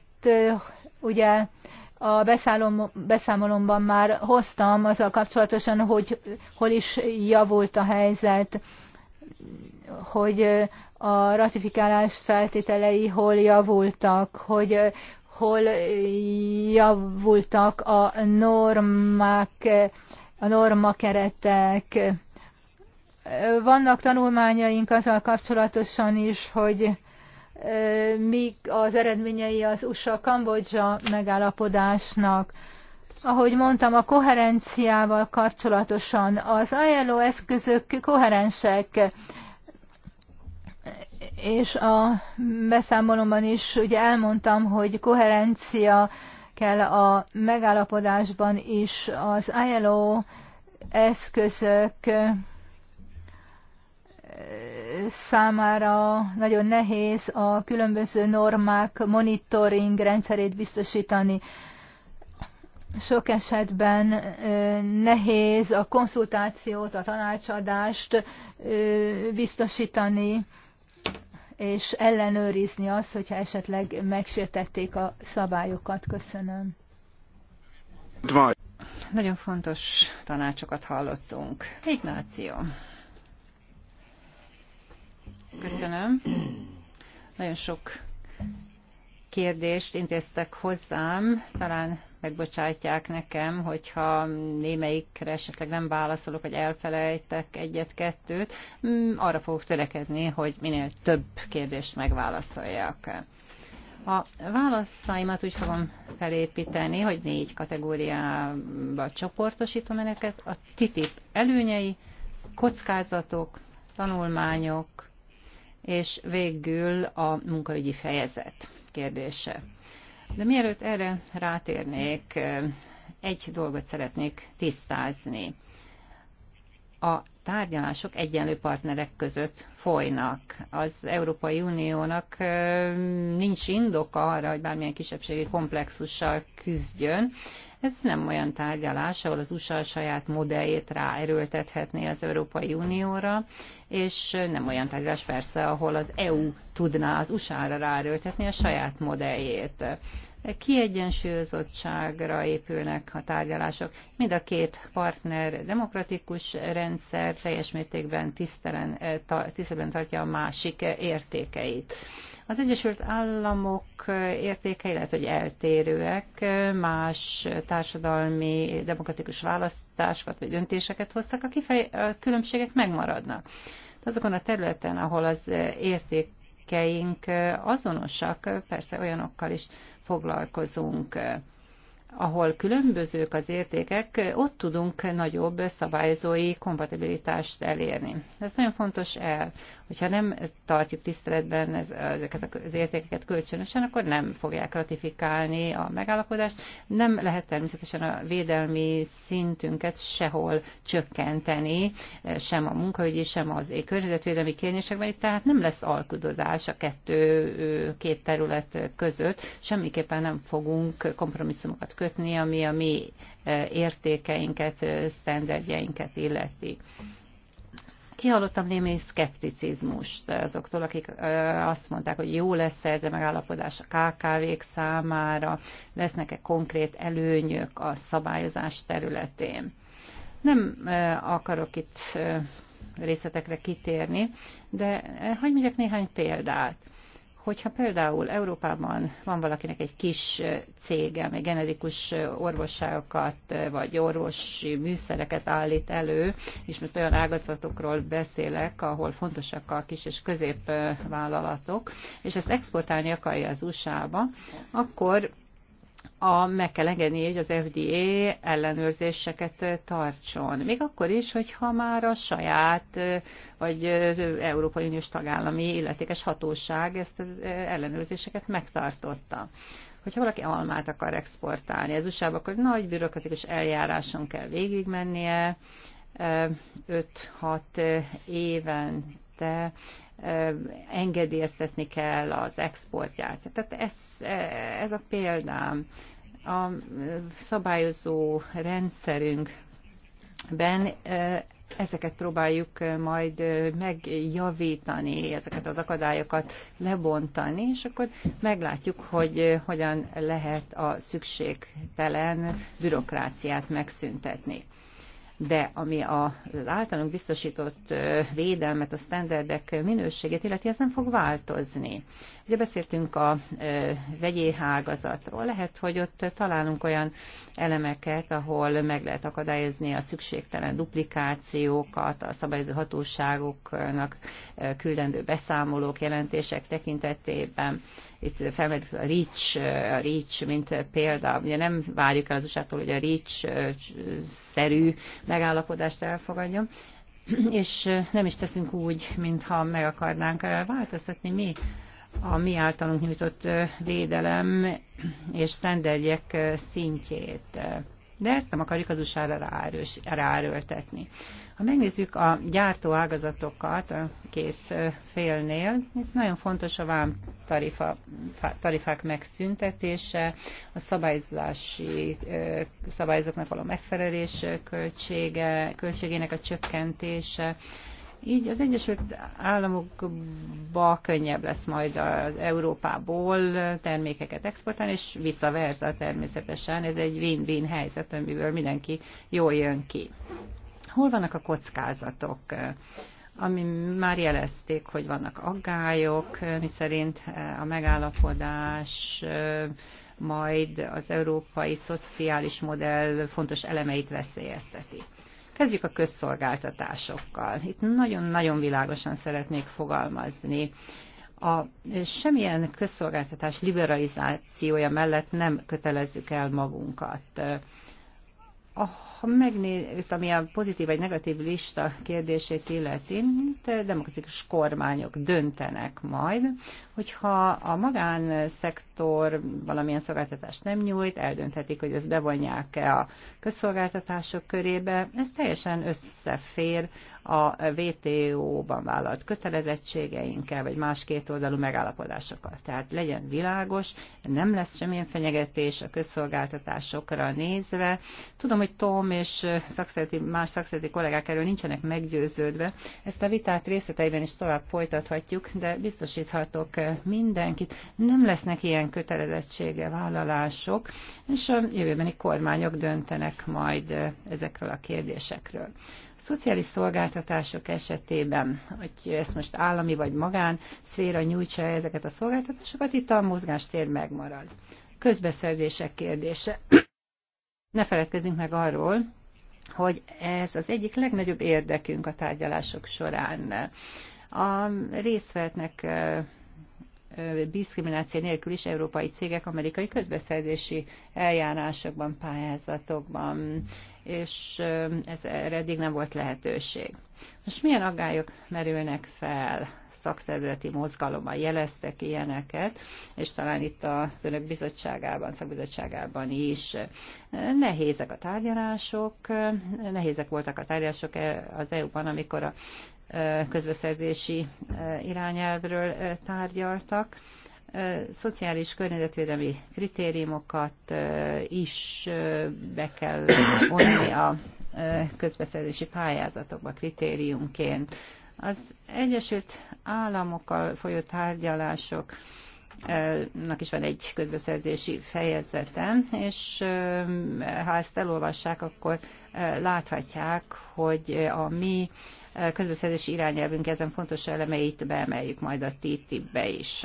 Speaker 1: ugye a beszállom, beszámolomban már hoztam azzal kapcsolatosan, hogy hol is javult a helyzet, hogy a ratifikálás feltételei hol javultak, hogy hol javultak a normák, a normakeretek. Vannak tanulmányaink azzal kapcsolatosan is, hogy mik az eredményei az USA-Kambodzsa megállapodásnak. Ahogy mondtam, a koherenciával kapcsolatosan az ILO eszközök koherensek, és a beszámolomban is ugye elmondtam, hogy koherencia kell a megállapodásban is az ILO eszközök számára nagyon nehéz a különböző normák monitoring rendszerét biztosítani. Sok esetben nehéz a konszultációt, a tanácsadást biztosítani, és ellenőrizni azt, hogyha esetleg megsértették a szabályokat. Köszönöm.
Speaker 3: Nagyon fontos tanácsokat hallottunk. Ignáció. Köszönöm. Nagyon sok kérdést intéztek hozzám, talán megbocsátják nekem, hogyha némelyikre esetleg nem válaszolok, vagy elfelejtek egyet-kettőt, mm, arra fogok törekedni, hogy minél több kérdést megválaszoljak. A válaszaimat úgy fogom felépíteni, hogy négy kategóriába csoportosítom eneket. A TTIP előnyei, kockázatok, tanulmányok, és végül a munkaügyi fejezet kérdése. De mielőtt erre rátérnék, egy dolgot szeretnék tisztázni. A tárgyalások egyenlő partnerek között folynak. Az Európai Uniónak nincs indoka arra, hogy bármilyen kisebbségi komplexussal küzdjön, ez nem olyan tárgyalás, ahol az USA a saját modelljét ráerőltethetné az Európai Unióra, és nem olyan tárgyalás persze, ahol az EU tudná az USA-ra ráerőltetni a saját modelljét kiegyensúlyozottságra épülnek a tárgyalások. Mind a két partner demokratikus rendszer teljes mértékben tisztelen, eh, tisztelen tartja a másik értékeit. Az Egyesült Államok értékei lehet, hogy eltérőek, más társadalmi demokratikus választásokat vagy döntéseket hoztak, a, kifej, a különbségek megmaradnak. De azokon a területen, ahol az értékeink azonosak, persze olyanokkal is foglalkozunk eh, ahol különbözők az értékek, eh, ott tudunk nagyobb szabályozói kompatibilitást elérni. Ez nagyon fontos el. Hogyha nem tartjuk tiszteletben ez, ezeket az értékeket kölcsönösen, akkor nem fogják ratifikálni a megállapodást. Nem lehet természetesen a védelmi szintünket sehol csökkenteni, sem a munkahogyi, sem az környezetvédelmi kérdésekben, tehát nem lesz alkudozás a kettő, két terület között. Semmiképpen nem fogunk kompromisszumokat kötni, ami a mi értékeinket, sztenderdjeinket illeti. Kihallottam némi szkepticizmust azoktól, akik azt mondták, hogy jó lesz ez a megállapodás a KKV-k számára, lesznek-e konkrét előnyök a szabályozás területén. Nem akarok itt részletekre kitérni, de hagyj mondjak néhány példát. Hogyha például Európában van valakinek egy kis eh, cége, ami generikus eh, orvosságokat eh, vagy orvosi műszereket állít elő, és most olyan ágazatokról beszélek, ahol fontosak a kis és középvállalatok, és ezt exportálni akarja az USA-ba, akkor a, meg kell engedni, hogy az FDA ellenőrzéseket tartson. Még akkor is, hogyha már a saját vagy Európai Uniós tagállami illetékes hatóság ezt az ellenőrzéseket megtartotta. Hogyha valaki almát akar exportálni az usa akkor nagy bürokratikus eljáráson kell végigmennie, 5-6 éven termékét engedélyeztetni kell az exportját. Tehát ez, ez a példám. A szabályozó rendszerünkben ezeket próbáljuk majd megjavítani, ezeket az akadályokat lebontani, és akkor meglátjuk, hogy hogyan lehet a szükségtelen bürokráciát megszüntetni de ami az általunk biztosított védelmet, a standardek minőségét illeti, ez nem fog változni. Ugye beszéltünk a vegyi hágazatról. lehet, hogy ott találunk olyan elemeket, ahol meg lehet akadályozni a szükségtelen duplikációkat, a szabályozó hatóságoknak küldendő beszámolók, jelentések tekintetében. Itt felmerült a REACH, a REACH, mint példa. Ugye nem várjuk el az usa hogy a REACH-szerű megállapodást elfogadjon, és nem is teszünk úgy, mintha meg akarnánk változtatni mi a mi általunk nyújtott védelem és szenderjek szintjét. De ezt nem akarjuk az USA-ra ráerőltetni. Ha megnézzük a gyártó ágazatokat a két félnél, itt nagyon fontos a vám tarifa, tarifák megszüntetése, a szabályzási szabályzóknak való megfelelés költsége, költségének a csökkentése, így az Egyesült Államokba könnyebb lesz majd az Európából termékeket exportálni, és visszaverza természetesen. Ez egy win-win helyzet, amiből mindenki jól jön ki. Hol vannak a kockázatok? ami már jelezték, hogy vannak aggályok, miszerint a megállapodás majd az európai szociális modell fontos elemeit veszélyezteti. Kezdjük a közszolgáltatásokkal. Itt nagyon-nagyon világosan szeretnék fogalmazni a semmilyen közszolgáltatás liberalizációja mellett nem kötelezzük el magunkat. Ha megnéz, ami a pozitív vagy negatív lista kérdését illeti, demokratikus kormányok döntenek majd, hogyha a magánszektor valamilyen szolgáltatást nem nyújt, eldönthetik, hogy ezt bevonják-e a közszolgáltatások körébe. Ez teljesen összefér a WTO-ban vállalt kötelezettségeinkkel, vagy más kétoldalú megállapodásokkal. Tehát legyen világos, nem lesz semmilyen fenyegetés a közszolgáltatásokra nézve. Tudom, hogy Tom és szakszereti, más szakszereti kollégák erről nincsenek meggyőződve. Ezt a vitát részleteiben is tovább folytathatjuk, de biztosíthatok mindenkit, nem lesznek ilyen kötelezettsége vállalások, és a jövőbeni kormányok döntenek majd eh, ezekről a kérdésekről. A szociális szolgáltatások esetében, hogy ezt most állami vagy magán szféra nyújtsa -e ezeket a szolgáltatásokat, itt a mozgástér megmarad. Közbeszerzések kérdése. Ne feledkezzünk meg arról, hogy ez az egyik legnagyobb érdekünk a tárgyalások során. A részvetnek eh, diszkrimináció nélkül is európai cégek amerikai közbeszerzési eljárásokban, pályázatokban, és ez eddig nem volt lehetőség. Most milyen aggályok merülnek fel? szakszervezeti mozgalommal jeleztek ilyeneket, és talán itt az önök bizottságában, szakbizottságában is nehézek a tárgyalások, nehézek voltak a tárgyalások e- az EU-ban, amikor a közbeszerzési irányelvről tárgyaltak. Szociális környezetvédelmi kritériumokat is be kell vonni a közbeszerzési pályázatokba kritériumként. Az Egyesült Államokkal folyó tárgyalások nak is van egy közbeszerzési fejezetem, és ha ezt elolvassák, akkor láthatják, hogy a mi közbeszerzési irányelvünk ezen fontos elemeit beemeljük majd a TTIP-be is.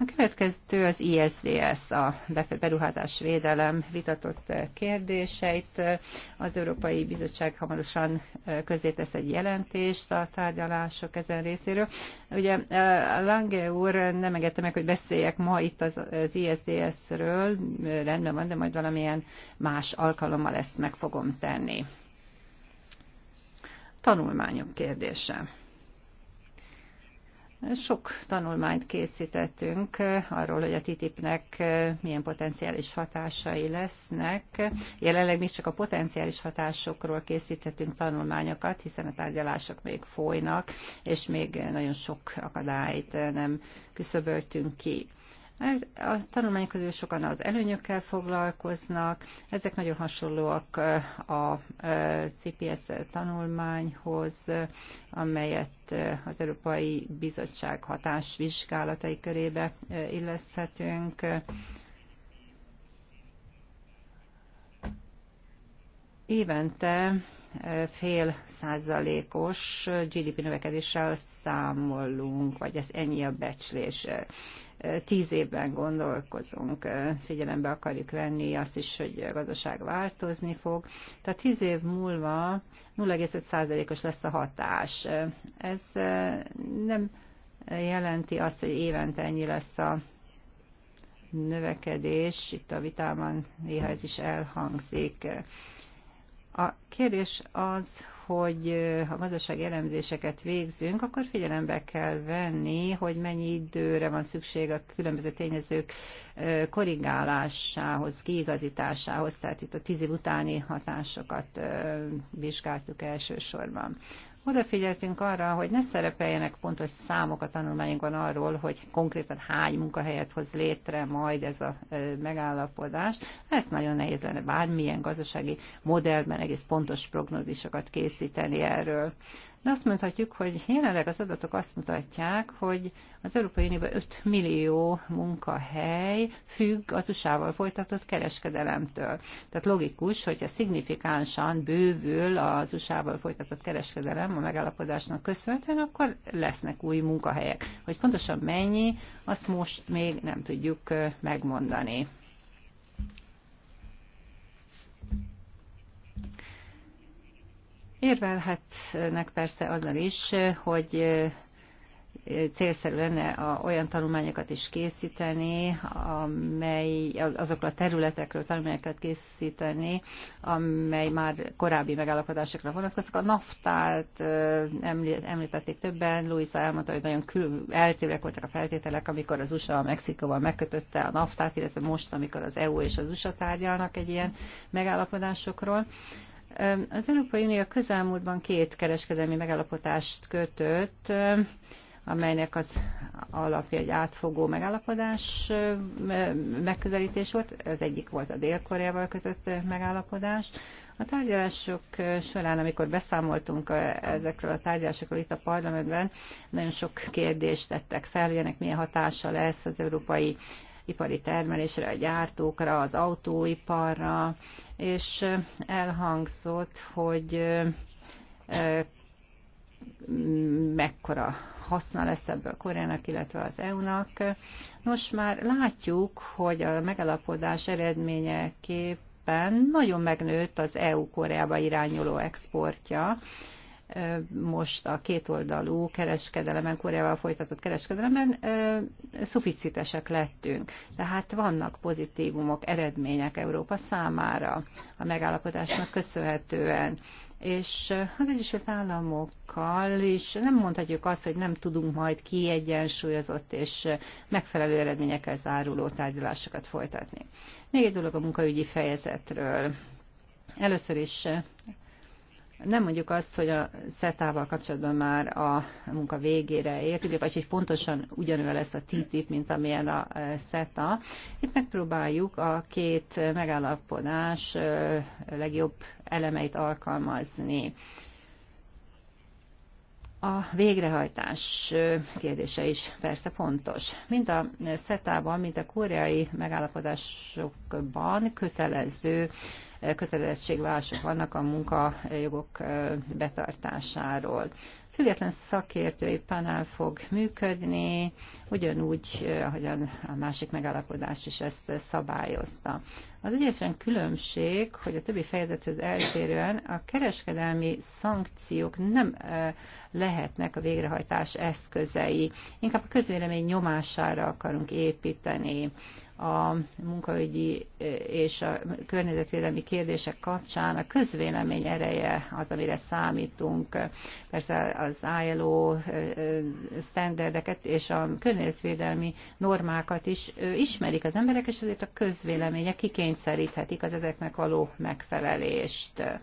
Speaker 3: A következő az ISDS, a beruházás védelem vitatott eh, kérdéseit. Az Európai Bizottság hamarosan eh, tesz egy jelentést a tárgyalások ezen részéről. Ugye eh, Lange úr nem engedte meg, hogy beszéljek ma itt az, az ISDS-ről, rendben van, de majd valamilyen más alkalommal ezt meg fogom tenni. Tanulmányok kérdése. Sok tanulmányt készítettünk arról, hogy a TTIP-nek eh, milyen potenciális hatásai lesznek. Jelenleg még csak a potenciális hatásokról készítettünk tanulmányokat, hiszen a tárgyalások még folynak, és még nagyon sok akadályt eh, nem küszöböltünk ki. A tanulmányok közül sokan az előnyökkel foglalkoznak, ezek nagyon hasonlóak eh, a eh, CPS tanulmányhoz, amelyet eh, az Európai Bizottság hatásvizsgálatai körébe illeszthetünk. Évente fél százalékos GDP növekedéssel számolunk, vagy ez ennyi a becslés. Tíz évben gondolkozunk, figyelembe akarjuk venni azt is, hogy a gazdaság változni fog. Tehát tíz év múlva 0,5 százalékos lesz a hatás. Ez nem jelenti azt, hogy évente ennyi lesz a növekedés, itt a vitában néha ez is elhangzik. A kérdés az, hogy ha gazdasági elemzéseket végzünk, akkor figyelembe kell venni, hogy mennyi időre van szükség a különböző tényezők korrigálásához, kiigazításához, tehát itt a tíz év utáni hatásokat vizsgáltuk elsősorban. Odafigyeltünk arra, hogy ne szerepeljenek pontos számok a tanulmányunkban arról, hogy konkrétan hány munkahelyet hoz létre majd ez a megállapodás. Ezt nagyon nehéz lenne bármilyen gazdasági modellben egész pontos prognózisokat készíteni erről de azt mondhatjuk, hogy jelenleg az adatok azt mutatják, hogy az Európai Unióban 5 millió munkahely függ az USA-val folytatott kereskedelemtől. Tehát logikus, hogyha szignifikánsan bővül az USA-val folytatott kereskedelem a megállapodásnak köszönhetően, akkor lesznek új munkahelyek. Hogy pontosan mennyi, azt most még nem tudjuk megmondani. Érvelhetnek persze azzal is, hogy célszerű lenne a, olyan tanulmányokat is készíteni, amely azokra a területekről tanulmányokat készíteni, amely már korábbi megállapodásokra vonatkozik. A naftát említették többen, Luisa elmondta, hogy nagyon kül, eltérőek voltak a feltételek, amikor az USA a Mexikóval megkötötte a naftát, illetve most, amikor az EU és az USA tárgyalnak egy ilyen megállapodásokról. Az Európai Unió közelmúltban két kereskedelmi megállapotást kötött, amelynek az alapja egy átfogó megállapodás megközelítés volt. Az egyik volt a Dél-Koreával kötött megállapodás. A tárgyalások során, amikor beszámoltunk ezekről a tárgyalásokról itt a parlamentben, nagyon sok kérdést tettek fel, hogy ennek milyen hatása lesz az európai ipari termelésre, a gyártókra, az autóiparra, és elhangzott, hogy mekkora haszna lesz ebből Koreának, illetve az EU-nak. Nos, már látjuk, hogy a megalapodás eredményeképpen nagyon megnőtt az EU Koreába irányuló exportja, most a kétoldalú kereskedelemen, Koreával folytatott kereskedelemen szuficitesek lettünk. Tehát vannak pozitívumok, eredmények Európa számára a megállapodásnak köszönhetően és az Egyesült Államokkal is nem mondhatjuk azt, hogy nem tudunk majd kiegyensúlyozott és megfelelő eredményekkel záruló tárgyalásokat folytatni. Még egy dolog a munkaügyi fejezetről. Először is nem mondjuk azt, hogy a szetával kapcsolatban már a munka végére értük, vagy hogy pontosan ugyanolyan lesz a TTIP, mint amilyen a e, SETA. Itt megpróbáljuk a két megállapodás e, legjobb elemeit alkalmazni. A végrehajtás e, kérdése is persze fontos. Mint a SETA-ban, mint a koreai megállapodásokban kötelező kötelezettségvállalások vannak a munkajogok betartásáról független szakértői panel fog működni, ugyanúgy, ahogyan a másik megállapodás is ezt szabályozta. Az egyetlen különbség, hogy a többi fejezethez eltérően a kereskedelmi szankciók nem lehetnek a végrehajtás eszközei, inkább a közvélemény nyomására akarunk építeni a munkaügyi és a környezetvédelmi kérdések kapcsán a közvélemény ereje az, amire számítunk. Persze az ILO standardeket és a környezetvédelmi normákat is ismerik az emberek, és azért a közvélemények kikényszeríthetik az ezeknek való megfelelést.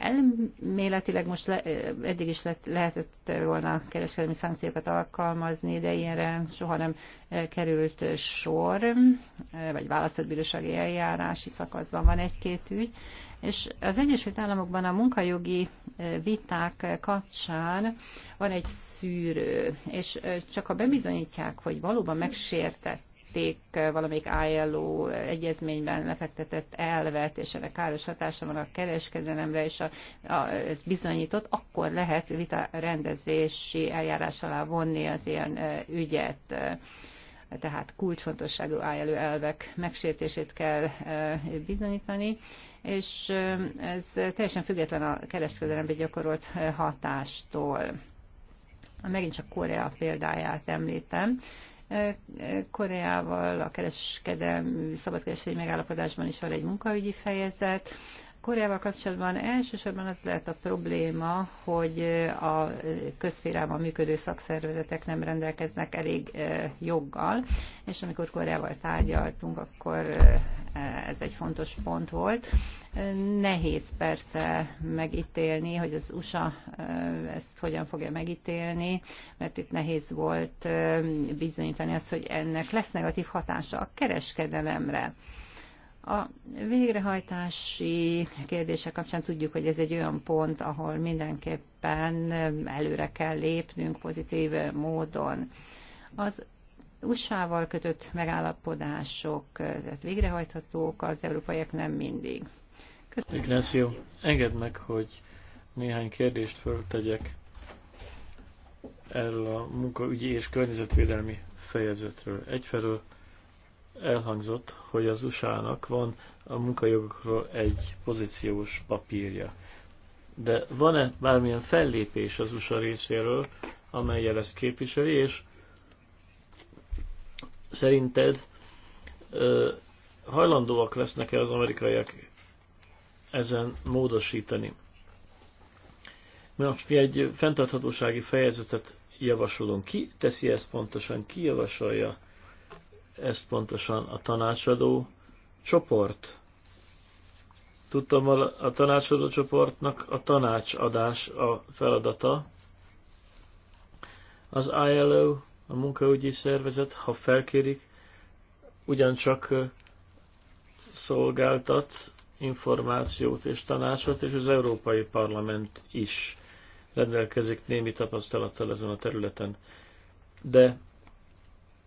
Speaker 3: Elméletileg most le, eddig is lett, lehetett volna kereskedelmi szankciókat alkalmazni, de ilyenre soha nem e, került sor, e, vagy válaszolt bírósági eljárási szakaszban van egy-két ügy. És az Egyesült Államokban a munkajogi e, viták kapcsán van egy szűrő, és csak ha bebizonyítják, hogy valóban megsértett lefektették valamelyik ILO egyezményben lefektetett elvet, és ennek káros hatása van a kereskedelemre, és a, a, ez bizonyított, akkor lehet vita rendezési eljárás alá vonni az ilyen e, ügyet tehát kulcsfontosságú álljelő elvek megsértését kell e, bizonyítani, és e, ez teljesen független a kereskedelembe gyakorolt hatástól. Megint csak Korea példáját említem. Koreával, a kereskedelmi szabadkereskedelmi megállapodásban is van egy munkaügyi fejezet, Koreával kapcsolatban elsősorban az lehet a probléma, hogy a közférában működő szakszervezetek nem rendelkeznek elég eh, joggal, és amikor Koreával tárgyaltunk, akkor eh, ez egy fontos pont volt. Nehéz persze megítélni, hogy az USA ezt hogyan fogja megítélni, mert itt nehéz volt bizonyítani azt, hogy ennek lesz negatív hatása a kereskedelemre. A végrehajtási kérdések kapcsán tudjuk, hogy ez egy olyan pont, ahol mindenképpen előre kell lépnünk pozitív módon. Az USA-val kötött megállapodások, tehát végrehajthatók, az európaiak nem mindig. Köszönöm. Ignacio,
Speaker 2: engedd meg, hogy néhány kérdést föltegyek erről a munkaügyi és környezetvédelmi fejezetről. Egyfelől elhangzott, hogy az USA-nak van a munkajogokról egy pozíciós papírja. De van-e bármilyen fellépés az USA részéről, amelyel ezt képviseli, és szerinted ö, hajlandóak lesznek-e az amerikaiak ezen módosítani. Most mi egy fenntarthatósági fejezetet javasolunk. Ki teszi ezt pontosan? Ki javasolja ezt pontosan? A tanácsadó csoport. Tudtam, a tanácsadó csoportnak a tanácsadás a feladata. Az ILO, a munkaügyi szervezet, ha felkérik, ugyancsak szolgáltat információt és tanácsot, és az Európai Parlament is rendelkezik némi tapasztalattal ezen a területen. De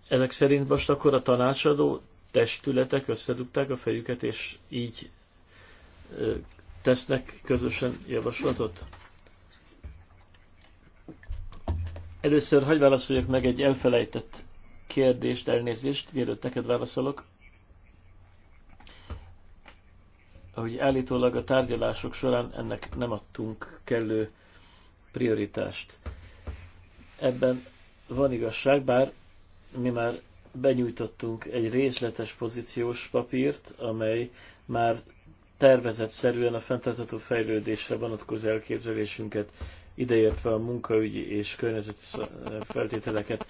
Speaker 2: ezek szerint most akkor a tanácsadó testületek összedugták a fejüket, és így tesznek közösen javaslatot? Először hagyj válaszoljak meg egy elfelejtett kérdést, elnézést, mielőtt neked válaszolok. hogy állítólag a tárgyalások során ennek nem adtunk kellő prioritást. Ebben van igazság, bár mi már benyújtottunk egy részletes pozíciós papírt, amely már tervezett szerűen a fenntartható fejlődésre vonatkozó elképzelésünket, ideértve a munkaügyi és környezeti feltételeket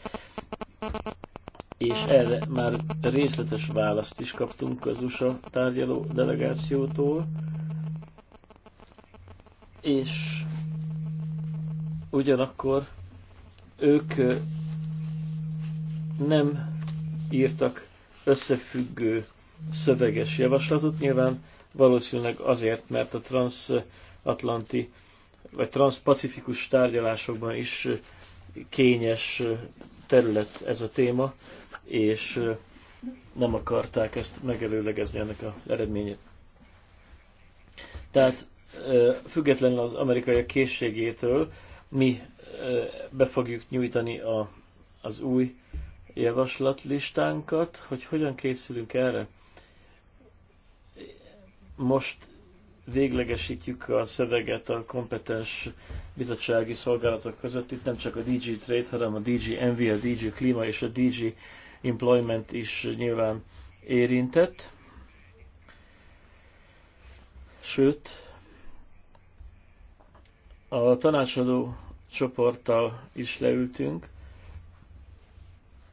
Speaker 2: és erre már részletes választ is kaptunk az USA tárgyaló delegációtól, és ugyanakkor ők nem írtak összefüggő szöveges javaslatot, nyilván valószínűleg azért, mert a transatlanti vagy transpacifikus tárgyalásokban is kényes terület ez a téma, és nem akarták ezt megelőlegezni ennek a eredményét. Tehát függetlenül az amerikaiak készségétől mi be fogjuk nyújtani a, az új javaslatlistánkat, hogy hogyan készülünk erre. Most véglegesítjük a szöveget a kompetens bizottsági szolgálatok között. Itt nem csak a DG Trade, hanem a DG Envy, a DG Klima és a DG Employment is nyilván érintett. Sőt, a tanácsadó csoporttal is leültünk,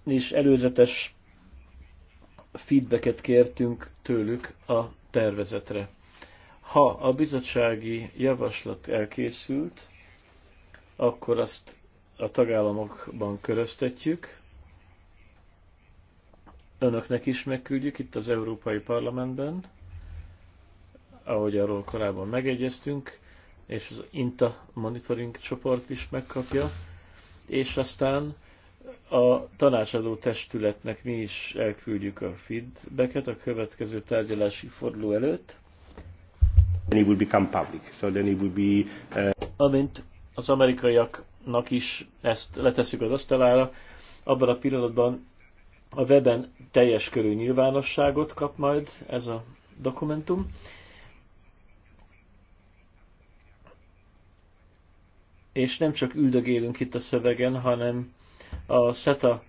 Speaker 2: és előzetes feedbacket kértünk tőlük a tervezetre. Ha a bizottsági javaslat elkészült, akkor azt a tagállamokban köröztetjük, önöknek is megküldjük itt az Európai Parlamentben, ahogy arról korábban megegyeztünk, és az INTA monitoring csoport is megkapja, és aztán a tanácsadó testületnek mi is elküldjük a feedbacket a következő tárgyalási forduló előtt, Then it will become public. So then it will be, uh... Amint az amerikaiaknak is ezt letesszük az asztalára, abban a pillanatban a weben teljes körű nyilvánosságot kap majd ez a dokumentum. És nem csak üldögélünk itt a szövegen, hanem a SETA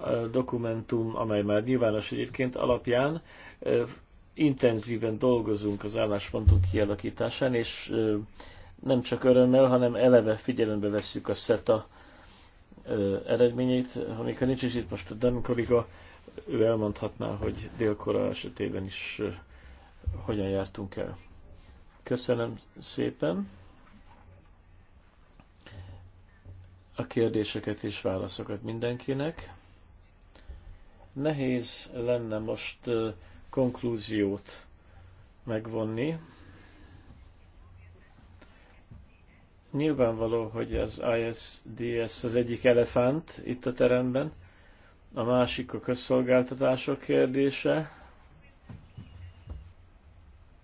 Speaker 2: uh, dokumentum, amely már nyilvános egyébként alapján uh, intenzíven dolgozunk az álláspontunk kialakításán, és nem csak örömmel, hanem eleve figyelembe veszük a SETA eredményeit. Amikor nincs is itt most a Dan kolléga, ő elmondhatná, hogy délkora esetében is hogyan jártunk el. Köszönöm szépen a kérdéseket és válaszokat mindenkinek. Nehéz lenne most konklúziót megvonni. Nyilvánvaló, hogy az ISDS az egyik elefánt itt a teremben, a másik a közszolgáltatások kérdése,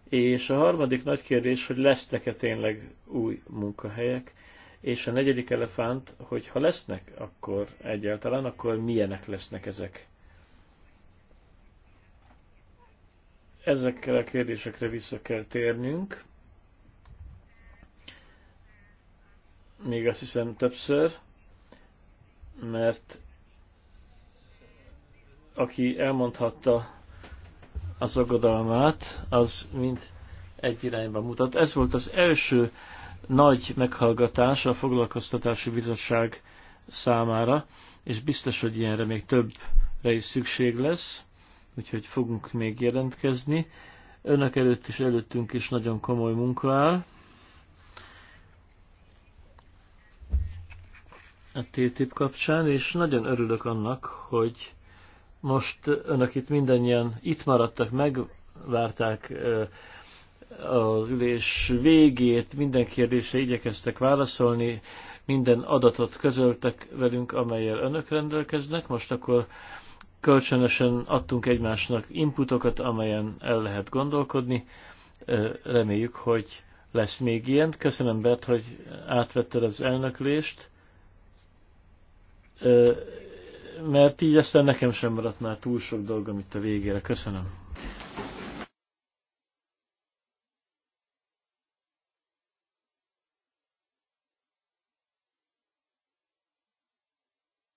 Speaker 2: és a harmadik nagy kérdés, hogy lesznek-e tényleg új munkahelyek, és a negyedik elefánt, hogy ha lesznek, akkor egyáltalán, akkor milyenek lesznek ezek. ezekkel a kérdésekre vissza kell térnünk. Még azt hiszem többször, mert aki elmondhatta az aggodalmát, az mind egy irányba mutat. Ez volt az első nagy meghallgatás a Foglalkoztatási Bizottság számára, és biztos, hogy ilyenre még többre is szükség lesz úgyhogy fogunk még jelentkezni. Önök előtt is előttünk is nagyon komoly munka áll. a TTIP kapcsán, és nagyon örülök annak, hogy most önök itt mindannyian itt maradtak, megvárták az ülés végét, minden kérdésre igyekeztek válaszolni, minden adatot közöltek velünk, amelyel önök rendelkeznek. Most akkor Kölcsönösen adtunk egymásnak inputokat, amelyen el lehet gondolkodni. Reméljük, hogy lesz még ilyen. Köszönöm, Bert, hogy átvetted az elnöklést, mert így aztán nekem sem maradt már túl sok dolgom amit a végére. Köszönöm.